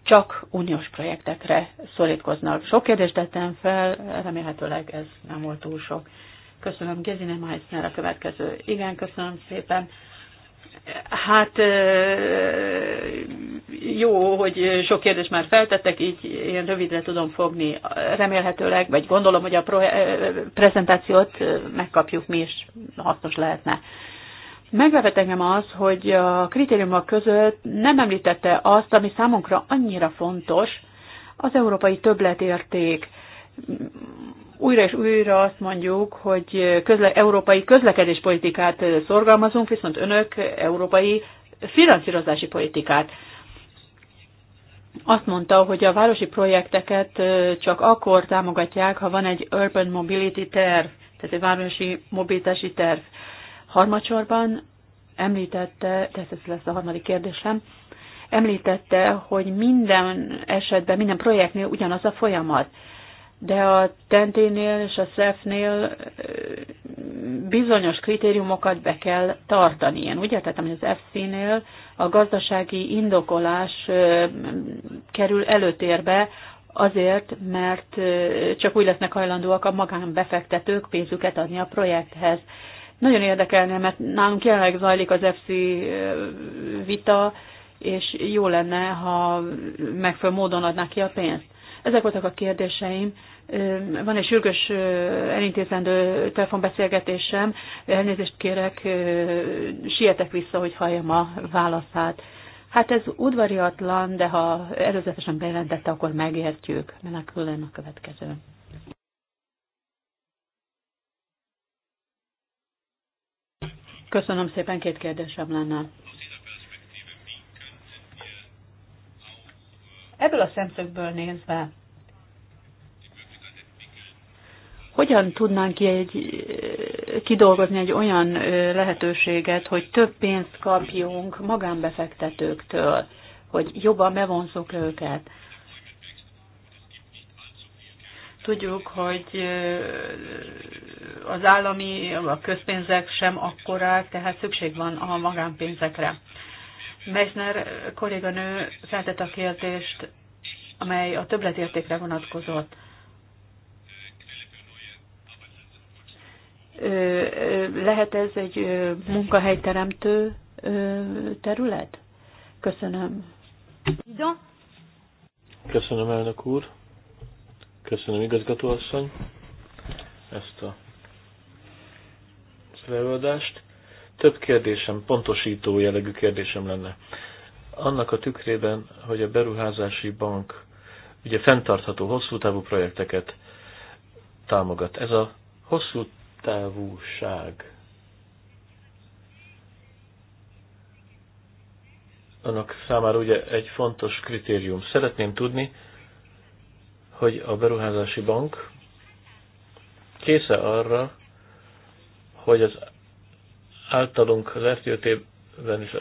csak uniós projektekre szorítkoznak. Sok kérdést tettem fel, remélhetőleg ez nem volt túl sok. Köszönöm Gezine Meissner a következő. Igen, köszönöm szépen. Hát jó, hogy sok kérdést már feltettek, így én rövidre tudom fogni remélhetőleg, vagy gondolom, hogy a prezentációt megkapjuk mi is, hasznos lehetne. Meglepett engem az, hogy a kritériumok között nem említette azt, ami számunkra annyira fontos, az európai többletérték újra és újra azt mondjuk, hogy közle, európai közlekedéspolitikát szorgalmazunk, viszont önök európai finanszírozási politikát. Azt mondta, hogy a városi projekteket csak akkor támogatják, ha van egy Urban Mobility terv, tehát egy városi mobilitási terv. Harmadsorban említette, tehát ez lesz a harmadik kérdésem, említette, hogy minden esetben, minden projektnél ugyanaz a folyamat de a tenténél és a szefnél bizonyos kritériumokat be kell tartani. Én úgy tehát hogy az FC-nél a gazdasági indokolás kerül előtérbe azért, mert csak úgy lesznek hajlandóak a magánbefektetők pénzüket adni a projekthez. Nagyon érdekelne, mert nálunk jelenleg zajlik az FC vita, és jó lenne, ha megfelelő módon adnák ki a pénzt. Ezek voltak a kérdéseim. Van egy sürgős elintézendő telefonbeszélgetésem. Elnézést kérek, sietek vissza, hogy halljam a válaszát. Hát ez udvariatlan, de ha előzetesen bejelentette, akkor megértjük. Menekülön a következő. Köszönöm szépen, két kérdésem lenne. Ebből a szemszögből nézve, hogyan tudnánk ki egy, kidolgozni egy olyan lehetőséget, hogy több pénzt kapjunk magánbefektetőktől, hogy jobban bevonzuk őket? Tudjuk, hogy az állami, a közpénzek sem akkorák, tehát szükség van a magánpénzekre. Meissner kolléganő feltett a kérdést, amely a többletértékre vonatkozott. Lehet ez egy munkahelyteremtő terület? Köszönöm. Köszönöm, elnök úr. Köszönöm, igazgatóasszony, ezt a előadást. Több kérdésem, pontosító jellegű kérdésem lenne. Annak a tükrében, hogy a beruházási bank ugye fenntartható hosszú távú projekteket támogat. Ez a hosszú távúság annak számára ugye egy fontos kritérium. Szeretném tudni, hogy a beruházási bank késze arra, hogy az általunk az ftt ben is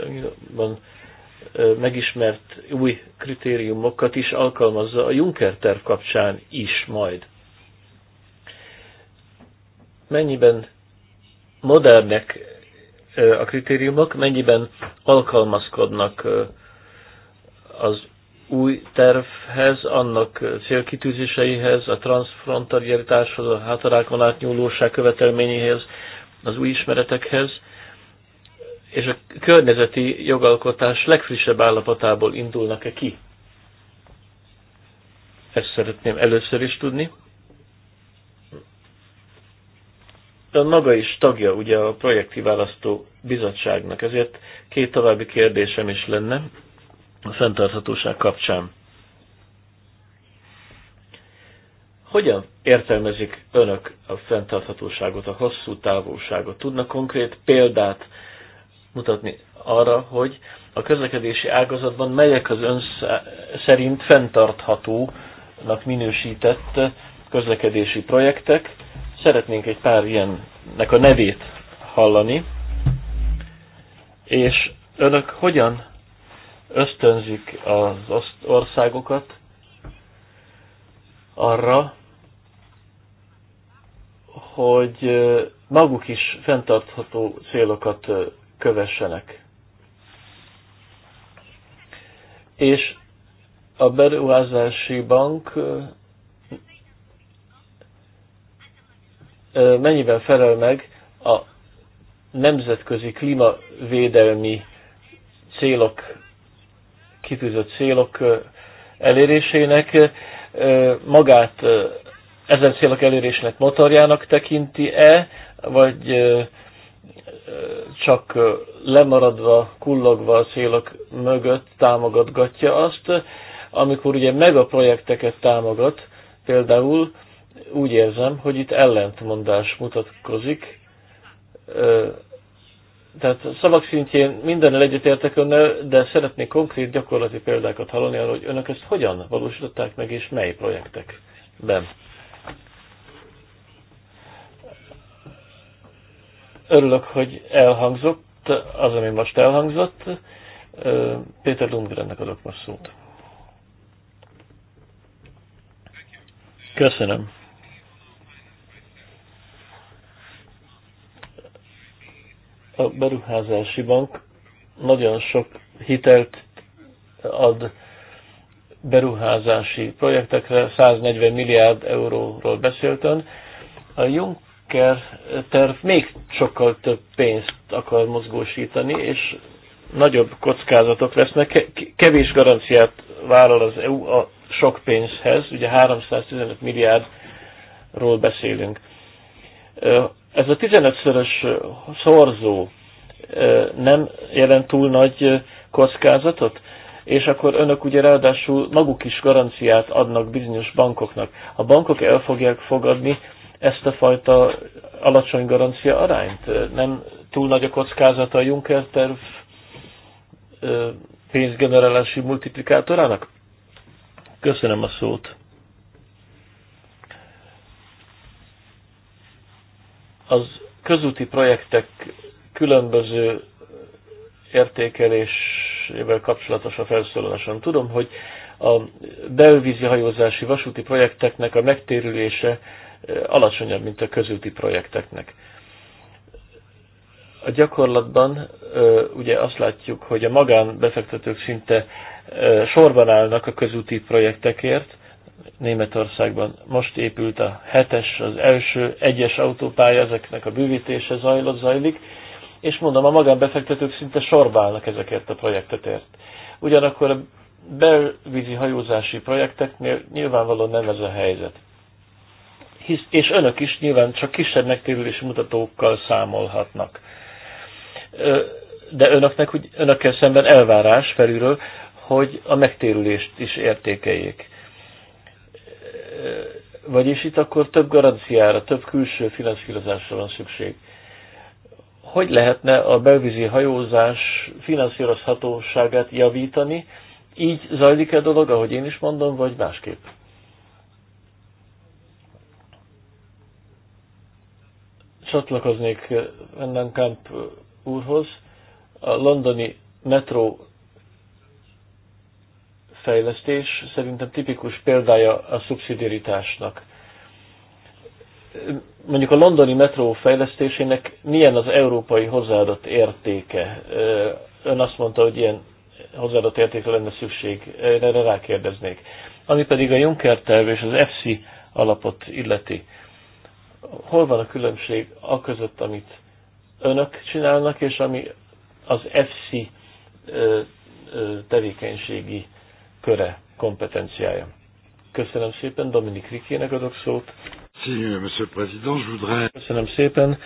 megismert új kritériumokat is alkalmazza a Juncker terv kapcsán is majd. Mennyiben modernek a kritériumok, mennyiben alkalmazkodnak az új tervhez, annak célkitűzéseihez, a transfrontaliaritáshoz, a hátarákon átnyúlóság követelményéhez, az új ismeretekhez, és a környezeti jogalkotás legfrissebb állapotából indulnak-e ki? Ezt szeretném először is tudni. Ön maga is tagja ugye a projekti választó bizottságnak, ezért két további kérdésem is lenne a fenntarthatóság kapcsán. Hogyan értelmezik önök a fenntarthatóságot, a hosszú távolságot? Tudnak konkrét példát mutatni arra, hogy a közlekedési ágazatban melyek az ön szerint fenntarthatónak minősített közlekedési projektek. Szeretnénk egy pár ilyennek a nevét hallani. És önök hogyan ösztönzik az országokat arra, hogy maguk is fenntartható célokat kövessenek. És a beruházási bank mennyiben felel meg a nemzetközi klímavédelmi célok, kitűzött célok elérésének, magát ezen célok elérésének motorjának tekinti-e, vagy csak lemaradva, kullogva a célok mögött támogatgatja azt, amikor ugye meg a projekteket támogat, például úgy érzem, hogy itt ellentmondás mutatkozik. Tehát szavak szintjén minden egyetértek önnel, de szeretnék konkrét gyakorlati példákat hallani arra, hogy önök ezt hogyan valósították meg, és mely projektekben. Örülök, hogy elhangzott az, ami most elhangzott. Péter Lundgrennek adok most szót. Köszönöm. A beruházási bank nagyon sok hitelt ad beruházási projektekre, 140 milliárd euróról beszélt ön. A Junk Juncker terv még sokkal több pénzt akar mozgósítani, és nagyobb kockázatok lesznek. Kevés garanciát vállal az EU a sok pénzhez, ugye 315 milliárdról beszélünk. Ez a 15-szörös szorzó nem jelent túl nagy kockázatot? és akkor önök ugye ráadásul maguk is garanciát adnak bizonyos bankoknak. A bankok el fogják fogadni ezt a fajta alacsony garancia arányt? Nem túl nagy a kockázata a Juncker terv pénzgenerálási multiplikátorának? Köszönöm a szót. Az közúti projektek különböző értékelésével kapcsolatos a felszólalásom. Tudom, hogy a belvízi hajózási vasúti projekteknek a megtérülése alacsonyabb, mint a közúti projekteknek. A gyakorlatban ugye azt látjuk, hogy a magánbefektetők szinte sorban állnak a közúti projektekért, Németországban most épült a hetes, az első egyes autópálya, ezeknek a bővítése zajlott, zajlik, és mondom, a magánbefektetők szinte állnak ezekért a projektetért. Ugyanakkor a belvízi hajózási projekteknél nyilvánvalóan nem ez a helyzet hisz, és önök is nyilván csak kisebb megtérülési mutatókkal számolhatnak. De önöknek, hogy önökkel szemben elvárás felülről, hogy a megtérülést is értékeljék. Vagyis itt akkor több garanciára, több külső finanszírozásra van szükség. Hogy lehetne a belvízi hajózás finanszírozhatóságát javítani? Így zajlik-e dolog, ahogy én is mondom, vagy másképp? csatlakoznék Vandenkamp eh, eh, úrhoz. A londoni metró fejlesztés szerintem tipikus példája a szubszidiaritásnak. Mondjuk a londoni metró fejlesztésének milyen az európai hozzáadott értéke? Eh, ön azt mondta, hogy ilyen hozzáadott értéke lenne szükség, erre rákérdeznék. Ami pedig a Juncker terv és az EFSI alapot illeti hol van a különbség a között, amit önök csinálnak, és ami az FC tevékenységi köre, kompetenciája. Köszönöm szépen, Dominik Rikének adok szót. Köszönöm szépen.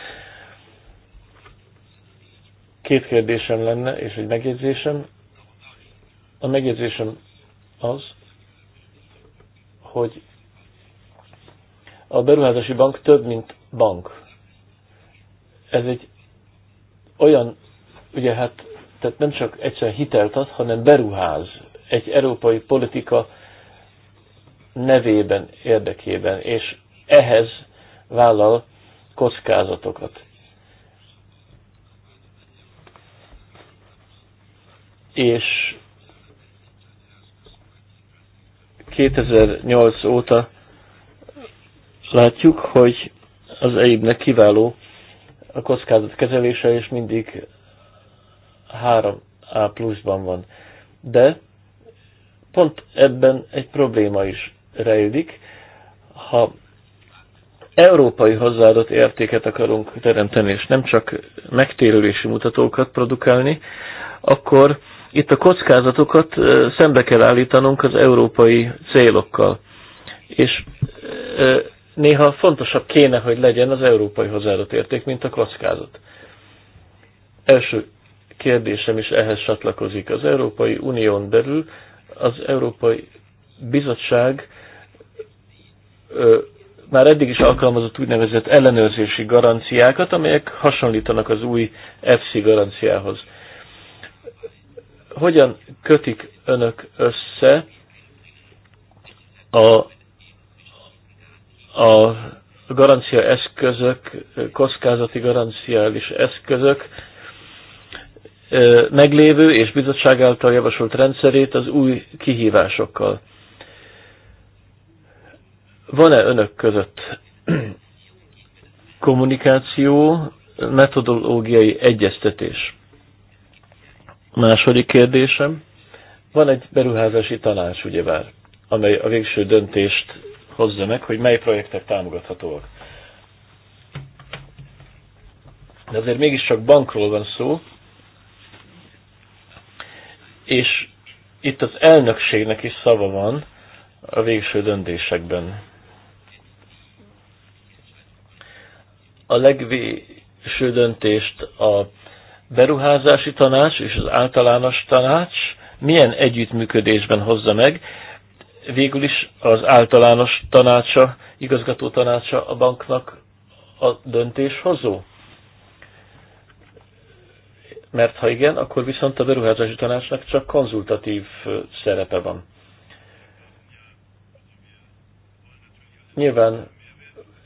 Két kérdésem lenne, és egy megjegyzésem. A megjegyzésem az, hogy a beruházási bank több, mint bank. Ez egy olyan, ugye hát, tehát nem csak egyszerűen hitelt ad, hanem beruház egy európai politika nevében, érdekében, és ehhez vállal kockázatokat. És 2008 óta látjuk, hogy az EIB-nek kiváló a kockázat kezelése, és mindig 3A pluszban van. De pont ebben egy probléma is rejlik. Ha európai hozzáadott értéket akarunk teremteni, és nem csak megtérülési mutatókat produkálni, akkor itt a kockázatokat szembe kell állítanunk az európai célokkal. És néha fontosabb kéne, hogy legyen az európai hozzáadott érték, mint a kockázat. Első kérdésem is ehhez csatlakozik. Az Európai Unión belül az Európai Bizottság ö, már eddig is alkalmazott úgynevezett ellenőrzési garanciákat, amelyek hasonlítanak az új EFSI garanciához. Hogyan kötik önök össze a a garancia eszközök, kockázati garanciális eszközök meglévő és bizottság által javasolt rendszerét az új kihívásokkal. Van-e önök között kommunikáció, metodológiai egyeztetés? Második kérdésem. Van egy beruházási tanács, ugyebár, amely a végső döntést hozza meg, hogy mely projektek támogathatóak. De azért mégiscsak bankról van szó, és itt az elnökségnek is szava van a végső döntésekben. A legvégső döntést a beruházási tanács és az általános tanács milyen együttműködésben hozza meg, végül is az általános tanácsa, igazgató tanácsa a banknak a döntéshozó? Mert ha igen, akkor viszont a beruházási tanácsnak csak konzultatív szerepe van. Nyilván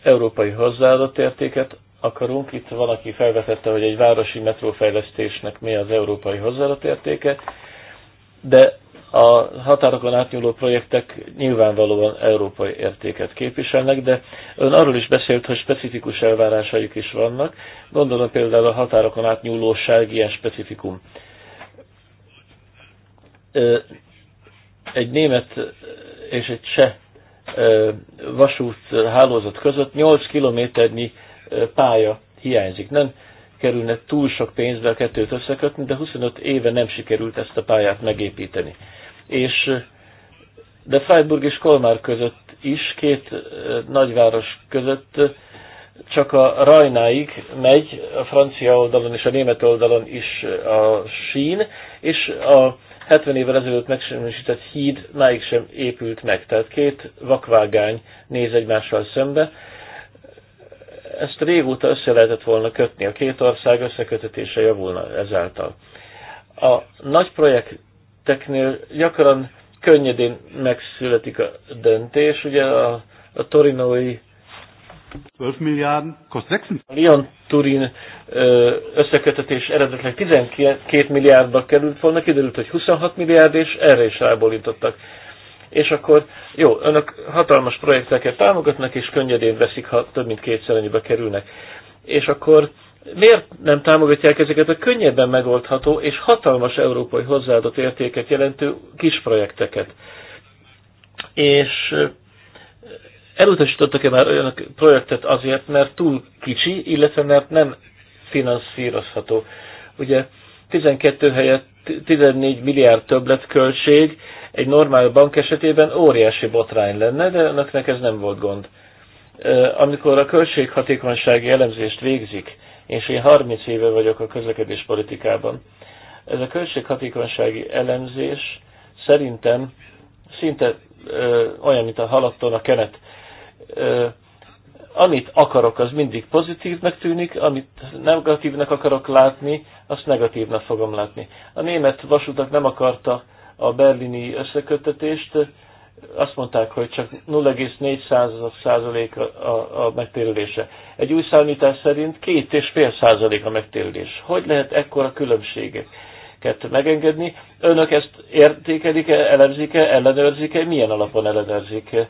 európai hozzáadott értéket akarunk. Itt valaki felvetette, hogy egy városi metrófejlesztésnek mi az európai hozzáadott értéke, de a határokon átnyúló projektek nyilvánvalóan európai értéket képviselnek, de ön arról is beszélt, hogy specifikus elvárásaik is vannak. Gondolom például a határokon átnyúlóság ilyen specifikum. Egy német és egy cseh vasút hálózat között 8 kilométernyi pálya hiányzik. Nem kerülne túl sok pénzbe a kettőt összekötni, de 25 éve nem sikerült ezt a pályát megépíteni és de Freiburg és Kolmár között is, két nagyváros között csak a Rajnáig megy, a francia oldalon és a német oldalon is a sín, és a 70 évvel ezelőtt megsemmisített híd máig sem épült meg, tehát két vakvágány néz egymással szembe. Ezt régóta össze lehetett volna kötni, a két ország összekötetése javulna ezáltal. A nagy projekt projekteknél gyakran könnyedén megszületik a döntés. Ugye a, a torinói 12 milliárd, kost 26. A Lyon-Turin összekötetés eredetileg 12 milliárdba került volna, kiderült, hogy 26 milliárd, és erre is rábólítottak. És akkor jó, önök hatalmas projekteket támogatnak, és könnyedén veszik, ha több mint kétszer annyiba kerülnek. És akkor miért nem támogatják ezeket a könnyebben megoldható és hatalmas európai hozzáadott értéket jelentő kis projekteket? És eh, elutasítottak-e már olyan projektet azért, mert túl kicsi, illetve mert nem finanszírozható? Ugye 12 helyett 14 milliárd többletköltség egy normál bank esetében óriási botrány lenne, de önöknek ez nem volt gond. Eh, amikor a költséghatékonysági elemzést végzik, és én 30 éve vagyok a közlekedés politikában. Ez a költséghatékonysági elemzés szerintem szinte ö, olyan, mint a halatton a kenet. Ö, amit akarok, az mindig pozitívnak tűnik, amit negatívnak akarok látni, azt negatívnak fogom látni. A német vasutak nem akarta a berlini összekötetést, azt mondták, hogy csak 0,4% a, a, a megtérülése. Egy új számítás szerint 2,5% a megtérülés. Hogy lehet ekkora különbséget megengedni? Önök ezt értékelik-e, elemzik-e, ellenőrzik-e? Milyen alapon ellenőrzik? -e?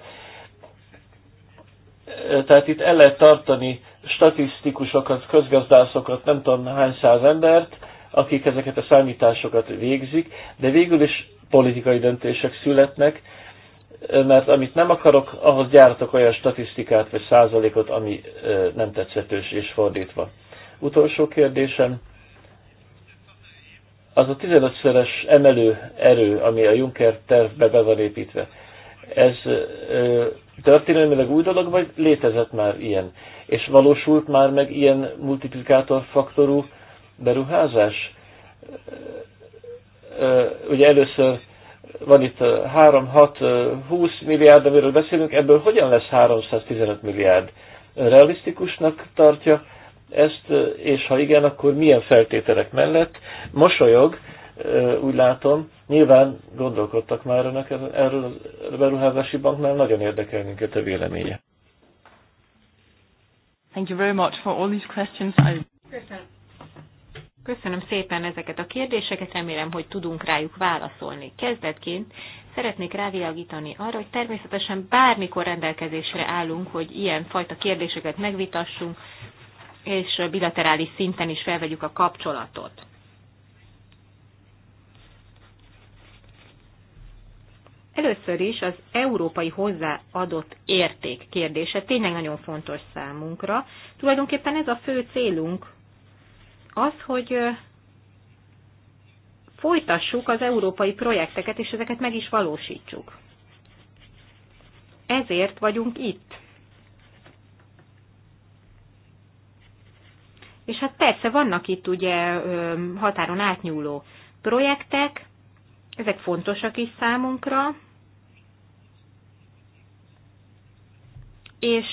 Tehát itt el lehet tartani statisztikusokat, közgazdászokat, nem tudom hány száz embert, akik ezeket a számításokat végzik, de végül is politikai döntések születnek, mert amit nem akarok, ahhoz gyártok olyan statisztikát vagy százalékot, ami nem tetszetős és fordítva. Utolsó kérdésem, az a 15-szeres emelő erő, ami a Juncker tervbe be van építve, ez történelmileg új dolog, vagy létezett már ilyen? És valósult már meg ilyen multiplikátor-faktorú beruházás? ugye először van itt 3-6-20 milliárd, amiről beszélünk, ebből hogyan lesz 315 milliárd? Realisztikusnak tartja ezt, és ha igen, akkor milyen feltételek mellett? Mosolyog, úgy látom, nyilván gondolkodtak már önök erről a beruházási banknál, nagyon érdekel minket a véleménye. Thank you very much for all these questions. I... Köszönöm. Köszönöm szépen ezeket a kérdéseket, remélem, hogy tudunk rájuk válaszolni. Kezdetként szeretnék rávilágítani arra, hogy természetesen bármikor rendelkezésre állunk, hogy ilyen fajta kérdéseket megvitassunk, és bilaterális szinten is felvegyük a kapcsolatot. Először is az európai hozzáadott érték kérdése tényleg nagyon fontos számunkra. Tulajdonképpen ez a fő célunk az, hogy folytassuk az európai projekteket, és ezeket meg is valósítsuk. Ezért vagyunk itt. És hát persze vannak itt ugye határon átnyúló projektek, ezek fontosak is számunkra, és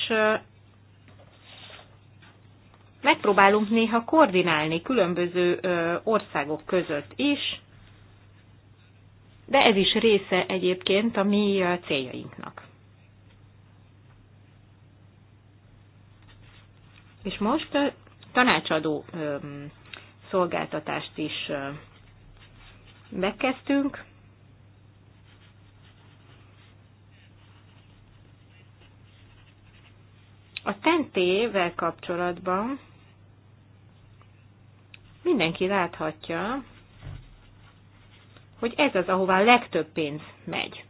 megpróbálunk néha koordinálni különböző országok között is, de ez is része egyébként a mi céljainknak. És most tanácsadó szolgáltatást is megkezdtünk. A tentével kapcsolatban mindenki láthatja, hogy ez az, ahová legtöbb pénz megy.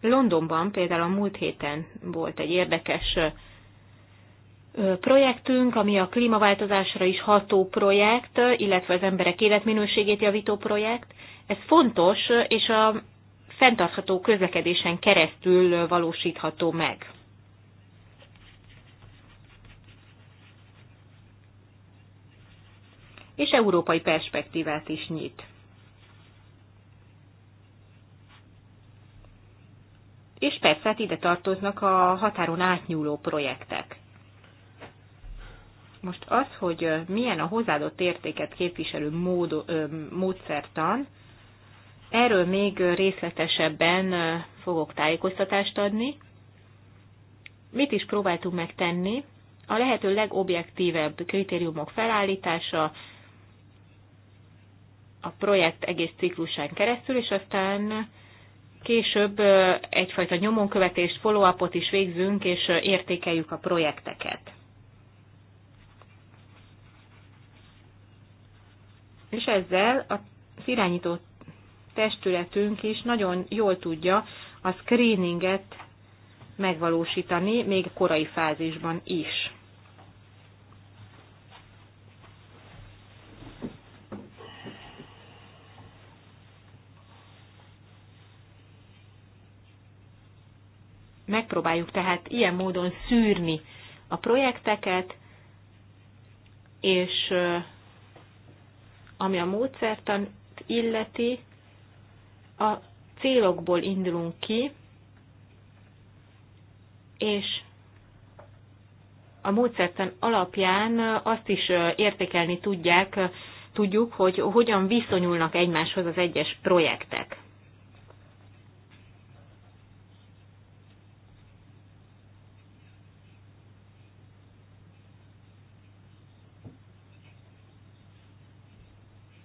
Londonban például a múlt héten volt egy érdekes projektünk, ami a klímaváltozásra is ható projekt, illetve az emberek életminőségét javító projekt. Ez fontos, és a fenntartható közlekedésen keresztül valósítható meg. És európai perspektívát is nyit. És persze hát ide tartoznak a határon átnyúló projektek. Most az, hogy milyen a hozzáadott értéket képviselő mód, módszertan, Erről még részletesebben fogok tájékoztatást adni. Mit is próbáltunk megtenni? A lehető legobjektívebb kritériumok felállítása, a projekt egész ciklusán keresztül, és aztán később egyfajta nyomonkövetést, follow-upot is végzünk, és értékeljük a projekteket. És ezzel a irányított testületünk is nagyon jól tudja a screeninget megvalósítani, még korai fázisban is. Megpróbáljuk tehát ilyen módon szűrni a projekteket, és ami a módszertan illeti, a célokból indulunk ki, és a módszertan alapján azt is értékelni tudják, tudjuk, hogy hogyan viszonyulnak egymáshoz az egyes projektek.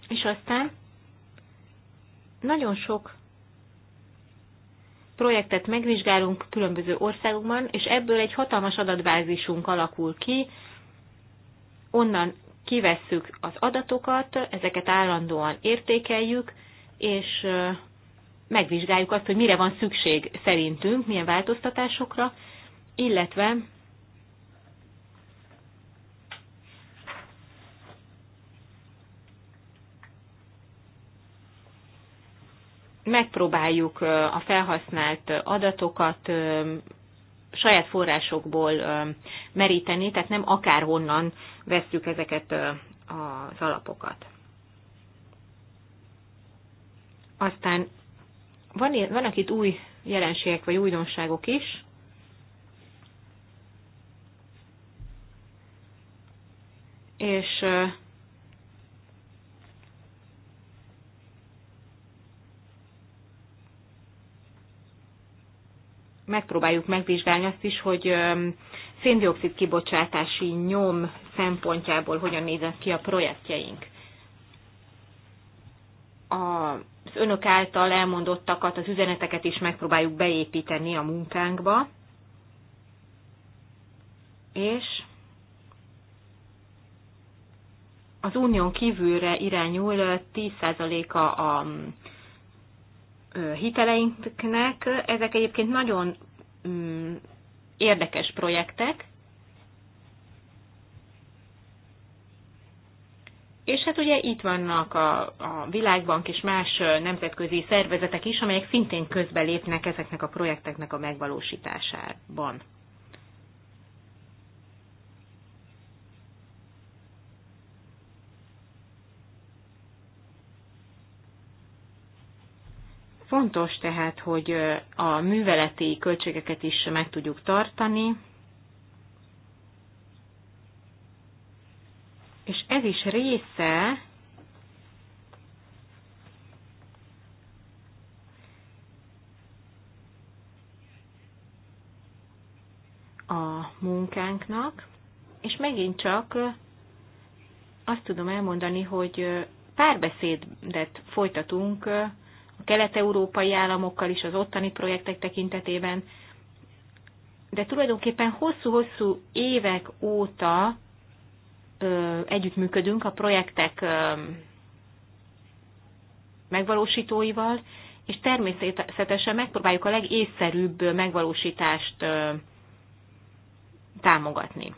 És aztán nagyon sok projektet megvizsgálunk különböző országokban, és ebből egy hatalmas adatbázisunk alakul ki, onnan kivesszük az adatokat, ezeket állandóan értékeljük, és megvizsgáljuk azt, hogy mire van szükség szerintünk, milyen változtatásokra, illetve megpróbáljuk a felhasznált adatokat saját forrásokból meríteni, tehát nem akárhonnan vesszük ezeket az alapokat. Aztán van, vannak itt új jelenségek vagy újdonságok is. És megpróbáljuk megvizsgálni azt is, hogy széndiokszid kibocsátási nyom szempontjából hogyan néznek ki a projektjeink. Az önök által elmondottakat, az üzeneteket is megpróbáljuk beépíteni a munkánkba, és az unión kívülre irányul 10%-a a, a hiteleinknek. Ezek egyébként nagyon mm, érdekes projektek, És hát ugye itt vannak a, a Világbank és más nemzetközi szervezetek is, amelyek szintén közbelépnek ezeknek a projekteknek a megvalósításában. Fontos tehát, hogy a műveleti költségeket is meg tudjuk tartani, és ez is része a munkánknak, és megint csak azt tudom elmondani, hogy párbeszédet folytatunk a kelet-európai államokkal is, az ottani projektek tekintetében. De tulajdonképpen hosszú-hosszú évek óta ö, együttműködünk a projektek ö, megvalósítóival, és természetesen megpróbáljuk a legészszerűbb megvalósítást támogatni.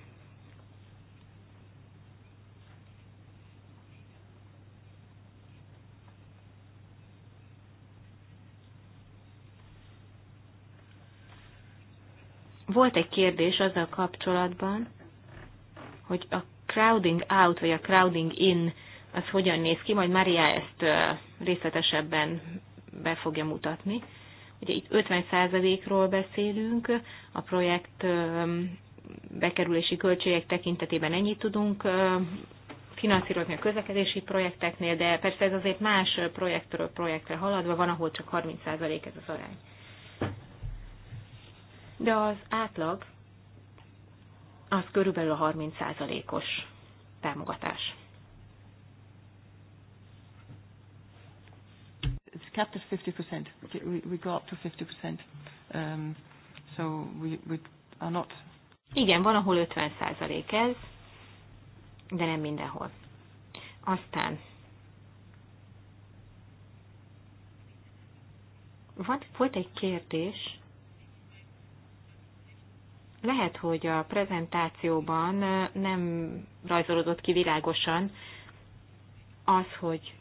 Volt egy kérdés azzal kapcsolatban, hogy a crowding out vagy a crowding in az hogyan néz ki, majd Maria ezt részletesebben be fogja mutatni. Ugye itt 50%-ról beszélünk, a projekt bekerülési költségek tekintetében ennyit tudunk finanszírozni a közlekedési projekteknél, de persze ez azért más projektről projektre haladva, van, ahol csak 30% ez az arány de az átlag az körülbelül a 30%-os támogatás. It's capped at 50%. We, we go up to 50%. Um, so we, we are not... Igen, van, ahol 50% ez, de nem mindenhol. Aztán van, volt egy kérdés lehet, hogy a prezentációban nem rajzolódott ki világosan az, hogy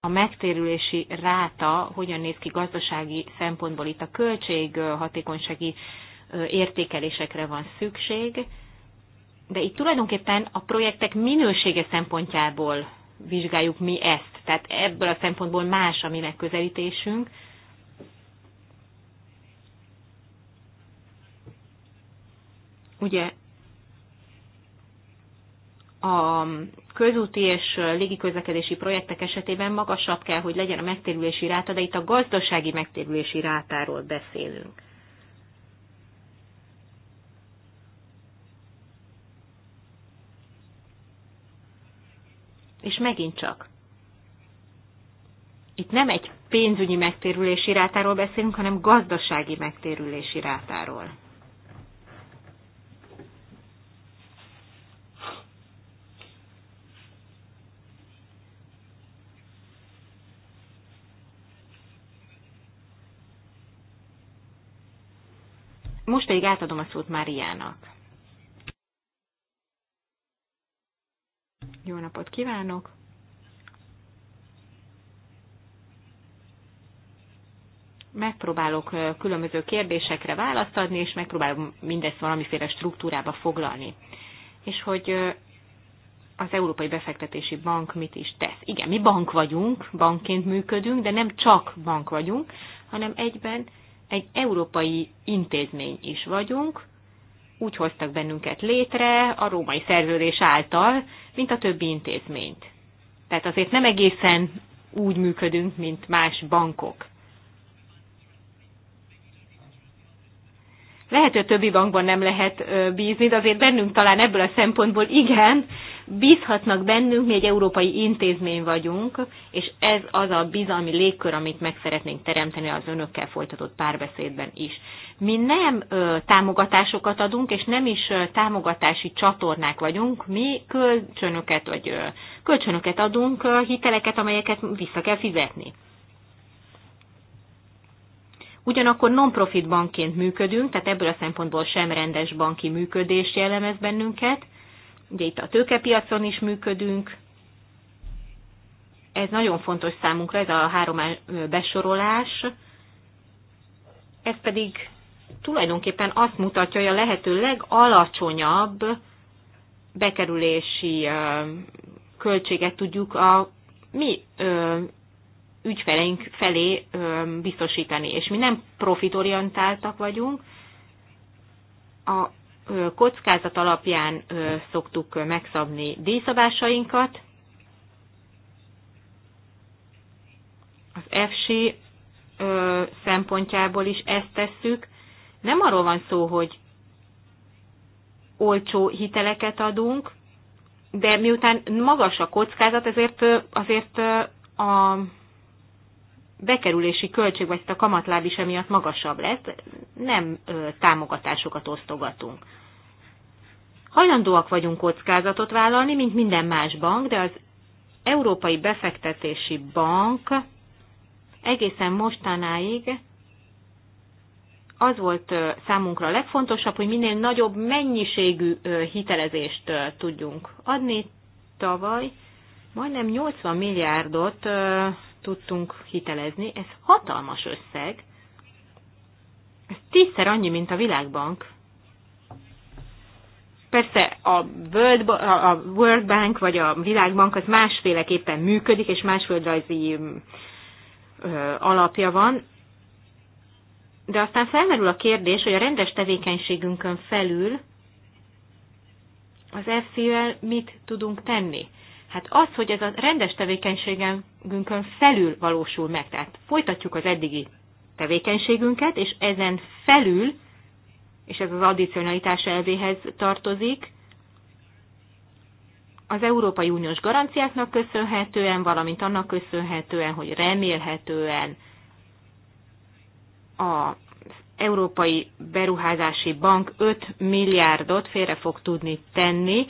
a megtérülési ráta hogyan néz ki gazdasági szempontból. Itt a költség hatékonysági értékelésekre van szükség, de itt tulajdonképpen a projektek minősége szempontjából vizsgáljuk mi ezt. Tehát ebből a szempontból más a mi megközelítésünk, ugye a közúti és légiközlekedési projektek esetében magasabb kell, hogy legyen a megtérülési ráta, de itt a gazdasági megtérülési rátáról beszélünk. És megint csak, itt nem egy pénzügyi megtérülési rátáról beszélünk, hanem gazdasági megtérülési rátáról. Most pedig átadom a szót Máriának. Jó napot kívánok! Megpróbálok különböző kérdésekre választ adni, és megpróbálom mindezt valamiféle struktúrába foglalni. És hogy az Európai Befektetési Bank mit is tesz. Igen, mi bank vagyunk, bankként működünk, de nem csak bank vagyunk, hanem egyben egy európai intézmény is vagyunk, úgy hoztak bennünket létre a római szerződés által, mint a többi intézményt. Tehát azért nem egészen úgy működünk, mint más bankok. Lehet, hogy a többi bankban nem lehet bízni, de azért bennünk talán ebből a szempontból igen, bízhatnak bennünk, mi egy európai intézmény vagyunk, és ez az a bizalmi légkör, amit meg szeretnénk teremteni az önökkel folytatott párbeszédben is. Mi nem ö, támogatásokat adunk, és nem is ö, támogatási csatornák vagyunk, mi kölcsönöket, vagy ö, kölcsönöket adunk, ö, hiteleket, amelyeket vissza kell fizetni. Ugyanakkor non-profit bankként működünk, tehát ebből a szempontból sem rendes banki működés jellemez bennünket, Ugye itt a tőkepiacon is működünk. Ez nagyon fontos számunkra, ez a három besorolás. Ez pedig tulajdonképpen azt mutatja, hogy a lehető legalacsonyabb bekerülési költséget tudjuk a mi ügyfeleink felé biztosítani. És mi nem profitorientáltak vagyunk, a kockázat alapján szoktuk megszabni díjszabásainkat. Az FSI szempontjából is ezt tesszük. Nem arról van szó, hogy olcsó hiteleket adunk, de miután magas a kockázat, ezért azért a bekerülési költség, vagy ezt a kamatláb is emiatt magasabb lesz, nem ö, támogatásokat osztogatunk. Hajlandóak vagyunk kockázatot vállalni, mint minden más bank, de az Európai Befektetési Bank egészen mostanáig az volt számunkra a legfontosabb, hogy minél nagyobb mennyiségű hitelezést tudjunk adni. Tavaly majdnem 80 milliárdot tudtunk hitelezni. Ez hatalmas összeg. Ez tízszer annyi, mint a Világbank. Persze a World, a World Bank vagy a Világbank az másféleképpen működik, és másföldrajzi mm, alapja van, de aztán felmerül a kérdés, hogy a rendes tevékenységünkön felül az FC-vel mit tudunk tenni. Hát az, hogy ez a rendes tevékenységünkön felül valósul meg, tehát folytatjuk az eddigi tevékenységünket, és ezen felül, és ez az addicionalitás elvéhez tartozik, az Európai Uniós garanciáknak köszönhetően, valamint annak köszönhetően, hogy remélhetően a Európai Beruházási Bank 5 milliárdot félre fog tudni tenni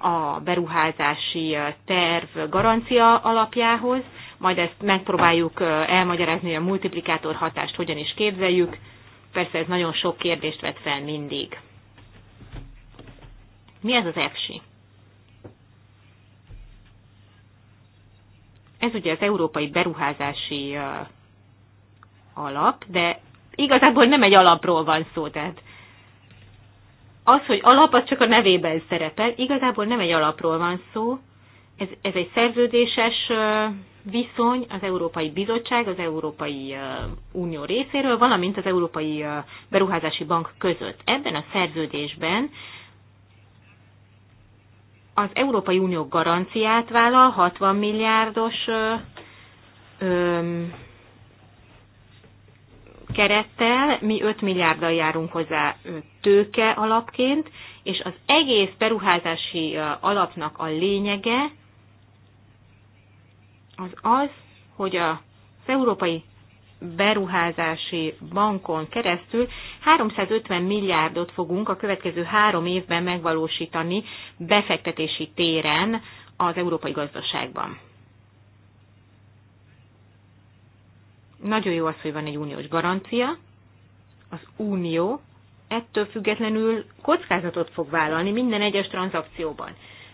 a beruházási terv garancia alapjához, majd ezt megpróbáljuk elmagyarázni, hogy a multiplikátor hatást hogyan is képzeljük. Persze ez nagyon sok kérdést vet fel mindig. Mi ez az EFSI? Ez ugye az Európai Beruházási Alap, de igazából nem egy alapról van szó, tehát az, hogy alap, az csak a nevében szerepel. Igazából nem egy alapról van szó. Ez, ez egy szerződéses viszony az Európai Bizottság, az Európai Unió részéről, valamint az Európai Beruházási Bank között. Ebben a szerződésben az Európai Unió garanciát vállal 60 milliárdos kerettel mi 5 milliárddal járunk hozzá tőke alapként, és az egész beruházási alapnak a lényege az az, hogy az Európai Beruházási Bankon keresztül 350 milliárdot fogunk a következő három évben megvalósítani befektetési téren az európai gazdaságban. Nagyon jó az, hogy van egy uniós garancia. Az unió ettől függetlenül kockázatot fog vállalni minden egyes tranzakcióban.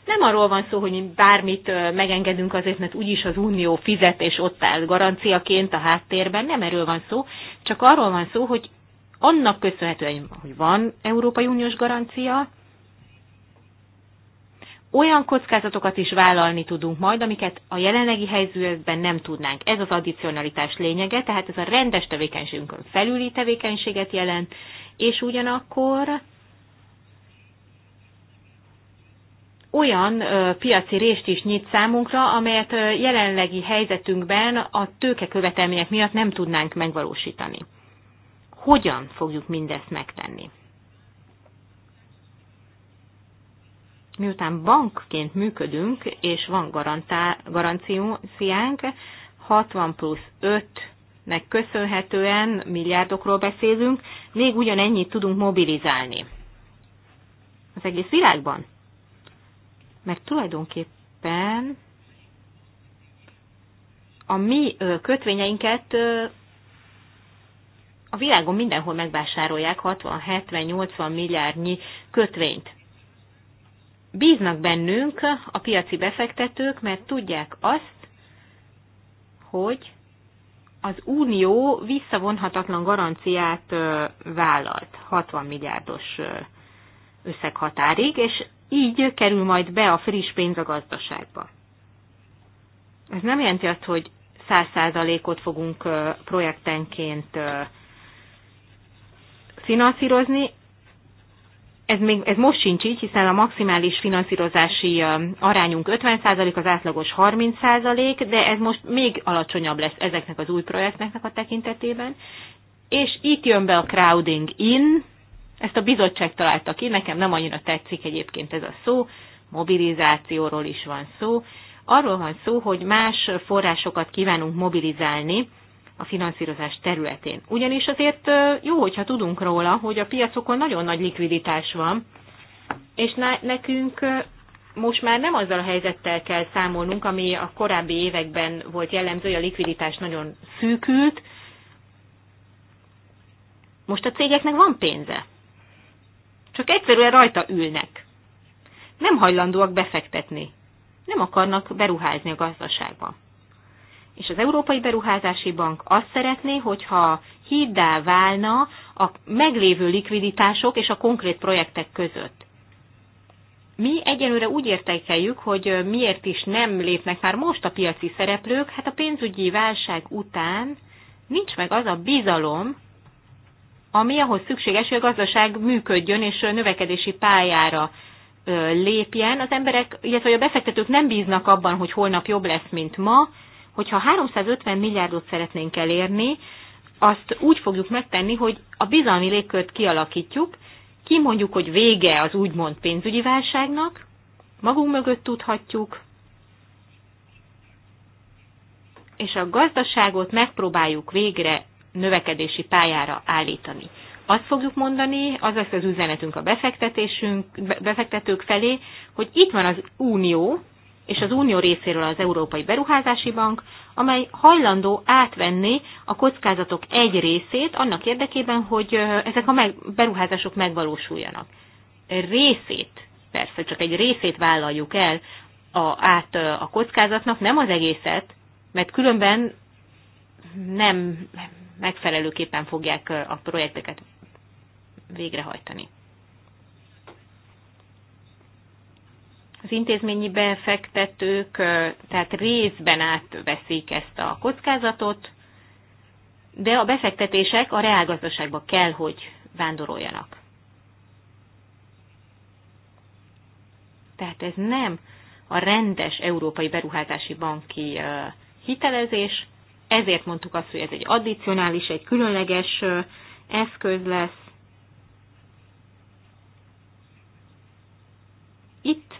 Nem arról van szó, hogy bármit megengedünk azért, mert úgyis az unió fizet és ott áll garanciaként a háttérben, nem erről van szó, csak arról van szó, hogy annak köszönhetően, hogy van Európai Uniós garancia, olyan kockázatokat is vállalni tudunk majd, amiket a jelenlegi helyzetben nem tudnánk. Ez az addicionalitás lényege, tehát ez a rendes tevékenységünkön felüli tevékenységet jelent, és ugyanakkor olyan ö, piaci rést is nyit számunkra, amelyet ö, jelenlegi helyzetünkben a tőkekövetelmények miatt nem tudnánk megvalósítani. Hogyan fogjuk mindezt megtenni? miután bankként működünk, és van garantá, garanciánk, 60 plusz 5-nek köszönhetően milliárdokról beszélünk, még ugyanennyit tudunk mobilizálni. Az egész világban. Mert tulajdonképpen a mi kötvényeinket a világon mindenhol megvásárolják 60-70-80 milliárdnyi kötvényt. Bíznak bennünk a piaci befektetők, mert tudják azt, hogy az Unió visszavonhatatlan garanciát vállalt 60 milliárdos összeghatárig, és így kerül majd be a friss pénz a gazdaságba. Ez nem jelenti azt, hogy 100%-ot fogunk projektenként finanszírozni, ez, még, ez most sincs így, hiszen a maximális finanszírozási arányunk 50%, az átlagos 30%, de ez most még alacsonyabb lesz ezeknek az új projekteknek a tekintetében. És itt jön be a crowding in, ezt a bizottság találta ki, nekem nem annyira tetszik egyébként ez a szó, mobilizációról is van szó. Arról van szó, hogy más forrásokat kívánunk mobilizálni a finanszírozás területén. Ugyanis azért jó, hogyha tudunk róla, hogy a piacokon nagyon nagy likviditás van, és nekünk most már nem azzal a helyzettel kell számolnunk, ami a korábbi években volt jellemző, hogy a likviditás nagyon szűkült. Most a cégeknek van pénze. Csak egyszerűen rajta ülnek. Nem hajlandóak befektetni. Nem akarnak beruházni a gazdaságba és az Európai Beruházási Bank azt szeretné, hogyha híddá válna a meglévő likviditások és a konkrét projektek között. Mi egyelőre úgy értékeljük, hogy miért is nem lépnek már most a piaci szereplők, hát a pénzügyi válság után nincs meg az a bizalom, ami ahhoz szükséges, hogy a gazdaság működjön és növekedési pályára lépjen. Az emberek, illetve a befektetők nem bíznak abban, hogy holnap jobb lesz, mint ma, hogyha 350 milliárdot szeretnénk elérni, azt úgy fogjuk megtenni, hogy a bizalmi légkört kialakítjuk, kimondjuk, hogy vége az úgymond pénzügyi válságnak, magunk mögött tudhatjuk, és a gazdaságot megpróbáljuk végre növekedési pályára állítani. Azt fogjuk mondani, az lesz az üzenetünk a befektetésünk, befektetők felé, hogy itt van az unió, és az Unió részéről az Európai Beruházási Bank, amely hajlandó átvenni a kockázatok egy részét annak érdekében, hogy ezek a meg, beruházások megvalósuljanak. Részét, persze csak egy részét vállaljuk el a, át a kockázatnak, nem az egészet, mert különben nem megfelelőképpen fogják a projekteket végrehajtani. az intézményi befektetők tehát részben átveszik ezt a kockázatot, de a befektetések a reálgazdaságba kell, hogy vándoroljanak. Tehát ez nem a rendes Európai Beruházási Banki hitelezés, ezért mondtuk azt, hogy ez egy addicionális, egy különleges eszköz lesz. Itt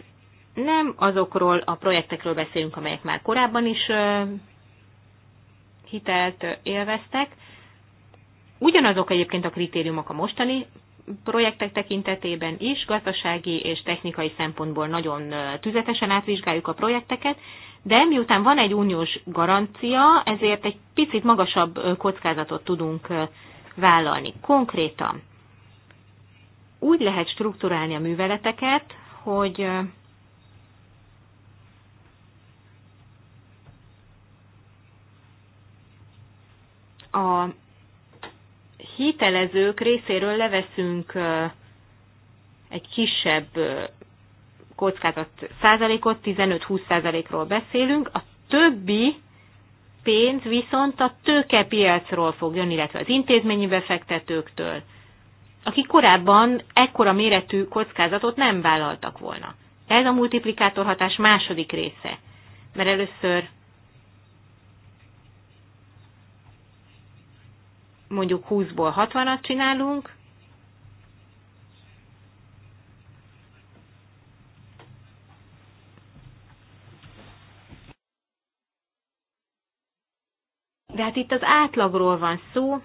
nem azokról a projektekről beszélünk, amelyek már korábban is hitelt élveztek. Ugyanazok egyébként a kritériumok a mostani projektek tekintetében is, gazdasági és technikai szempontból nagyon tüzetesen átvizsgáljuk a projekteket, de miután van egy uniós garancia, ezért egy picit magasabb kockázatot tudunk vállalni. Konkrétan úgy lehet strukturálni a műveleteket, hogy a hitelezők részéről leveszünk egy kisebb kockázat százalékot, 15-20 százalékról beszélünk, a többi pénz viszont a tőkepiacról fog jönni, illetve az intézményi befektetőktől, akik korábban ekkora méretű kockázatot nem vállaltak volna. Ez a multiplikátor hatás második része, mert először mondjuk 20-ból 60-at csinálunk, De hát itt az átlagról van szó,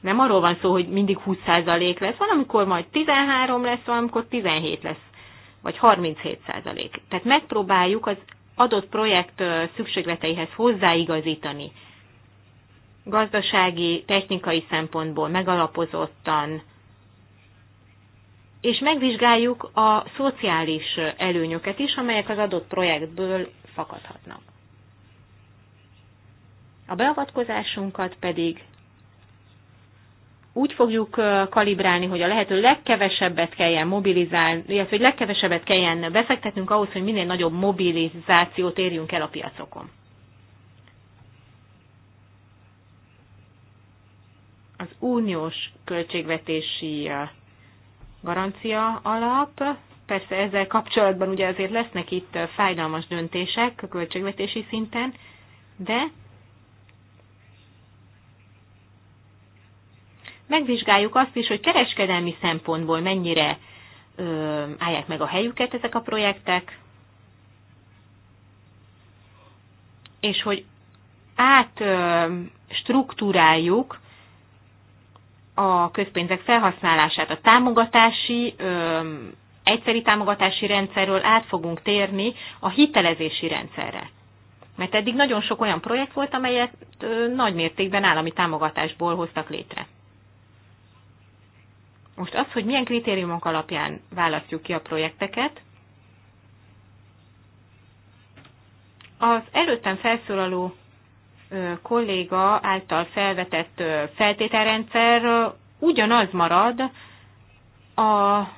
nem arról van szó, hogy mindig 20% lesz, valamikor amikor majd 13 lesz, valamikor 17 lesz, vagy 37%. Tehát megpróbáljuk az adott projekt szükségleteihez hozzáigazítani gazdasági, technikai szempontból megalapozottan, és megvizsgáljuk a szociális előnyöket is, amelyek az adott projektből fakadhatnak. A beavatkozásunkat pedig úgy fogjuk kalibrálni, hogy a lehető legkevesebbet kelljen mobilizálni, illetve hogy legkevesebbet kelljen befektetnünk ahhoz, hogy minél nagyobb mobilizációt érjünk el a piacokon. az uniós költségvetési uh, garancia alap. Persze ezzel kapcsolatban ugye azért lesznek itt uh, fájdalmas döntések a költségvetési szinten, de megvizsgáljuk azt is, hogy kereskedelmi szempontból mennyire ö, állják meg a helyüket ezek a projektek, és hogy át ö, struktúráljuk a közpénzek felhasználását. A támogatási, ö, egyszeri támogatási rendszerről át fogunk térni a hitelezési rendszerre. Mert eddig nagyon sok olyan projekt volt, amelyet ö, nagy mértékben állami támogatásból hoztak létre. Most az, hogy milyen kritériumok alapján választjuk ki a projekteket, az előttem felszólaló kolléga által felvetett feltételrendszer ugyanaz marad az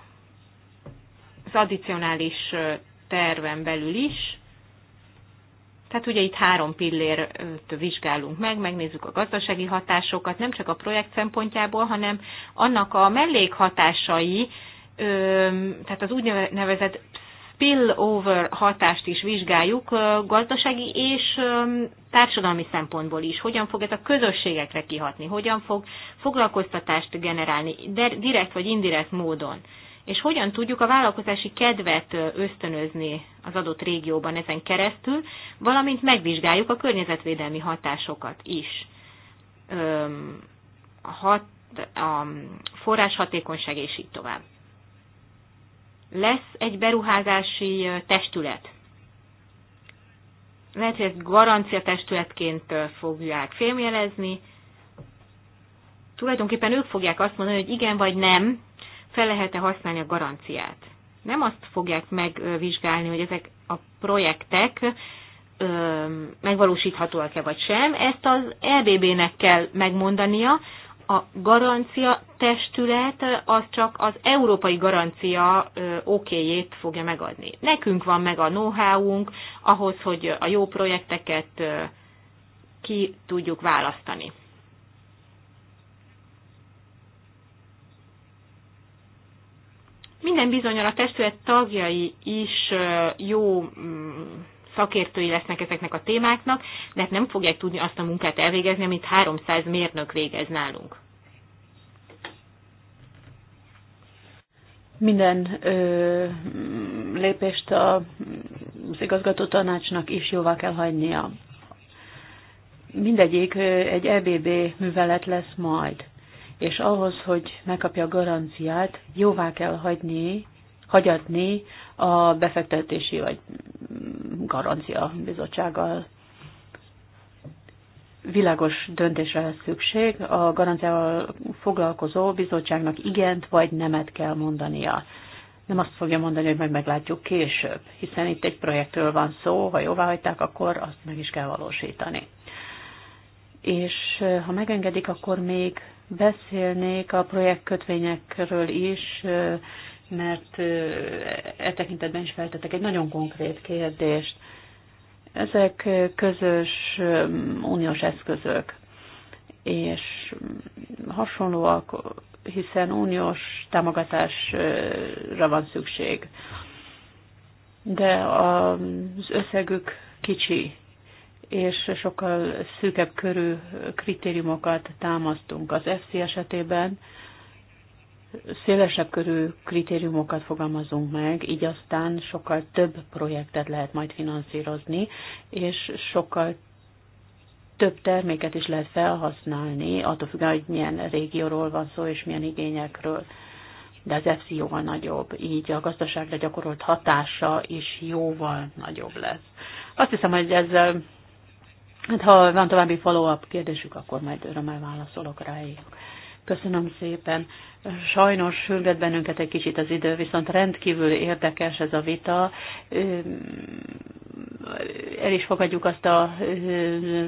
addicionális terven belül is. Tehát ugye itt három pillért vizsgálunk meg, megnézzük a gazdasági hatásokat, nem csak a projekt szempontjából, hanem annak a mellékhatásai, tehát az úgynevezett spillover hatást is vizsgáljuk gazdasági és társadalmi szempontból is. Hogyan fog ez a közösségekre kihatni, hogyan fog foglalkoztatást generálni, de direkt vagy indirekt módon. És hogyan tudjuk a vállalkozási kedvet ösztönözni az adott régióban ezen keresztül, valamint megvizsgáljuk a környezetvédelmi hatásokat is. A, hat, a forráshatékonyság és így tovább lesz egy beruházási testület. Lehet, hogy ezt garancia testületként fogják fémjelezni. Tulajdonképpen ők fogják azt mondani, hogy igen vagy nem, fel lehet-e használni a garanciát. Nem azt fogják megvizsgálni, hogy ezek a projektek megvalósíthatóak-e vagy sem, ezt az EBB-nek kell megmondania, a garancia testület az csak az európai garancia okéjét fogja megadni. Nekünk van meg a know unk ahhoz, hogy a jó projekteket ki tudjuk választani. Minden bizonyal a testület tagjai is jó mm, szakértői lesznek ezeknek a témáknak, de hát nem fogják tudni azt a munkát elvégezni, amit 300 mérnök végez nálunk. Minden ö, lépést a, az igazgató tanácsnak is jóvá kell hagynia. Mindegyik egy EBB művelet lesz majd, és ahhoz, hogy megkapja a garanciát, jóvá kell hagyni hagyatni a befektetési vagy garancia bizottsággal világos döntésre lesz szükség. A garanciával foglalkozó bizottságnak igent vagy nemet kell mondania. Nem azt fogja mondani, hogy majd meglátjuk később, hiszen itt egy projektről van szó, ha jóvá hagyták, akkor azt meg is kell valósítani. És eh, ha megengedik, akkor még beszélnék a projektkötvényekről is, eh, mert e tekintetben is feltettek egy nagyon konkrét kérdést. Ezek közös uniós eszközök, és mm, hasonlóak, hiszen uniós támogatásra van szükség. De az összegük kicsi, és sokkal szűkebb körű kritériumokat támasztunk. Az FC esetében szélesebb körű kritériumokat fogalmazunk meg, így aztán sokkal több projektet lehet majd finanszírozni, és sokkal több terméket is lehet felhasználni, attól függően, hogy milyen régióról van szó és milyen igényekről. De az FC jóval nagyobb, így a gazdaságra gyakorolt hatása is jóval nagyobb lesz. Azt hiszem, hogy ez, hát ha van további follow-up kérdésük, akkor majd örömmel válaszolok rájuk. Köszönöm szépen. Sajnos sürget bennünket egy kicsit az idő, viszont rendkívül érdekes ez a vita. El is fogadjuk azt a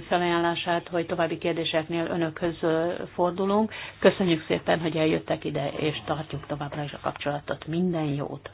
felajánlását, hogy további kérdéseknél önökhöz fordulunk. Köszönjük szépen, hogy eljöttek ide, és tartjuk továbbra is a kapcsolatot. Minden jót!